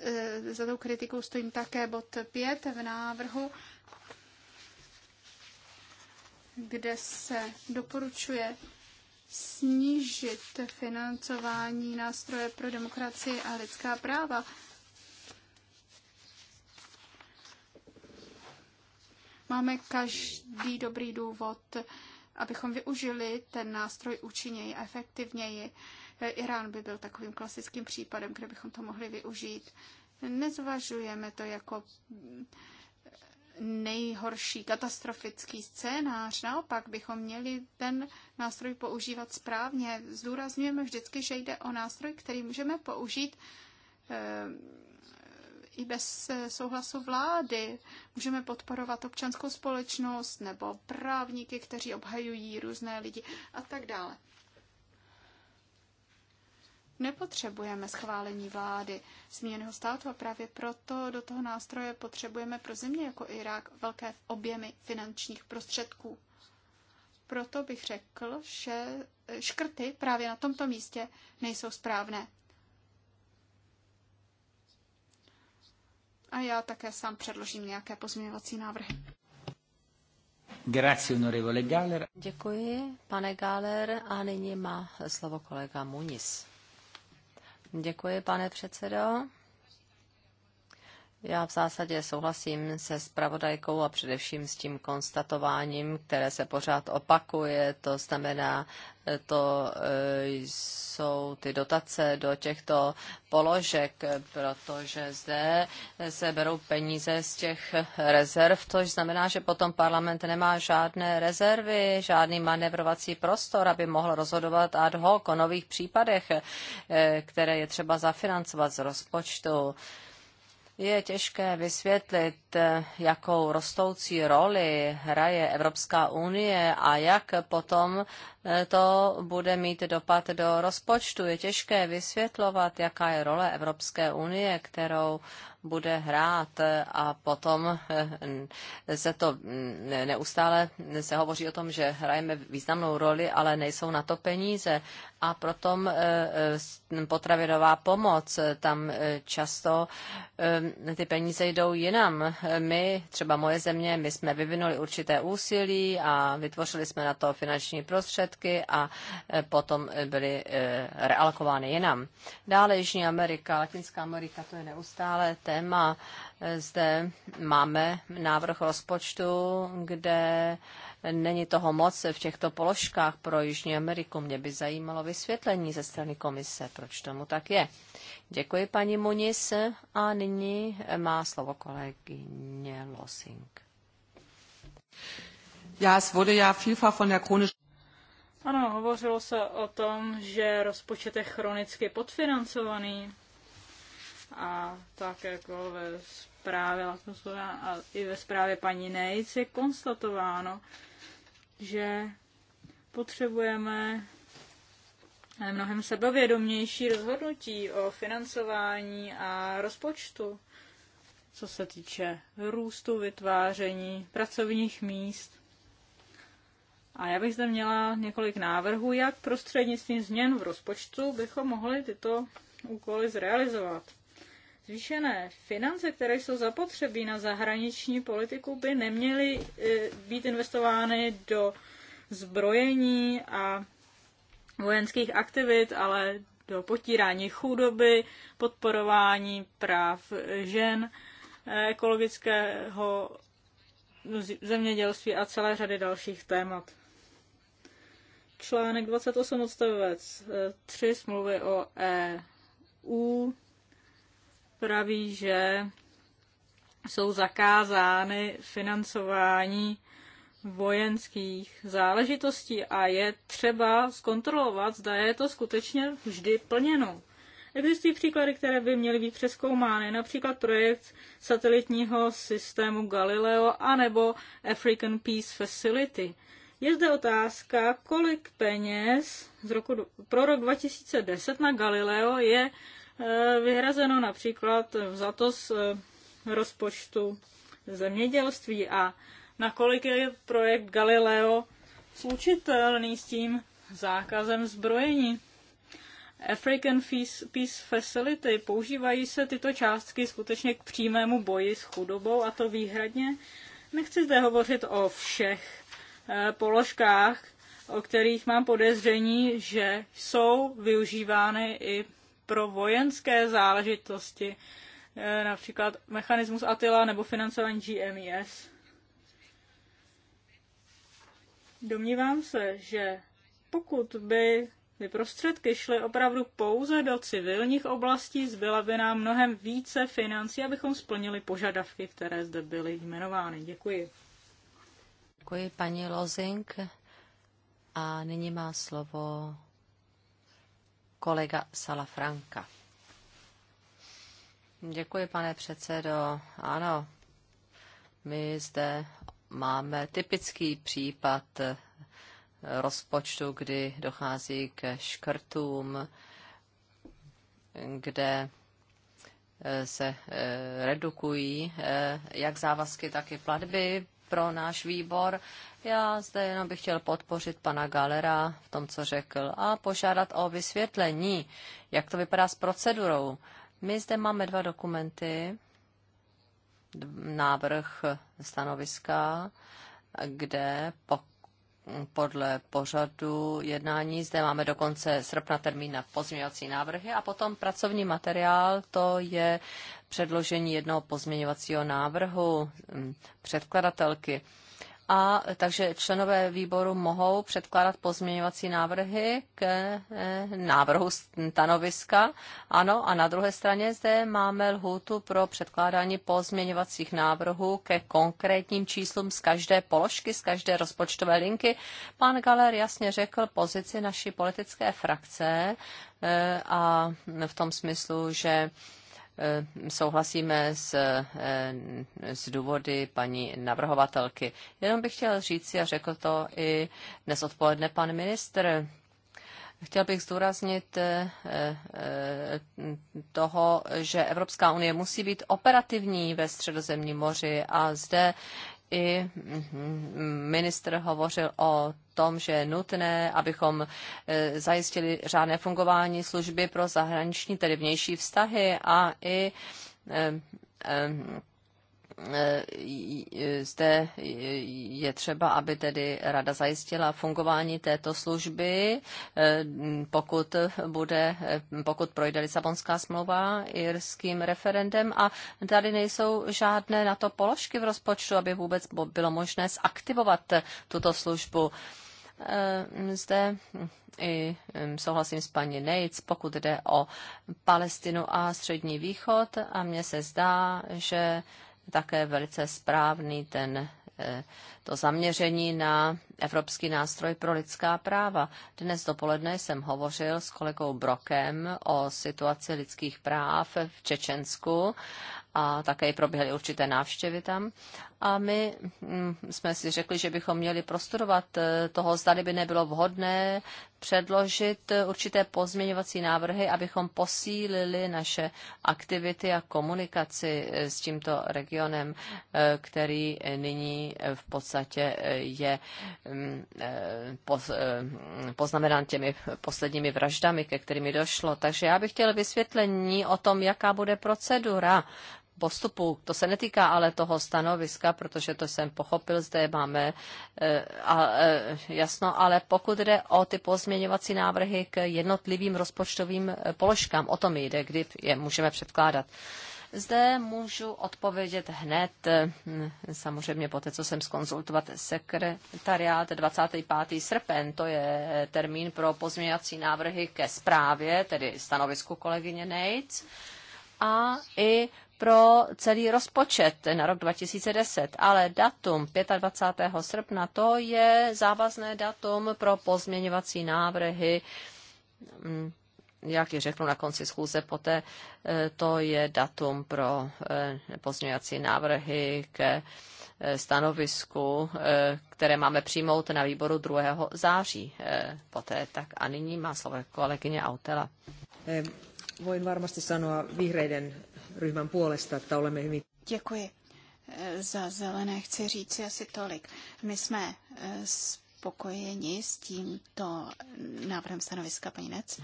e, za tou kritikou stojím také bod 5 v návrhu, kde se doporučuje snížit financování nástroje pro demokracii a lidská práva. Máme každý dobrý důvod abychom využili ten nástroj účinněji a efektivněji. Eh, Irán by byl takovým klasickým případem, kde bychom to mohli využít. Nezvažujeme to jako mm, nejhorší katastrofický scénář. Naopak bychom měli ten nástroj používat správně. Zdůrazňujeme vždycky, že jde o nástroj, který můžeme použít eh, i bez eh, souhlasu vlády. Můžeme podporovat občanskou společnost nebo právníky, kteří obhajují různé lidi a tak dále. Nepotřebujeme schválení vlády změněného státu a právě proto do toho nástroje potřebujeme pro země jako Irák velké objemy finančních prostředků. Proto bych řekl, že škrty právě na tomto místě nejsou správné. a já také sám předložím nějaké pozměňovací návrhy. Grazie, onorevole Galler. Děkuji, pane Galler, a nyní má slovo kolega Muniz. Děkuji, pane předsedo. Já v zásadě souhlasím se spravodajkou a především s tím konstatováním, které se pořád opakuje, to znamená, e, to e, jsou ty dotace do těchto položek, protože zde se berou peníze z těch rezerv, což znamená, že potom parlament nemá žádné rezervy, žádný manevrovací prostor, aby mohl rozhodovat ad hoc o nových případech, e, které je třeba zafinancovat z rozpočtu je těžké vysvětlit, jakou rostoucí roli hraje Evropská unie a jak potom eh, to bude mít dopad do rozpočtu. Je těžké vysvětlovat, jaká je role Evropské unie, kterou bude hrát eh, a potom eh, se to mm, neustále se hovoří o tom, že hrajeme významnou roli, ale nejsou na to peníze. A proto eh, eh, potravinová pomoc, eh, tam často ty peníze jdou jinam. My, třeba moje země, my jsme vyvinuli určité úsilí a vytvořili jsme na to finanční prostředky a potom byly realokovány jinam. Dále Jižní Amerika, Latinská Amerika, to je neustále téma. Zde máme návrh rozpočtu, kde není toho moc v těchto položkách pro Jižní Ameriku. Mě by zajímalo vysvětlení ze strany komise, proč tomu tak je. Děkuji paní Munis a nyní má slovo kolegyně Losing. Já es já ja von der chronischen ano, hovořilo se o tom, že rozpočet je chronicky podfinancovaný a tak jako ve zprávě a i ve zprávě paní Nejc je konstatováno, že potřebujeme eh, mnohem sebevědomější rozhodnutí o financování a rozpočtu, co se týče růstu, vytváření pracovních míst. A já bych zde měla několik návrhů, jak prostřednictvím změn v rozpočtu bychom mohli tyto úkoly zrealizovat. Zvýšené finance, které jsou zapotřebí na zahraniční politiku, by neměly e, být investovány do zbrojení a vojenských aktivit, ale do potírání chudoby, podporování práv žen, e, ekologického zemědělství a celé řady dalších témat. Článek 28 odstavec 3 e, smlouvy o EU praví, že jsou zakázány financování vojenských záležitostí a je třeba zkontrolovat, zda je to skutečně vždy plněno. Existují příklady, které by měly být přeskoumány, například projekt satelitního systému Galileo anebo African Peace Facility. Je zde otázka, kolik peněz z roku, pro rok 2010 na Galileo je Eh, vyhrazeno například za to z eh, rozpočtu zemědělství a nakolik je projekt Galileo slučitelný s tím zákazem zbrojení. African Peace, Facility používají se tyto částky skutečně k přímému boji s chudobou a to výhradně. Nechci zde hovořit o všech eh, položkách, o kterých mám podezření, že jsou využívány i pro vojenské záležitosti, eh, například mechanismus Atila nebo financování GMES. Domnívám se, že pokud by ty prostředky šly opravdu pouze do civilních oblastí, zbyla by nám mnohem více financí, abychom splnili požadavky, které zde byly jmenovány. Děkuji. Děkuji paní Lozing. A nyní má slovo kolega Salafranka. Děkuji, pane předsedo. Ano, my zde máme typický případ rozpočtu, kdy dochází k škrtům, kde eh, se eh, redukují eh, jak závazky, tak i platby pro náš výbor. Já zde jenom bych chtěl podpořit pana Galera v tom, co řekl, a požádat o vysvětlení, jak to vypadá s procedurou. My zde máme dva dokumenty, návrh stanoviska, kde podle pořadu jednání zde máme do konce srpna termín na pozměňovací návrhy a potom pracovní materiál, to je předložení jednoho pozměňovacího návrhu mm, předkladatelky. A takže členové výboru mohou předkládat pozměňovací návrhy k eh, návrhu stanoviska. Ano, a na druhé straně zde máme lhůtu pro předkládání pozměňovacích návrhů ke konkrétním číslům z každé položky, z každé rozpočtové linky. Pan Galer jasně řekl pozici naší politické frakce eh, a v tom smyslu, že Eh, souhlasíme s, eh, s důvody paní navrhovatelky. Jenom bych chtěl říct, a řekl to i dnes odpoledne pan ministr, Chtěl bych zdůraznit eh, toho, že Evropská unie musí být operativní ve středozemním moři a zde i mhm, ministr hovořil o tom, že je nutné, abychom e, zajistili řádné fungování služby pro zahraniční, tedy vnější vztahy a i e, e, E, e, zde je třeba, aby tedy rada zajistila fungování této služby, e, pokud, bude, pokud projde Lisabonská smlouva irským referendem a tady nejsou žádné na to položky v rozpočtu, aby vůbec bylo možné zaktivovat tuto službu. Zde i souhlasím s paní Nejc, pokud jde o Palestinu a Střední východ a mně se zdá, že také velice správný ten eh, to zaměření na Evropský nástroj pro lidská práva. Dnes dopoledne jsem hovořil s kolegou Brokem o situaci lidských práv v Čečensku a také proběhly určité návštěvy tam. A my mm, jsme si řekli, že bychom měli prostudovat eh, toho, zda by nebylo vhodné předložit eh, určité pozměňovací návrhy, abychom posílili naše aktivity a komunikaci eh, s tímto regionem, který nyní v podstatě podstatě eh, je mm, eh, eh, mm, poznamenán těmi posledními vraždami, ke kterými došlo. Takže já bych chtěl vysvětlení o tom, jaká bude procedura postupu. To se netýká ale toho stanoviska, protože to jsem pochopil, zde máme a, jasno, ale pokud jde o ty pozměňovací návrhy k jednotlivým rozpočtovým položkám, o tom jde, kdy je můžeme předkládat. Zde můžu odpovědět hned, hm, samozřejmě po té, co jsem skonzultovat sekretariát 25. srpen, to je termín pro pozměňovací návrhy ke zprávě, tedy stanovisku kolegyně Nejc, a i pro celý rozpočet na rok 2010, ale datum 25. srpna to je závazné datum pro pozměňovací návrhy hm, jak ji řeknu na konci schůze, poté eh, to je datum pro eh, pozměňovací návrhy ke eh, stanovisku, které máme přijmout na výboru 2. září poté. Tak a nyní má slovo kolegyně Autela. Voin varmasti sanoa vihreiden ryhmän puolesta, että olemme hyvin... Děkuji. Za zelené chci říct asi tolik. My jsme spokojeni s tímto návrhem stanoviska paní Nec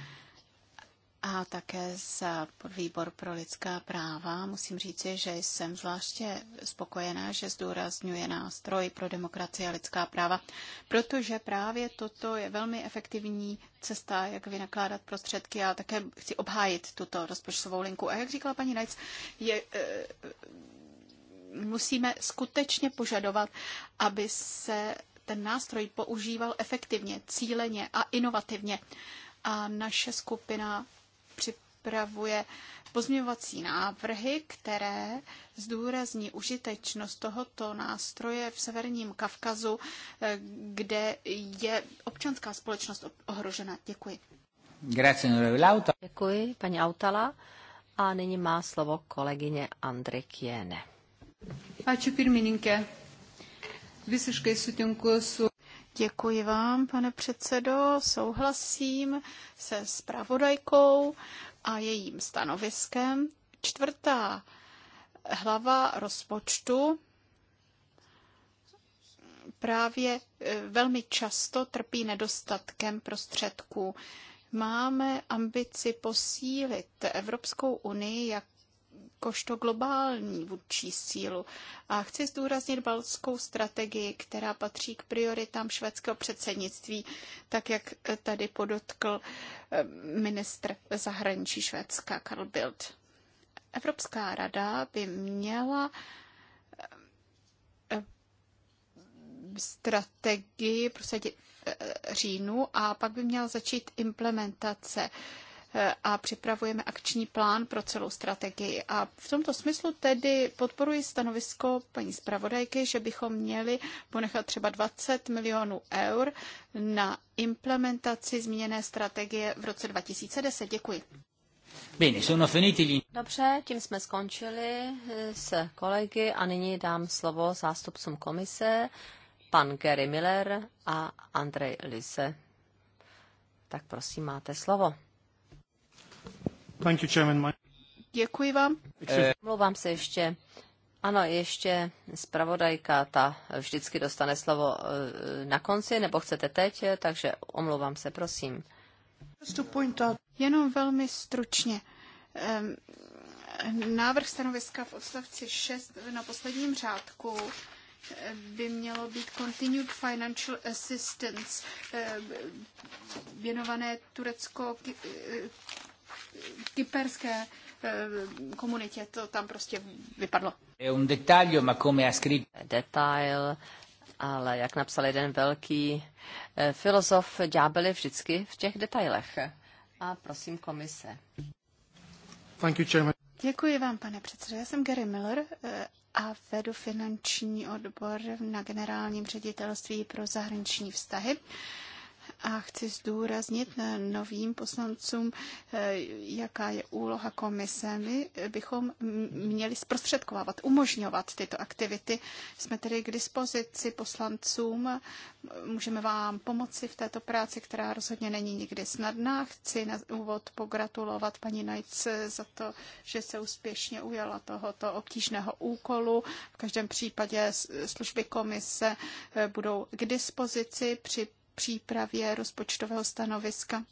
a také za výbor pro lidská práva. Musím říci, že jsem zvláště spokojená, že zdůrazňuje nástroj pro demokracii a lidská práva, protože právě toto je velmi efektivní cesta, jak vynakládat prostředky a také chci obhájit tuto rozpočtovou linku. A jak říkala paní Najc, je, e, musíme skutečně požadovat, aby se ten nástroj používal efektivně, cíleně a inovativně. A naše skupina připravuje pozměňovací návrhy, které zdůrazní užitečnost tohoto nástroje v severním Kavkazu, eh, kde je občanská společnost ohrožena. Děkuji. Děkuji, paní Autala. A nyní má slovo kolegyně Andrik Kiene. Ačiū pirmininkė. Visiškai sutinku su... Děkuji vám, pane předsedo. Souhlasím se zpravodajkou a jejím stanoviskem. Čtvrtá hlava rozpočtu právě e, velmi často trpí nedostatkem prostředků. Máme ambici posílit Evropskou unii jako jakožto globální vůdčí sílu. A chci zdůraznit balskou strategii, která patří k prioritám švédského předsednictví, tak jak tady podotkl eh, ministr zahraničí Švédska Karl Bild. Evropská rada by měla eh, strategii prosadit eh, říjnu a pak by měla začít implementace. E, a připravujeme akční plán pro celou strategii. A v tomto smyslu tedy podporuji stanovisko paní zpravodajky, že bychom měli ponechat třeba 20 milionů eur na implementaci zmíněné strategie v roce 2010. Děkuji. Dobře, tím jsme skončili e, s kolegy a nyní dám slovo zástupcům komise, pan Gary Miller a Andrej Lise. Tak prosím, máte slovo. Děkuji vám. Eh, omlouvám se ještě. Ano, ještě zpravodajka, ta vždycky dostane slovo eh, na konci, nebo chcete teď, eh, takže omlouvám se, prosím. Jenom velmi stručně. Ehm, návrh stanoviska v odstavci 6 na posledním řádku by mělo být Continued Financial Assistance věnované Turecko kyperské eh, komunitě to tam prostě vypadlo. Je un ma come ha scritto. Detail, ale jak napsal jeden velký eh, filozof, ďábel je vždycky v těch detailech. A prosím komise. Thank you, chairman. Děkuji vám, pane předsedo. Já jsem Gary Miller eh, a vedu finanční odbor na generálním ředitelství pro zahraniční vztahy. A chci zdůraznit eh, novým poslancům, eh, jaká je úloha komise. My bychom měli zprostředkovávat, umožňovat tyto aktivity. Jsme tedy k dispozici poslancům, můžeme vám pomoci v této práci, která rozhodně není nikdy snadná. Chci na úvod pogratulovat paní Najc eh, za to, že se úspěšně ujala tohoto obtížného úkolu. V každém případě služby komise budou k dispozici při přípravě rozpočtového stanoviska,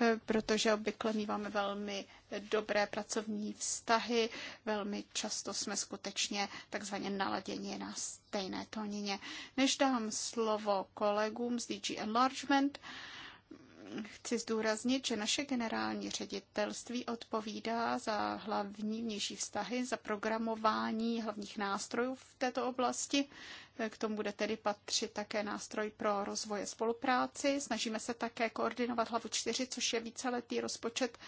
eh, protože obvykle míváme velmi dobré pracovní vztahy, velmi často jsme skutečně takzvaně naladěni na stejné tónině. Než dám slovo kolegům z DG Enlargement, Chci zdůraznit, že naše generální ředitelství odpovídá za hlavní vnější vztahy, za programování hlavních nástrojů v této oblasti. K tomu bude tedy patřit také nástroj pro rozvoj spolupráci. Snažíme se také koordinovat hlavu 4, což je víceletý rozpočet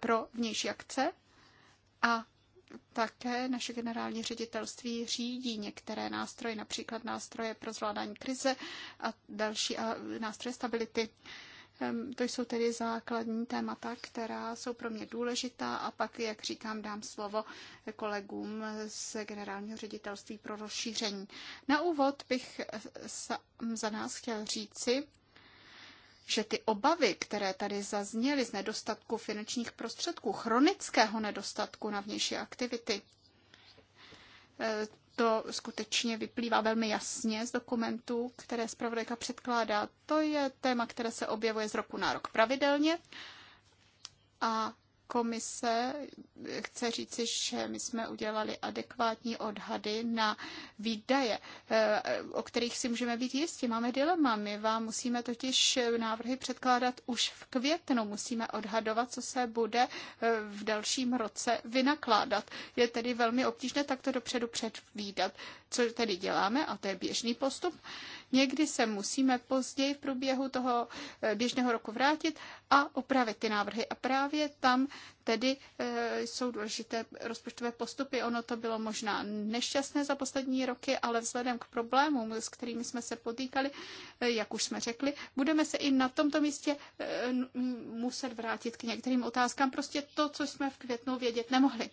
pro vnější akce. A také naše generální ředitelství řídí některé nástroje, například nástroje pro zvládání krize a další a nástroje stability. To jsou tedy základní témata, která jsou pro mě důležitá a pak, jak říkám, dám slovo kolegům z Generálního ředitelství pro rozšíření. Na úvod bych za nás chtěl říci, že ty obavy, které tady zazněly z nedostatku finančních prostředků, chronického nedostatku na vnější aktivity, to skutečně vyplývá velmi jasně z dokumentů, které zpravodajka předkládá. To je téma, které se objevuje z roku na rok pravidelně a komise chce říci, že my jsme udělali adekvátní odhady na výdaje, eh, o kterých si můžeme být jistí. Máme dilema. My vám musíme totiž návrhy předkládat už v květnu. Musíme odhadovat, co se bude eh, v dalším roce vynakládat. Je tedy velmi obtížné takto dopředu předvídat, co tedy děláme, a to je běžný postup. Někdy se musíme později v průběhu toho eh, běžného roku vrátit a opravit ty návrhy. A právě tam tedy eh, jsou důležité rozpočtové postupy. Ono to bylo možná nešťastné za poslední roky, ale vzhledem k problémům, s kterými jsme se potýkali, eh, jak už jsme řekli, budeme se i na tomto místě muset vrátit k některým otázkám. Prostě to, co jsme v květnu vědět nemohli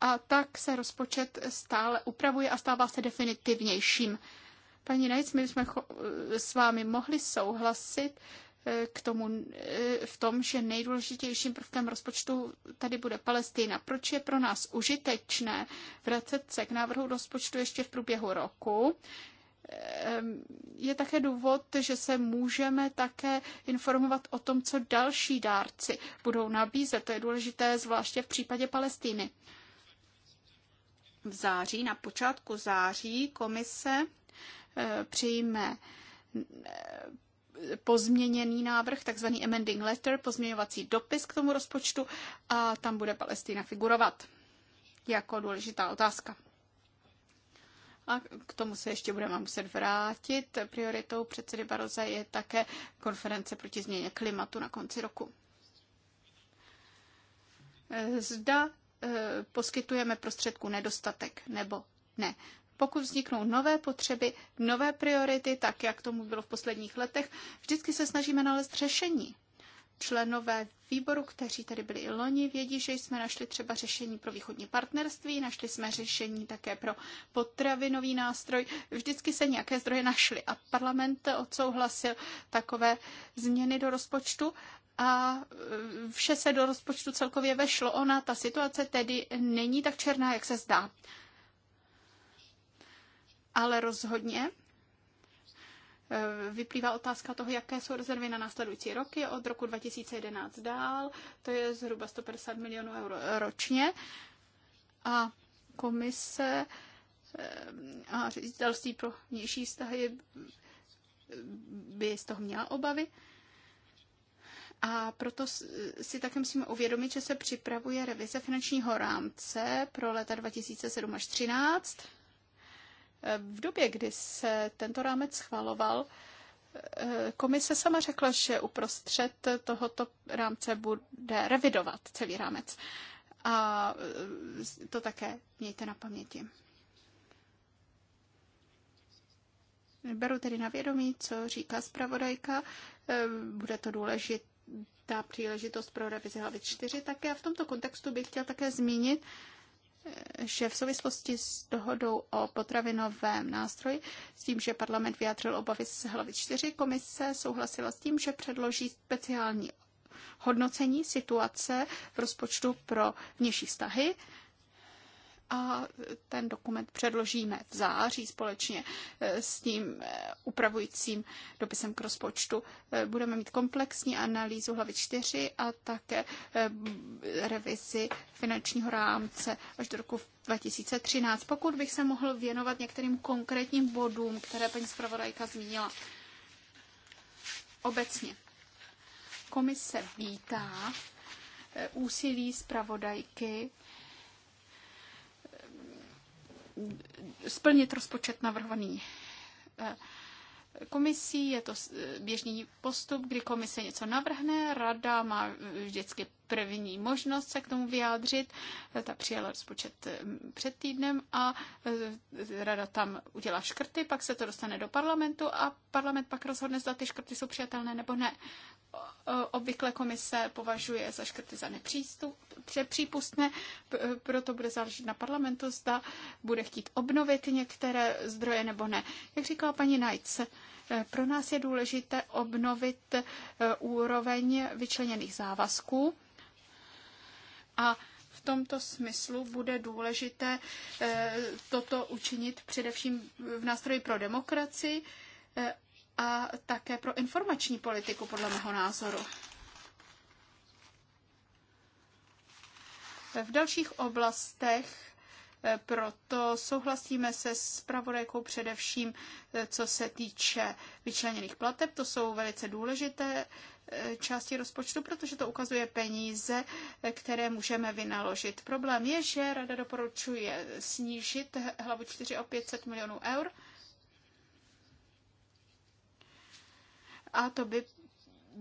a tak se rozpočet stále upravuje a stává se definitivnějším. Paní Nejc, my jsme s vámi mohli souhlasit eh, k tomu, eh, v tom, že nejdůležitějším prvkem rozpočtu tady bude Palestina. Proč je pro nás užitečné vracet se k návrhu rozpočtu ještě v průběhu roku, Ehm, je také důvod, že se můžeme také informovat o tom, co další dárci budou nabízet. To je důležité zvláště v případě Palestiny. V září, na počátku září, komise eh, přijme eh, pozměněný návrh, takzvaný amending letter, pozměňovací dopis k tomu rozpočtu a tam bude Palestina figurovat jako důležitá otázka a k tomu se ještě budeme muset vrátit. Prioritou předsedy Baroza je také konference proti změně klimatu na konci roku. Zda e, poskytujeme prostředku nedostatek nebo ne. Pokud vzniknou nové potřeby, nové priority, tak jak tomu bylo v posledních letech, vždycky se snažíme nalézt řešení členové výboru, kteří tady byli i loni, vědí, že jsme našli třeba řešení pro východní partnerství, našli jsme řešení také pro potravinový nástroj. Vždycky se nějaké zdroje našly a parlament odsouhlasil takové změny do rozpočtu a vše se do rozpočtu celkově vešlo. Ona, ta situace tedy není tak černá, jak se zdá. Ale rozhodně Eh, vyplývá otázka toho, jaké jsou rezervy na následující roky od roku 2011 dál. To je zhruba 150 milionů euro ročně. A komise eh, a ředitelství pro vnější vztahy by z toho měla obavy. A proto si také musíme uvědomit, že se připravuje revize finančního rámce pro leta 2007 až 2013 v době, kdy se tento rámec schvaloval, komise sama řekla, že uprostřed tohoto rámce bude revidovat celý rámec. A to také mějte na paměti. Beru tedy na vědomí, co říká zpravodajka. Bude to důležitá příležitost pro revizi hlavy 4 také. A v tomto kontextu bych chtěl také zmínit, že v souvislosti s dohodou o potravinovém nástroji, s tím, že parlament vyjádřil obavy z hlavy 4, komise souhlasila s tím, že předloží speciální hodnocení situace v rozpočtu pro vnější vztahy a ten dokument předložíme v září společně eh, s tím eh, upravujícím dopisem k rozpočtu. Eh, budeme mít komplexní analýzu hlavy 4 a také revizi finančního rámce až do roku 2013. Pokud bych se mohl věnovat některým konkrétním bodům, které paní zpravodajka zmínila obecně. Komise vítá úsilí zpravodajky splnit rozpočet navrhovaný eh, komisí. Je to eh, běžný postup, kdy komise něco navrhne, rada má eh, vždycky první možnost se k tomu vyjádřit. Ta přijela rozpočet eh, před týdnem a eh, rada tam udělá škrty, pak se to dostane do parlamentu a parlament pak rozhodne, zda ty škrty jsou přijatelné nebo ne. Obvykle komise považuje za škrty za nepřípustné, proto bude záležet na parlamentu, zda bude chtít obnovit některé zdroje nebo ne. Jak říkala paní Najc, eh, pro nás je důležité obnovit úroveň vyčleněných závazků a v tomto smyslu bude důležité eh, toto učinit především v nástroji pro demokracii eh, a také pro informační politiku, podle mého názoru. V dalších oblastech eh, proto souhlasíme se s pravodajkou především, co se týče vyčleněných plateb. To jsou velice důležité části rozpočtu, protože to ukazuje peníze, které můžeme vynaložit. Problém je, že Rada doporučuje snížit hlavu 4 o 500 milionů eur. A to by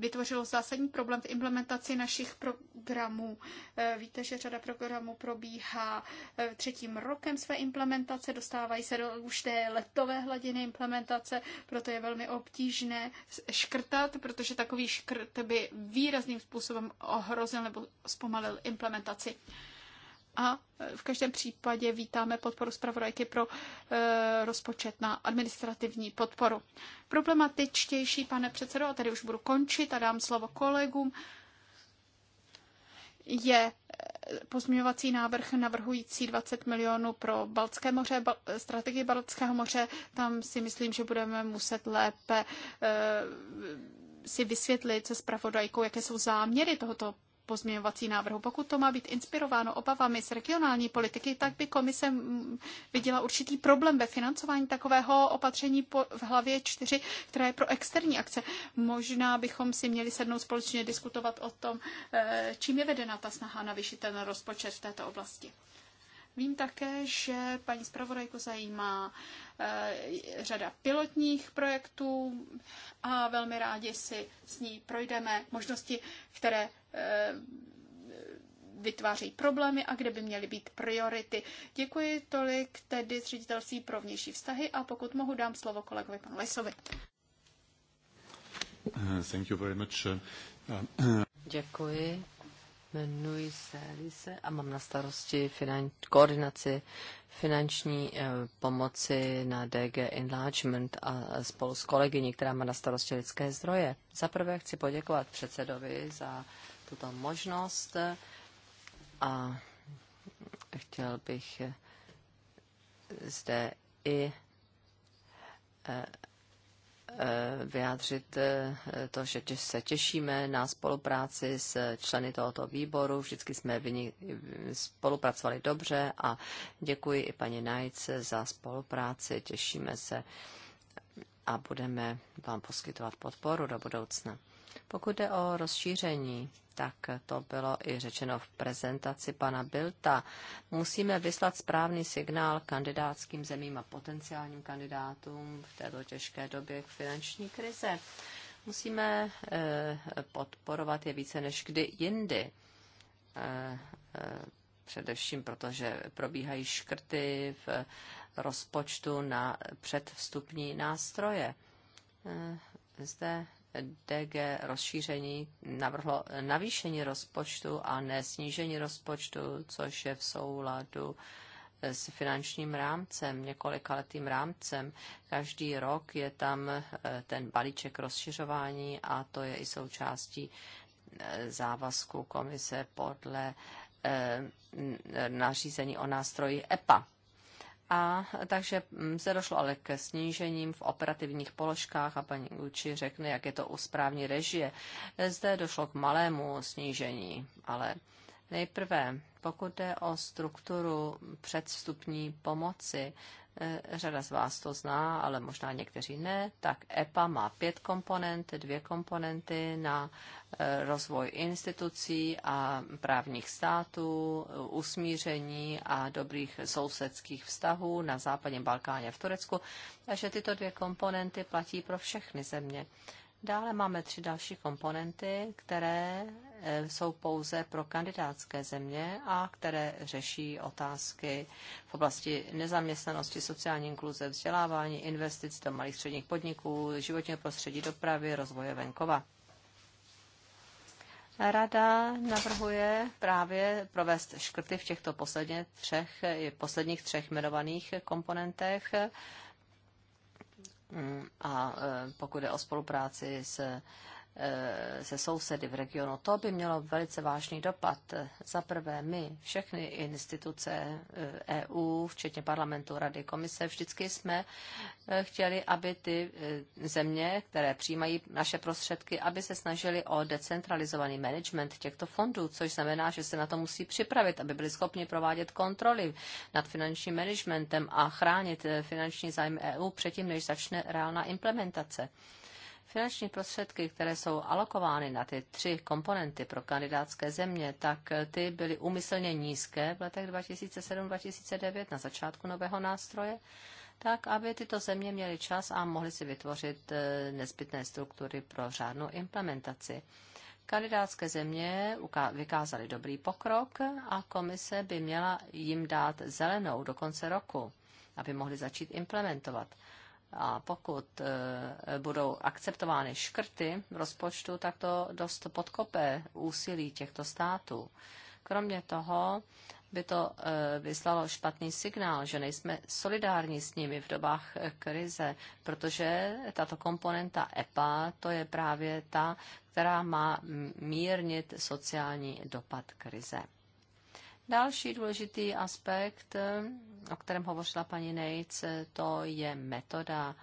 vytvořilo zásadní problém v implementaci našich programů. Eh, víte, že řada programů probíhá eh, třetím rokem své implementace, dostávají se do už té letové hladiny implementace, proto je velmi obtížné škrtat, protože takový škrt by výrazným způsobem ohrozil nebo zpomalil implementaci. A e, v každém případě vítáme podporu zpravodajky pro e, rozpočet na administrativní podporu. Problematičtější, pane předsedo, a tady už budu končit a dám slovo kolegům, je e, pozměňovací návrh navrhující 20 milionů pro Baltské moře, bal, strategii Balckého moře. Tam si myslím, že budeme muset lépe e, si vysvětlit se zpravodajkou, jaké jsou záměry tohoto pozměňovací návrhu. Pokud to má být inspirováno obavami z regionální politiky, tak by komise viděla určitý problém ve financování takového opatření v hlavě čtyři, která je pro externí akce. Možná bychom si měli sednout společně diskutovat o tom, eh, čím je vedena ta snaha navýšit ten rozpočet v této oblasti. Vím také, že paní zpravodajku zajímá eh, řada pilotních projektů a velmi rádi si s ní projdeme možnosti, které Eh, vytvářejí problémy a kde by měly být priority. Děkuji tolik tedy z ředitelství pro vnější vztahy a pokud mohu, dám slovo kolegovi panu Lesovi. Eh, thank you very much. Eh, Děkuji. Jmenuji se Lise a mám na starosti finan- koordinaci finanční pomoci na DG Enlargement a spolu s kolegyní, která má na starosti lidské zdroje. Za prvé chci poděkovat předsedovi za tuto možnost a chtěl bych zde i eh, eh, vyjádřit eh, to, že se těšíme na spolupráci s členy tohoto výboru. Vždycky jsme spolupracovali dobře a děkuji i paní Najce za spolupráci. Těšíme se a budeme vám poskytovat podporu do budoucna. Pokud jde o rozšíření tak to bylo i řečeno v prezentaci pana Bilta. Musíme vyslat správný signál kandidátským zemím a potenciálním kandidátům v této těžké době k finanční krize. Musíme eh, podporovat je více než kdy jindy eh, eh, především proto, že probíhají škrty v rozpočtu na předvstupní nástroje. Zde DG rozšíření navrhlo navýšení rozpočtu a ne snížení rozpočtu, což je v souladu s finančním rámcem, několikaletým rámcem. Každý rok je tam eh, ten balíček rozšiřování a to je i součástí eh, závazku komise podle eh, nařízení o nástroji EPA. A takže mm, se došlo ale ke snížením v operativních položkách a paní Uči řekne, jak je to u správní režie. Zde došlo k malému snížení, ale nejprve, pokud jde o strukturu předstupní pomoci, Eh, řada z vás to zná, ale možná někteří ne, tak EPA má pět komponent, dvě komponenty na eh, rozvoj institucí a právních států, eh, usmíření a dobrých sousedských vztahů na západním Balkáně v Turecku. Takže tyto dvě komponenty platí pro všechny země. Dále máme tři další komponenty, které Eh, jsou pouze pro kandidátské země a které řeší otázky v oblasti nezaměstnanosti, sociální inkluze, vzdělávání, investic do malých středních podniků, životního prostředí, dopravy, rozvoje venkova. Rada navrhuje právě provést škrty v těchto posledně třech, eh, posledních třech jmenovaných komponentech mm, a eh, pokud je o spolupráci s Eh, se sousedy v regionu. To by mělo velice vážný dopad. Za prvé, my, všechny instituce EU, eh, e včetně parlamentu, rady, komise, vždycky jsme eh, chtěli, aby ty země, které přijímají naše prostředky, aby se snažili o decentralizovaný management těchto fondů, což znamená, že se na to musí připravit, aby byli schopni provádět kontroly nad finančním managementem a chránit finanční zájem EU předtím, než začne reálná implementace. Finanční prostředky, které jsou alokovány na ty tři komponenty pro kandidátské země, tak ty byly úmyslně nízké v letech 2007-2009 na začátku nového nástroje, tak aby tyto země měly čas a mohly si vytvořit eh, nezbytné struktury pro řádnou implementaci. Kandidátské země vykázaly dobrý pokrok a komise by měla jim dát zelenou do konce roku, aby mohli začít implementovat a pokud e, budou akceptovány škrty v rozpočtu, tak to dost podkope úsilí těchto států. Kromě toho by to e, vyslalo špatný signál, že nejsme solidární s nimi v dobách e, krize, protože tato komponenta EPA, to je právě ta, která má mírnit sociální dopad krize. Další důležitý aspekt, o kterém hovořila paní Nejc, to je metoda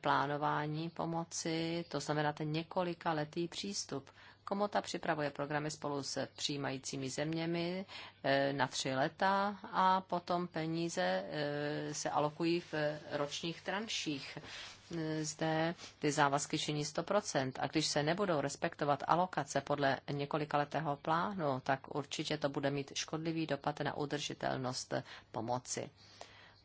plánování pomoci, to znamená ten několika letý přístup. Komota připravuje programy spolu s přijímajícími zeměmi eh, na tři leta a potom peníze eh, se alokují v ročních tranších. Eh, zde ty závazky činí 100%. A když se nebudou respektovat alokace podle několikaletého plánu, tak určitě to bude mít škodlivý dopad na udržitelnost pomoci.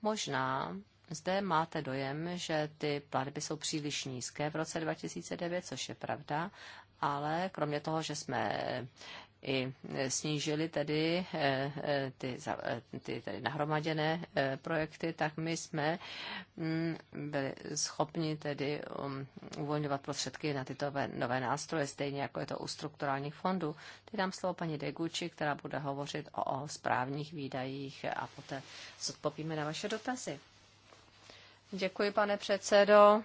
Možná zde máte dojem, že ty platby jsou příliš nízké v roce 2009, což je pravda, ale kromě toho, že jsme i snížili tedy eh, eh, ty, eh, ty tedy nahromaděné projekty, tak my jsme mm, byli schopni tedy um, uvolňovat prostředky na tyto nové nástroje, stejně jako je to u strukturálních fondů. Teď dám slovo paní Deguči, která bude hovořit o, o správních výdajích a poté zodpovíme na vaše dotazy. Děkuji, pane předsedo.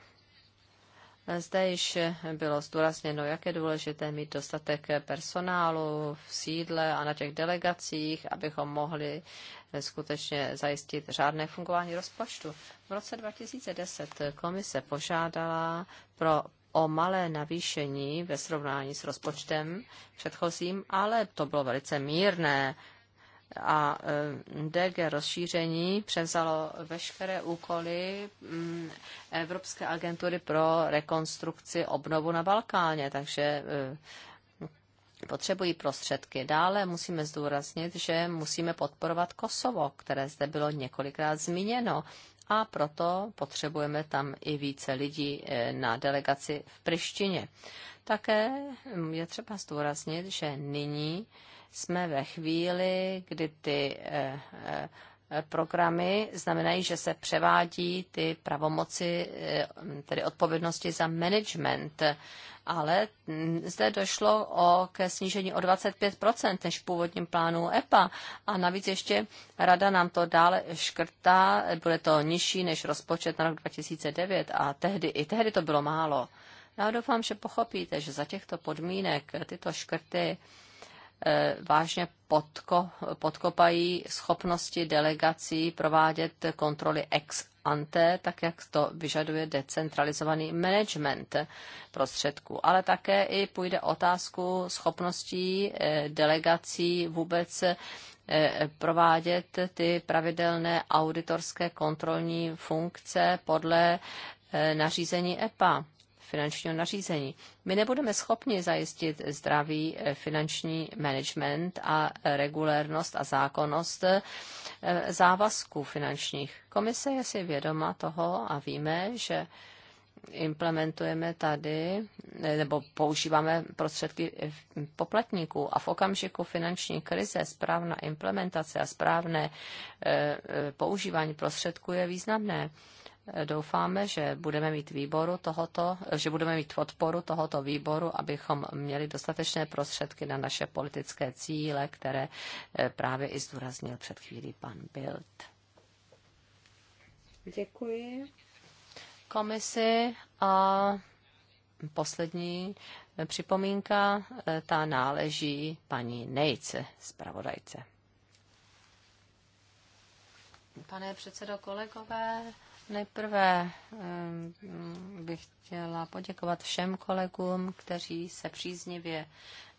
Zde již bylo zdůrazněno, jak je důležité mít dostatek personálu v sídle a na těch delegacích, abychom mohli skutečně zajistit řádné fungování rozpočtu. V roce 2010 komise požádala pro o malé navýšení ve srovnání s rozpočtem předchozím, ale to bylo velice mírné a eh, DG rozšíření převzalo veškeré úkoly mm, Evropské agentury pro rekonstrukci obnovu na Balkáně, takže eh, potřebují prostředky. Dále musíme zdůraznit, že musíme podporovat Kosovo, které zde bylo několikrát zmíněno a proto potřebujeme tam i více lidí eh, na delegaci v Prištině. Také je třeba zdůraznit, že nyní jsme ve chvíli, kdy ty eh, eh, programy znamenají, že se převádí ty pravomoci, eh, tedy odpovědnosti za management, ale zde došlo o, ke snížení o 25% než v původním plánu EPA a navíc ještě rada nám to dále škrtá, bude to nižší než rozpočet na rok 2009 a tehdy, i tehdy to bylo málo. Já doufám, že pochopíte, že za těchto podmínek tyto škrty Eh, vážně podko, podkopají schopnosti delegací provádět kontroly ex ante, tak jak to vyžaduje decentralizovaný management prostředků. Ale také i půjde otázku schopností eh, delegací vůbec eh, provádět ty pravidelné auditorské kontrolní funkce podle nařízení EPA finančního nařízení. My nebudeme schopni zajistit zdravý eh, finanční management a eh, regulérnost a zákonnost eh, závazků finančních. Komise je si vědoma toho a víme, že implementujeme tady, nebo používáme prostředky poplatníků a v okamžiku finanční krize správná implementace a správné používání prostředků je významné doufáme, že budeme mít výboru tohoto, že budeme mít podporu tohoto výboru, abychom měli dostatečné prostředky na naše politické cíle, které eh, právě i zdůraznil před chvílí pan Bild. Děkuji. Komisi a poslední eh, připomínka, eh, ta náleží paní Nejce, zpravodajce. Pane předsedo, kolegové, Nejprve ehm, bych chtěla poděkovat všem kolegům, kteří se příznivě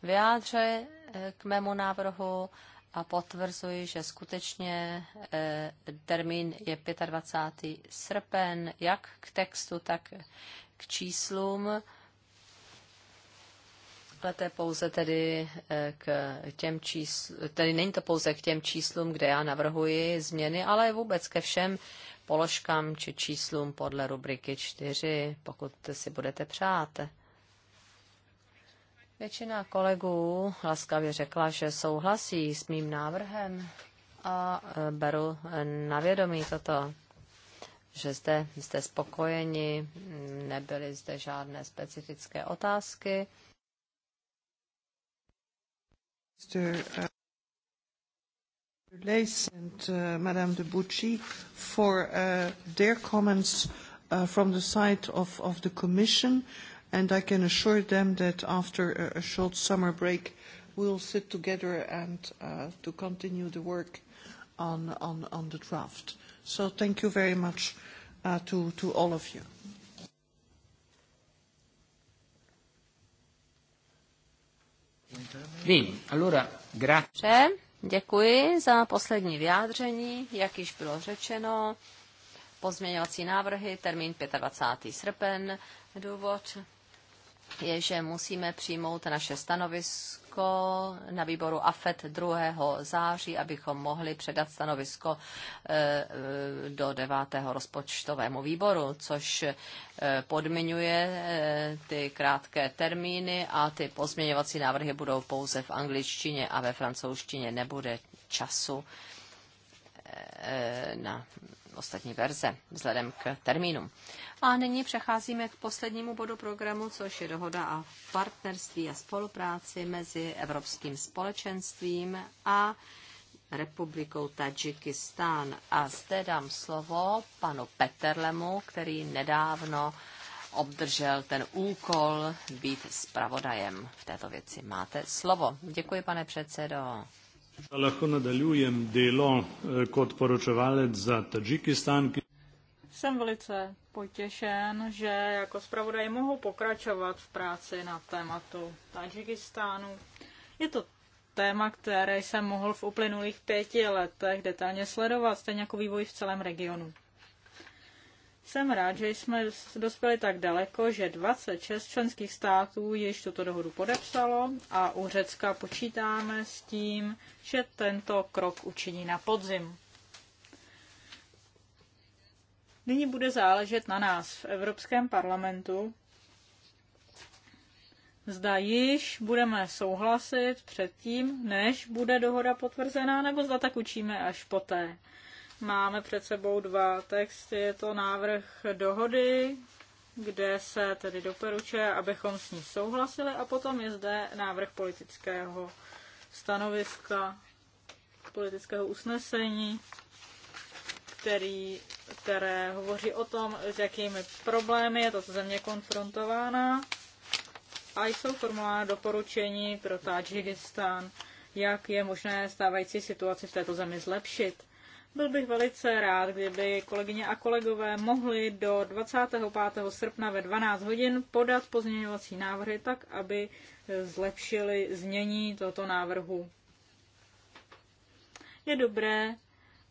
vyjádřili eh, k mému návrhu a potvrzuji, že skutečně eh, termín je 25. srpen, jak k textu, tak k číslům. Ale to je pouze tedy eh, k těm číslům, tedy není to pouze k těm číslům, kde já navrhuji změny, ale vůbec ke všem položkám či číslům podle rubriky 4, pokud si budete přát. Většina kolegů laskavě řekla, že souhlasí s mým návrhem a eh, beru eh, na vědomí toto, že zde jste spokojeni, mm, nebyly zde žádné specifické otázky. Mr. Uh, Lace and uh, Madame de Bucci for uh, their comments uh, from the side of, of the Commission, and I can assure them that after a, a short summer break, we'll sit together and uh, to continue the work on, on, on the draft. So thank you very much uh, to, to all of you. Dobře, děkuji za poslední vyjádření, jak již bylo řečeno. Pozměňovací návrhy, termín 25. srpen. Důvod je, že musíme přijmout naše stanovisko stanovisko na výboru AFET 2. září, abychom mohli předat stanovisko eh, eh, do 9. rozpočtovému výboru, což eh, podmiňuje ty krátké termíny a ty pozměňovací návrhy budou pouze v angličtině a ve francouzštině nebude času na ostatní verze vzhledem k termínům. A nyní přecházíme k poslednímu bodu programu, což je dohoda a partnerství a spolupráci mezi Evropským společenstvím a republikou Tadžikistán. A zde dám slovo panu Peterlemu, který nedávno obdržel ten úkol být zpravodajem v této věci. Máte slovo. Děkuji, pane předsedo. Lahko nadaljujem delo eh, kot poročevalec za Tadžikistan. Jsem velice potěšen, že jako zpravodaj mohu pokračovat v práci na tématu Tadžikistánu. Je to téma, které jsem mohl v uplynulých pěti letech detailně sledovat, stejně jako vývoj v celém regionu. Jsem rád, že jsme dospěli tak daleko, že 26 členských států již tuto dohodu podepsalo a u Řecka počítáme s tím, že tento krok učiní na podzim. Nyní bude záležet na nás v Evropském parlamentu, zda již budeme souhlasit předtím, než bude dohoda potvrzená, nebo zda tak učíme až poté. Máme před sebou dva texty. Je to návrh dohody, kde se tedy doporučuje, abychom s ní souhlasili, a potom je zde návrh politického stanoviska, politického usnesení, který, které hovoří o tom, s jakými problémy je tato země konfrontována a jsou formulána doporučení pro Tadžikistán, jak je možné stávající situaci v této zemi zlepšit. Byl bych velice rád, kdyby kolegyně a kolegové mohli do 25. srpna ve 12 hodin podat pozměňovací návrhy tak, aby zlepšili znění tohoto návrhu. Je dobré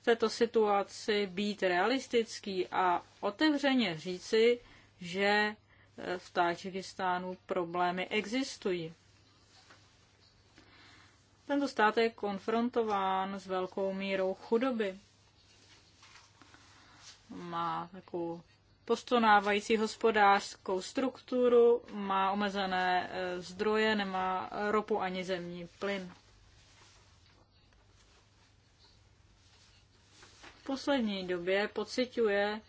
této situaci být realistický a otevřeně říci, že e, v Tádžikistánu problémy existují. Tento stát je konfrontován s velkou mírou chudoby. Má takovou postonávající hospodářskou strukturu, má omezené e, zdroje, nemá ropu ani zemní plyn. poslední době pociťuje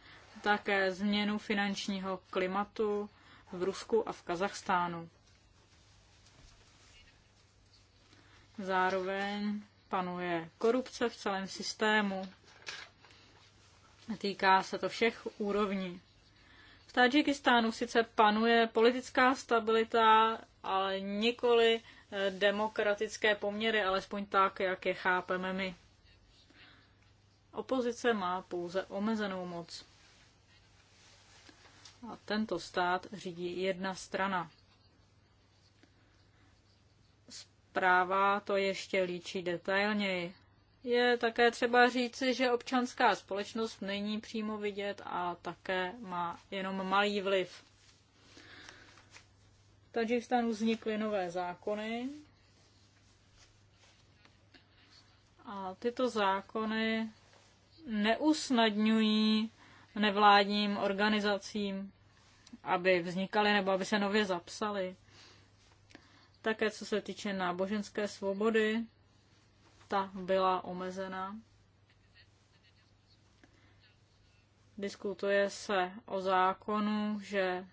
také změnu finančního klimatu v Rusku a v Kazachstánu. Zároveň panuje korupce v celém systému. Týká se to všech úrovní. V Tadžikistánu sice panuje politická stabilita, ale nikoli eh, demokratické poměry, alespoň tak, jak je chápeme my. Opozice má pouze omezenou moc. A tento stát řídí jedna strana. Zpráva to ještě líčí detailněji. Je také třeba říci, že občanská společnost není přímo vidět a také má jenom malý vliv. V Tadžikistánu vznikly nové zákony a tyto zákony neusnadňují nevládním organizacím, aby vznikaly nebo aby se nově zapsaly. Také co se týče náboženské svobody, ta byla omezená. Diskutuje se o zákonu, že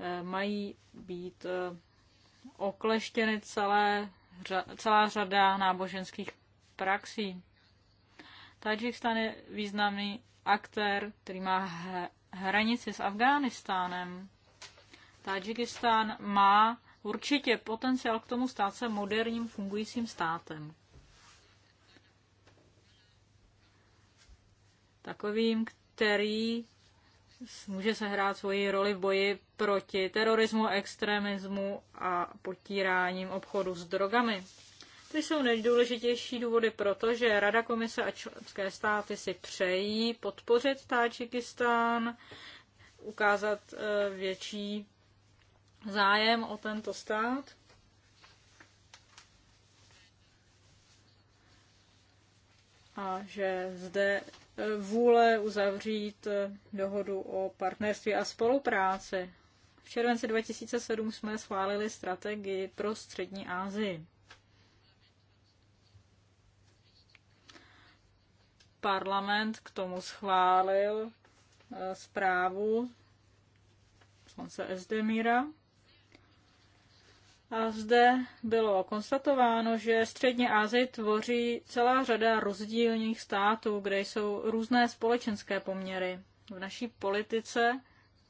eh, mají být eh, okleštěny celé, celá řada náboženských praxí. Tadžikstán je významný aktér, který má hranici s Afghánistánem. Tadžikistán má určitě potenciál k tomu stát se moderním fungujícím státem. Takovým, který může hrát svoji roli v boji proti terorismu, extremismu a potíráním obchodu s drogami. Ty jsou nejdůležitější důvody proto, že Rada komise a členské státy si přejí podpořit Tádžikistán, ukázat eh, větší zájem o tento stát. A že zde eh, vůle uzavřít eh, dohodu o partnerství a spolupráci. V červenci 2007 jsme schválili strategii pro střední Asii. parlament k tomu schválil eh, zprávu slunce Esdemíra. A zde bylo konstatováno, že střední Asii tvoří celá řada rozdílných států, kde jsou různé společenské poměry. V naší politice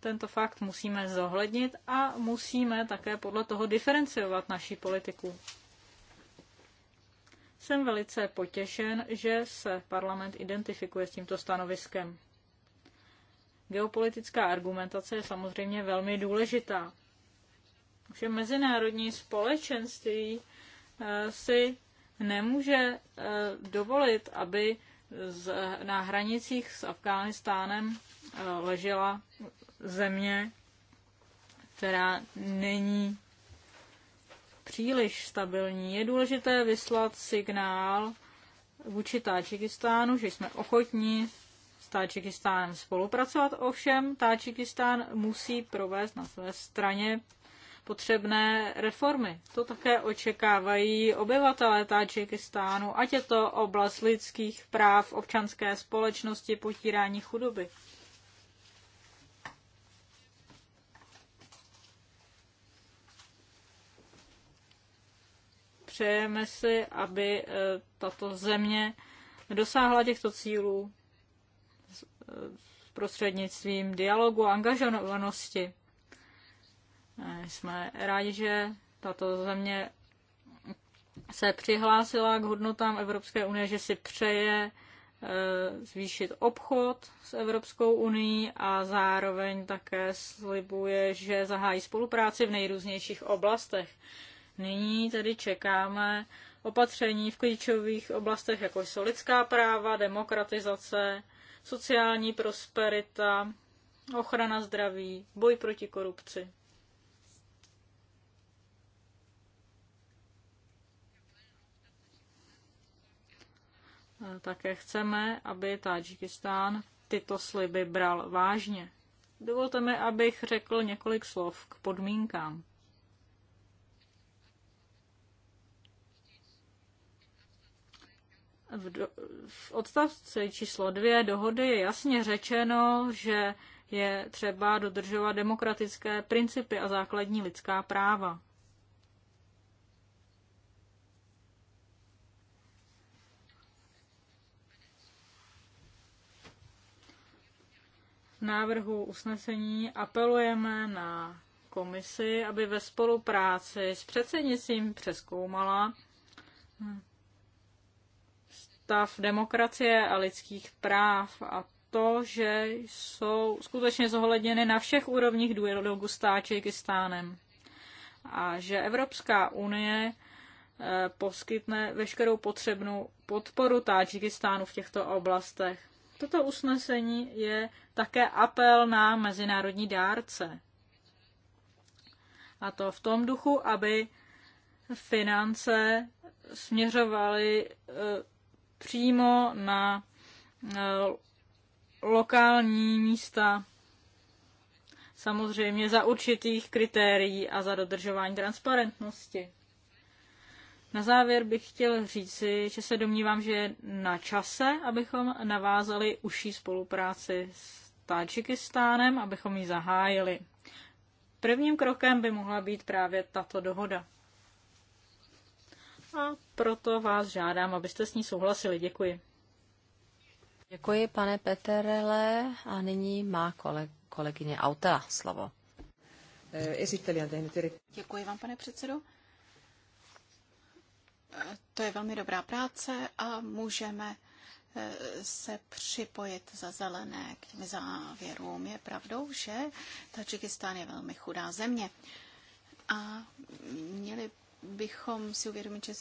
tento fakt musíme zohlednit a musíme také podle toho diferenciovat naší politiku. Jsem velice potěšen, že se parlament identifikuje s tímto stanoviskem. Geopolitická argumentace je samozřejmě velmi důležitá. Že mezinárodní společenství eh, si nemůže eh, dovolit, aby na hranicích s Afghánistánem eh, ležela země, která není příliš stabilní. Je důležité vyslat signál vůči Tádžikistánu, že jsme ochotní s Tádžikistánem spolupracovat. Ovšem, Tádžikistán musí provést na své straně potřebné reformy. To také očekávají obyvatelé Tádžikistánu, ať je to oblast lidských práv, občanské společnosti, potírání chudoby. Přejeme si, aby eh, tato země dosáhla těchto cílů eh, prostřednictvím dialogu a angažovanosti. Eh, jsme rádi, že tato země se přihlásila k hodnotám Evropské unie, že si přeje zvýšit obchod s Evropskou unii a zároveň také slibuje, že zahájí spolupráci v nejrůznějších oblastech. Nyní tedy čekáme opatření v klíčových oblastech, jako jsou lidská práva, demokratizace, sociální prosperita, ochrana zdraví, boj proti korupci. Také chceme, aby Tadžikistán tyto sliby bral vážně. Dovolte mi, abych řekl několik slov k podmínkám. v, do, v odstavci číslo dvě dohody je jasně řečeno, že je třeba dodržovat demokratické principy a základní lidská práva. V návrhu usnesení apelujeme na komisi, aby ve spolupráci s předsednictvím přeskoumala hm, stav demokracie a lidských práv a to, že jsou skutečně zohledněny na všech úrovních dialogu s Tádžikistánem a že Evropská unie eh, poskytne veškerou potřebnou podporu Tádžikistánu v těchto oblastech. Toto usnesení je také apel na mezinárodní dárce. A to v tom duchu, aby finance směřovaly eh, přímo na eh, lokální místa, samozřejmě za určitých kritérií a za dodržování transparentnosti. Na závěr bych chtěl říci, že se domnívám, že je na čase, abychom navázali užší spolupráci s Tadžikistánem, abychom ji zahájili. Prvním krokem by mohla být právě tato dohoda a proto vás žádám, abyste s ní souhlasili. Děkuji. Děkuji, pane Peterele. A nyní má kole, kolegyně Auta slovo. Děkuji vám, pane předsedo. To je velmi dobrá práce a můžeme eh, se připojit za zelené k těm závěrům. Je pravdou, že Tadžikistán je velmi chudá země a měli bychom si uvědomili, že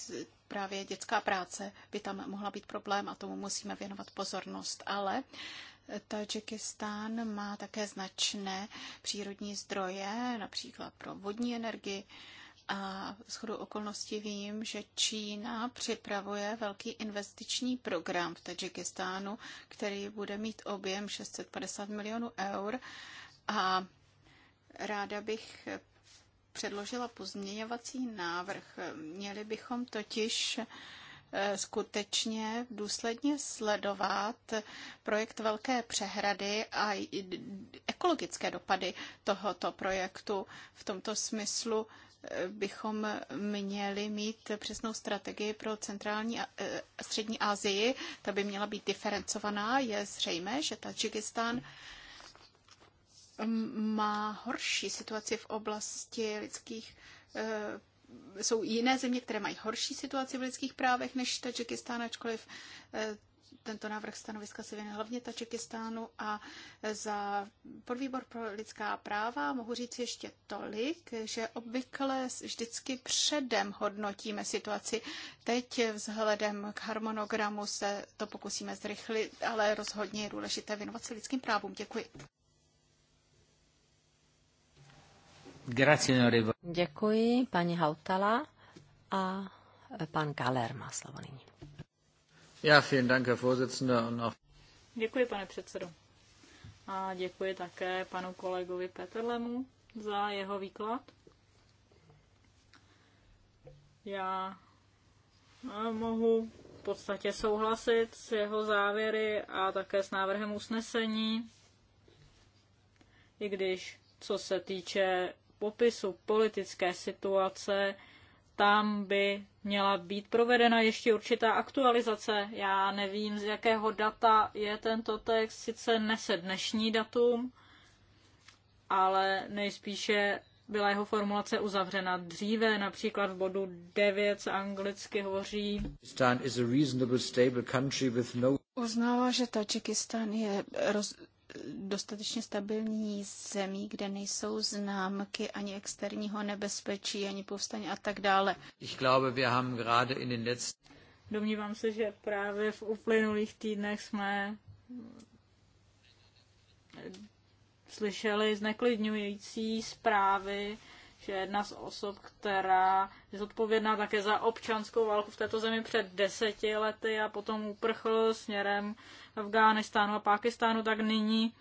právě dětská práce by tam mohla být problém a tomu musíme věnovat pozornost. Ale Tadžikistán má také značné přírodní zdroje, například pro vodní energii. A shodou okolností vím, že Čína připravuje velký investiční program v Tadžikistánu, který bude mít objem 650 milionů eur. A ráda bych předložila pozměňovací návrh. Měli bychom totiž eh, skutečně důsledně sledovat projekt Velké přehrady a ekologické dopady tohoto projektu. V tomto smyslu eh, bychom měli mít přesnou strategii pro centrální eh, a střední Asii. Ta by měla být diferencovaná. Je zřejmé, že Tadžikistán má horší situaci v oblasti lidských e, jsou jiné země, které mají horší situaci v lidských právech než Tadžikistán, ačkoliv e, tento návrh stanoviska se věnuje hlavně Tadžikistánu a za podvýbor pro lidská práva mohu říct ještě tolik, že obvykle vždycky předem hodnotíme situaci. Teď vzhledem k harmonogramu se to pokusíme zrychlit, ale rozhodně je důležité věnovat se lidským právům. Děkuji. Děkuji, paní Hautala. A pan Galer má slovo nyní. Ja, Dank, děkuji, pane předsedo. A děkuji také panu kolegovi Petrlemu za jeho výklad. Já e, mohu v podstatě souhlasit s jeho závěry a také s návrhem usnesení, i když co se týče popisu politické situace tam by měla být provedena ještě určitá aktualizace. Já nevím, z jakého data je tento text, sice nese dnešní datum, ale nejspíše byla jeho formulace uzavřena dříve, například v bodu 9 se anglicky hovoří. Uznává, že Tadžikistán je roz, dostatečně stabilní zemí, kde nejsou známky ani externího nebezpečí, ani povstání a tak dále. Ich glaube, wir haben gerade in den letzten... Domnívám se, že právě v uplynulých týdnech jsme slyšeli zneklidňující zprávy že jedna z osob, která je zodpovědná také za občanskou válku v této zemi před deseti lety a potom uprchl směrem Afghánistánu a Pákistánu, tak nyní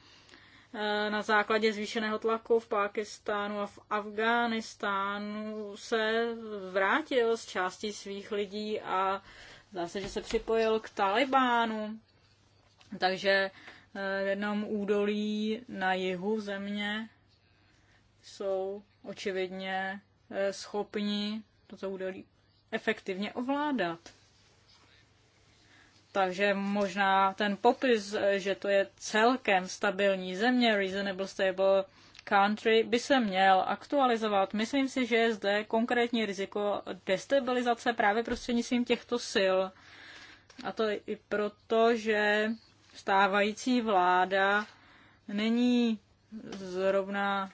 eh, na základě zvýšeného tlaku v Pákistánu a v Afghánistánu se vrátil z části svých lidí a zdá se, že se připojil k Talibánu. Takže eh, v jednom údolí na jihu země jsou očividně eh, schopni toto údolí efektivně ovládat. Takže možná ten popis, eh, že to je celkem stabilní země, reasonable stable country, by se měl aktualizovat. Myslím si, že je zde konkrétní riziko destabilizace právě prostřednictvím těchto sil. A to i proto, že stávající vláda není zrovna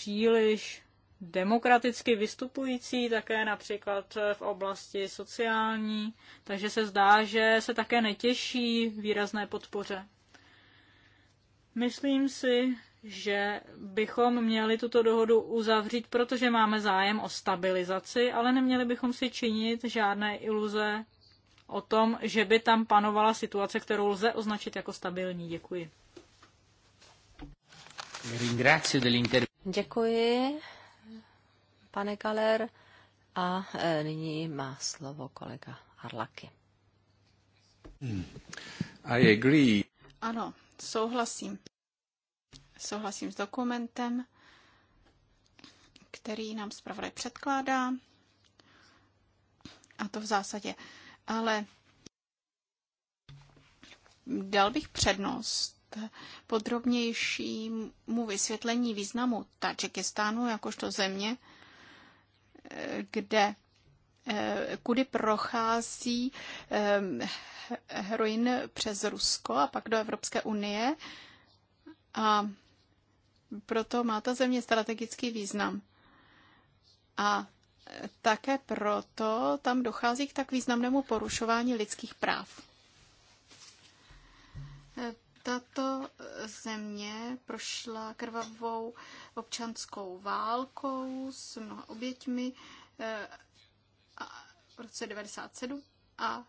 příliš demokraticky vystupující, také například v oblasti sociální, takže se zdá, že se také netěší výrazné podpoře. Myslím si, že bychom měli tuto dohodu uzavřít, protože máme zájem o stabilizaci, ale neměli bychom si činit žádné iluze o tom, že by tam panovala situace, kterou lze označit jako stabilní. Děkuji. Děkuji, pane Galer. A e, nyní má slovo kolega Arlaky. Hmm. I agree. Ano, souhlasím. Souhlasím s dokumentem, který nám zpravodaj předkládá. A to v zásadě. Ale dal bych přednost podrobnějšímu vysvětlení významu Tadžikistánu jakožto země, kde eh, kudy prochází eh, heroin přes Rusko a pak do Evropské unie. A proto má ta země strategický význam. A také proto tam dochází k tak významnému porušování lidských práv. Tato země prošla krvavou občanskou válkou s mnoha oběťmi eh, v roce 1997 a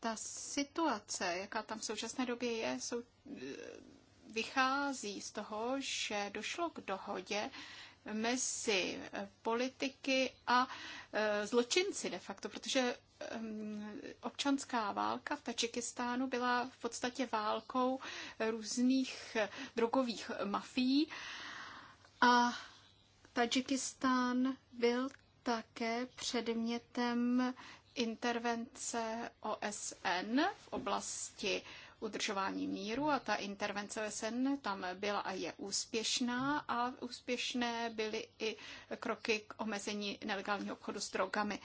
ta situace, jaká tam v současné době je, jsou, eh, vychází z toho, že došlo k dohodě, mezi politiky a e, zločinci de facto, protože e, občanská válka v Tačikistánu byla v podstatě válkou různých drogových mafií a Tadžikistán byl také předmětem intervence OSN v oblasti udržování míru a ta intervence SN tam byla a je úspěšná a úspěšné byly i kroky k omezení nelegálního obchodu s drogami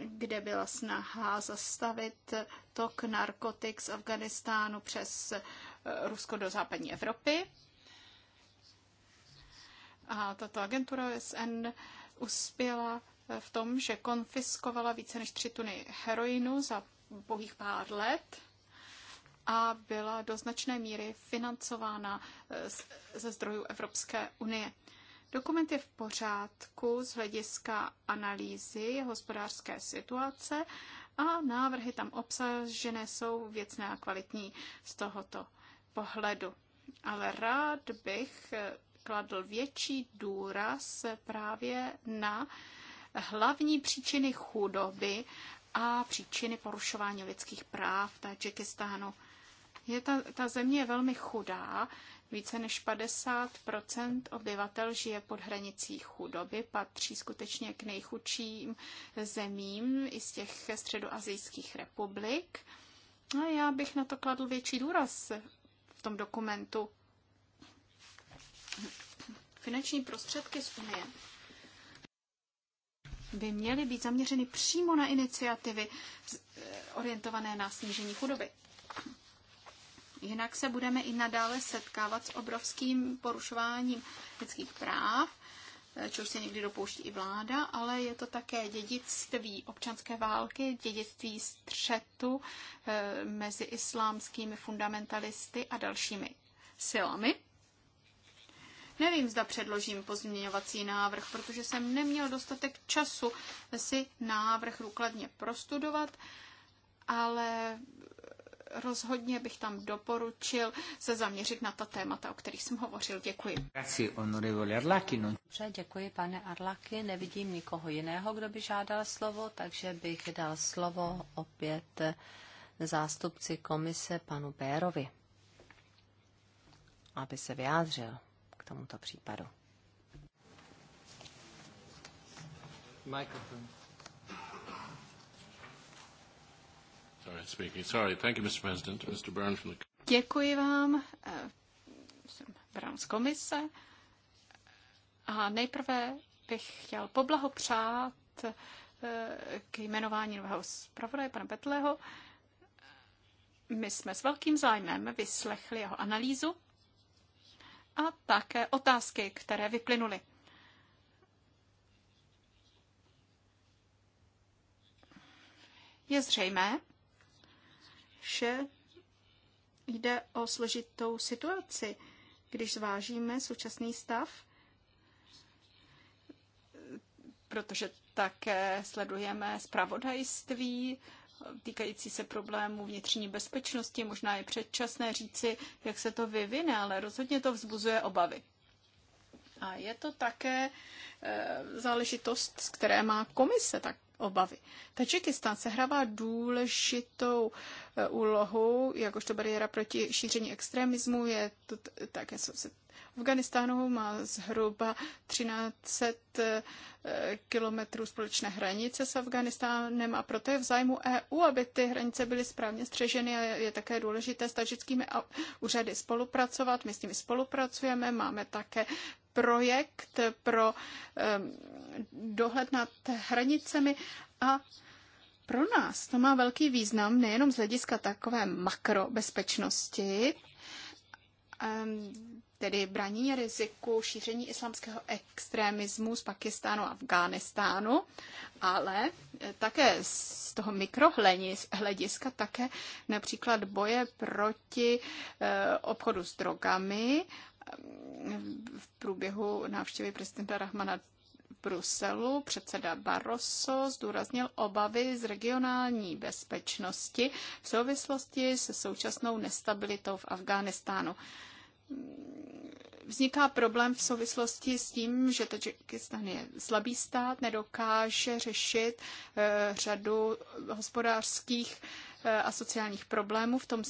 kde byla snaha zastavit tok narkotik z Afganistánu přes eh, Rusko do západní Evropy. A tato agentura OSN uspěla eh, v tom, že konfiskovala více než tři tuny heroinu za pouhých pár let a byla do značné míry financována eh, ze zdrojů Evropské unie. Dokument je v pořádku z hlediska analýzy hospodářské situace a návrhy tam obsažené jsou věcné a kvalitní z tohoto pohledu. Ale rád bych eh, kladl větší důraz právě na hlavní příčiny chudoby a příčiny porušování lidských práv v Tadžikistánu. Je ta, ta země je velmi chudá, více než 50 obyvatel žije pod hranicí chudoby, patří skutečně k nejchudším zemím i z těch středoazijských republik. A já bych na to kladl větší důraz v tom dokumentu. Finanční prostředky z Unie by měly být zaměřeny přímo na iniciativy eh, orientované na snížení chudoby. Jinak se budeme i nadále setkávat s obrovským porušováním lidských práv, což eh, se někdy dopouští i vláda, ale je to také dědictví občanské války, dědictví střetu eh, mezi islámskými fundamentalisty a dalšími silami. Nevím, zda předložím pozměňovací návrh, protože jsem neměl dostatek času si návrh důkladně prostudovat, ale rozhodně bych tam doporučil se zaměřit na ta témata, o kterých jsem hovořil. Děkuji. Dobře, děkuji, pane Arlaky. Nevidím nikoho jiného, kdo by žádal slovo, takže bych dal slovo opět zástupci komise panu Bérovi, aby se vyjádřil k tomuto případu. Microphone. Děkuji vám. Eh, jsem Brown z komise. A nejprve bych chtěl poblahopřát eh, k jmenování nového zpravodaje, pana Betleho. My jsme s velkým zájmem vyslechli jeho analýzu a také otázky, které vyplynuly. Je zřejmé, že jde o složitou situaci, když zvážíme současný stav, protože také sledujeme zpravodajství, týkající se problémů vnitřní bezpečnosti. Možná je předčasné říci, jak se to vyvine, ale rozhodně to vzbuzuje obavy. A je to také e, záležitost, z které má komise tak obavy. Tadžikistán hrává důležitou e, úlohu, jakožto bariéra proti šíření extremismu, je to také Afganistánu má zhruba 13 eh, kilometrů společné hranice s Afganistánem a proto je v zájmu EU, aby ty hranice byly správně střeženy a je také důležité s tažickými úřady spolupracovat. My s nimi spolupracujeme, máme také projekt pro ehm, dohled nad hranicemi a pro nás to má velký význam nejenom z hlediska takové makrobezpečnosti, ehm, tedy braní riziku šíření islamského extremismu z Pakistánu a Afghánistánu, ale také z toho mikrohlediska také například boje proti eh, obchodu s drogami v průběhu návštěvy prezidenta Rahmana Bruselu předseda Barroso zdůraznil obavy z regionální bezpečnosti v souvislosti se současnou nestabilitou v Afghánistánu vzniká problém v souvislosti s tím, že Tadžikistan je slabý stát, nedokáže řešit eh, řadu hospodářských eh, a sociálních problémů. V tom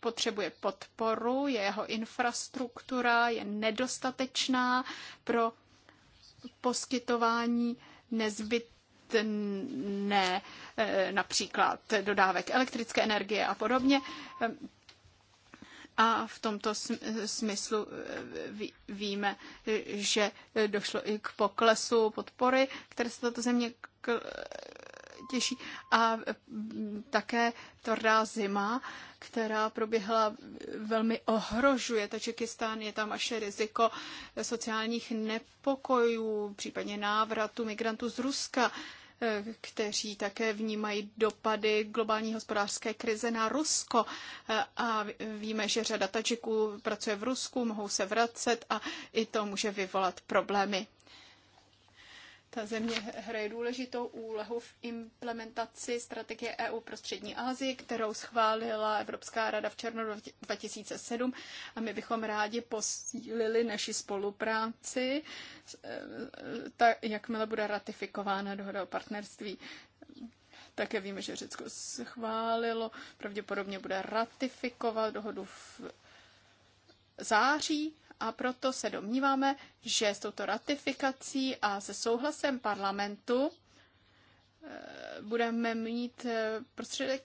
potřebuje podporu, jeho infrastruktura je nedostatečná pro poskytování nezbytné eh, například dodávek elektrické energie a podobně. Ehm, a v tomto smyslu eh, víme, že došlo i k poklesu podpory, které se tato země těší. A také tvrdá zima, která proběhla, velmi ohrožuje Tačikistán. Je tam až riziko sociálních nepokojů, případně návratu migrantů z Ruska kteří také vnímají dopady globální hospodářské krize na Rusko. A víme, že řada tačiků pracuje v Rusku, mohou se vracet a i to může vyvolat problémy. Ta země hraje důležitou úlehu v implementaci strategie EU pro střední Asii, kterou schválila Evropská rada v červnu 2007 a my bychom rádi posílili naši spolupráci, eh, tak, jakmile bude ratifikována dohoda o partnerství. Také víme, že Řecko schválilo, pravděpodobně bude ratifikovat dohodu v září a proto se domníváme, že s touto ratifikací a se souhlasem parlamentu eh, budeme mít eh, prostředek,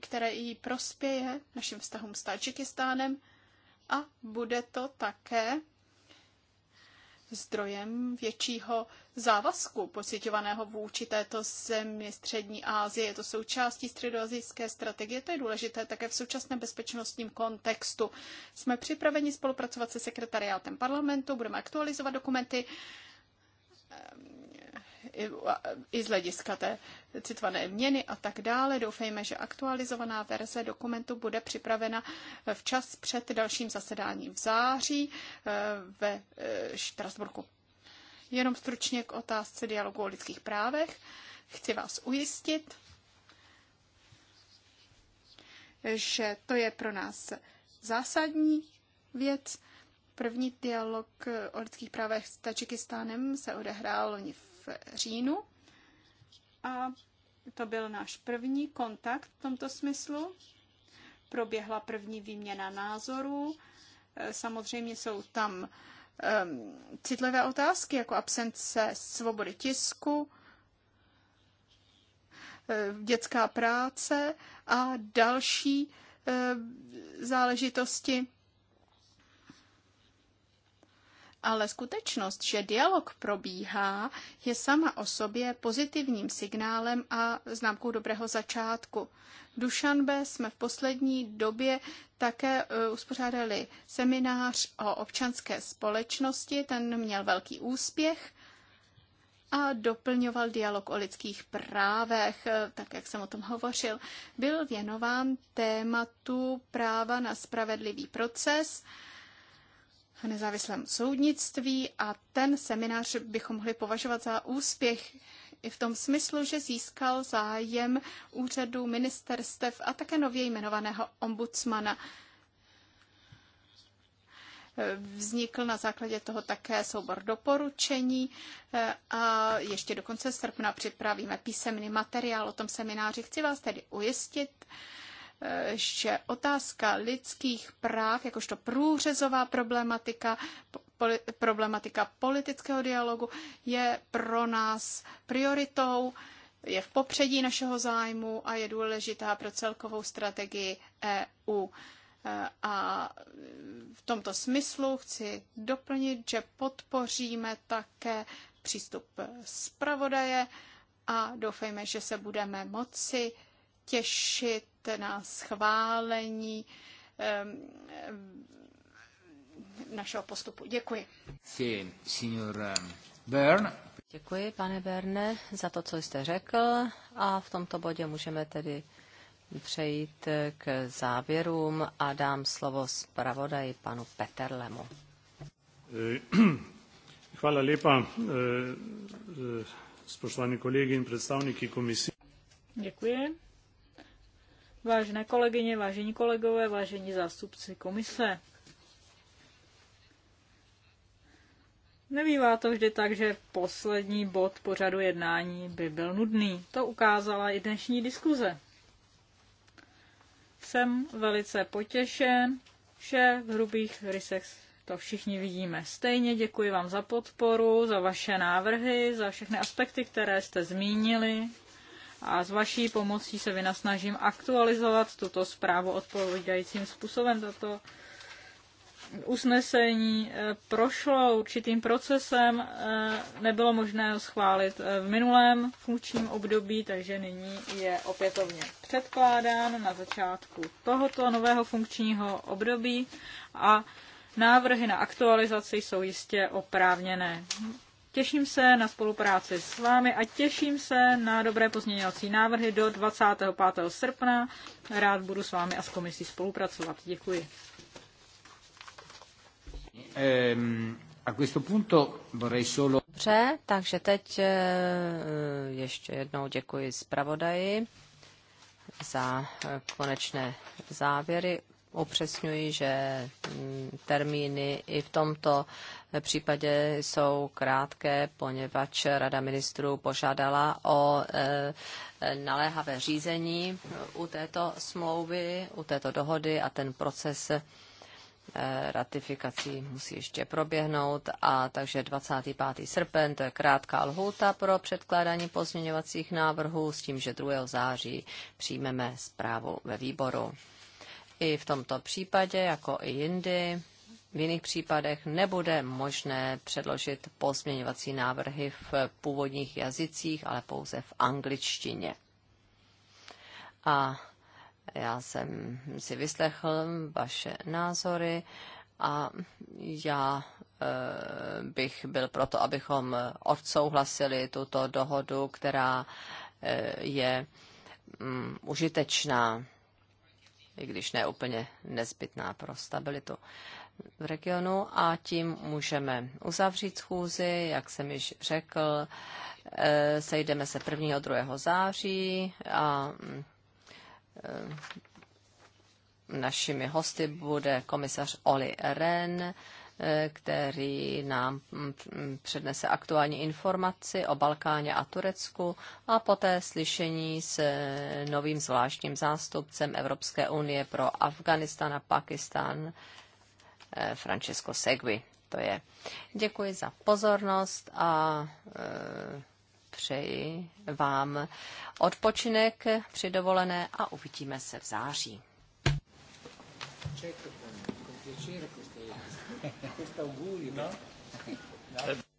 které i prospěje našim vztahům s Tadžikistánem a bude to také zdrojem většího závazku pocitovaného vůči této zemi Střední Asie. Je to součástí středoazijské strategie, to je důležité také v současném bezpečnostním kontextu. Jsme připraveni spolupracovat se sekretariátem parlamentu, budeme aktualizovat dokumenty i z hlediska té citované měny a tak dále. Doufejme, že aktualizovaná verze dokumentu bude připravena včas před dalším zasedáním v září eh, ve eh, Štrasburku. Jenom stručně k otázce dialogu o lidských právech. Chci vás ujistit, že to je pro nás zásadní věc. První dialog o lidských právech s Tadžikistánem se odehrál v říjnu a to byl náš první kontakt v tomto smyslu. Proběhla první výměna názorů. E, samozřejmě jsou tam um, citlivé otázky, jako absence svobody tisku, e, dětská práce a další e, záležitosti. ale skutečnost, že dialog probíhá, je sama o sobě pozitivním signálem a známkou dobrého začátku. V Dušanbe jsme v poslední době také e, uspořádali seminář o občanské společnosti, ten měl velký úspěch a doplňoval dialog o lidských právech, e, tak jak jsem o tom hovořil, byl věnován tématu práva na spravedlivý proces nezávislém soudnictví a ten seminář bychom mohli považovat za úspěch i v tom smyslu, že získal zájem úřadu ministerstev a také nově jmenovaného ombudsmana. Vznikl na základě toho také soubor doporučení eh, a ještě do konce srpna připravíme písemný materiál o tom semináři. Chci vás tedy ujistit, že otázka lidských práv, jakožto průřezová problematika, problematika politického dialogu, je pro nás prioritou, je v popředí našeho zájmu a je důležitá pro celkovou strategii EU. A v tomto smyslu chci doplnit, že podpoříme také přístup zpravodaje a doufejme, že se budeme moci těšit na schválení našeho postupu. Děkuji. Děkuji, pane Berne, za to, co jste řekl a v tomto bodě můžeme tedy přejít k závěrům a dám slovo zpravodaji panu Peterlemu. Eh, hvala lepa, eh, eh, spoštovani kolegi in predstavniki komisije. Děkuji. Vážené kolegyně, vážení kolegové, vážení zástupci komise. Nebývá to vždy tak, že poslední bod pořadu jednání by byl nudný. To ukázala i dnešní diskuze. Jsem velice potěšen, že v hrubých rysech to všichni vidíme stejně. Děkuji vám za podporu, za vaše návrhy, za všechny aspekty, které jste zmínili a s vaší pomocí se vynasnažím aktualizovat tuto zprávu odpovídajícím způsobem. Tato usnesení eh, prošlo určitým procesem, eh, nebylo možné ho schválit eh, v minulém funkčním období, takže nyní je opětovně předkládán na začátku tohoto nového funkčního období a návrhy na aktualizaci jsou jistě oprávněné. Těším se na spolupráci s vámi a těším se na dobré pozměňovací návrhy do 25. srpna. Rád budu s vámi a s komisí spolupracovat. Děkuji. Ehm, Dobře, takže teď eh, ještě jednou děkuji zpravodaji za eh, konečné závěry upřesňuji, že mm, termíny i v tomto případě jsou krátké, poněvadž Rada ministrů požádala o e, naléhavé řízení u této smlouvy, u této dohody a ten proces e, ratifikací musí ještě proběhnout a takže 25. srpen, to je krátká lhůta pro předkládání pozměňovacích návrhů s tím, že 2. září přijmeme zprávu ve výboru. I v tomto případě, jako i jindy, v jiných případech nebude možné předložit pozměňovací návrhy v původních jazycích, ale pouze v angličtině. A já jsem si vyslechl vaše názory a já e, bych byl proto, abychom odsouhlasili tuto dohodu, která e, je mm, užitečná, i když ne úplně nezbytná pro stabilitu v regionu a tím můžeme uzavřít schůzi, jak jsem již řekl, eh, sejdeme se 1. a 2. září a eh, našimi hosty bude komisař Oli Ren, eh, který nám hm, hm, přednese aktuální informaci o Balkáně a Turecku a poté slyšení s novým zvláštním zástupcem Evropské unie pro Afganistán a Pakistan Eh, Francesco Segui. To je. Děkuji za pozornost a eh, přeji vám odpočinek při dovolené a uvidíme se v září. Certo, no?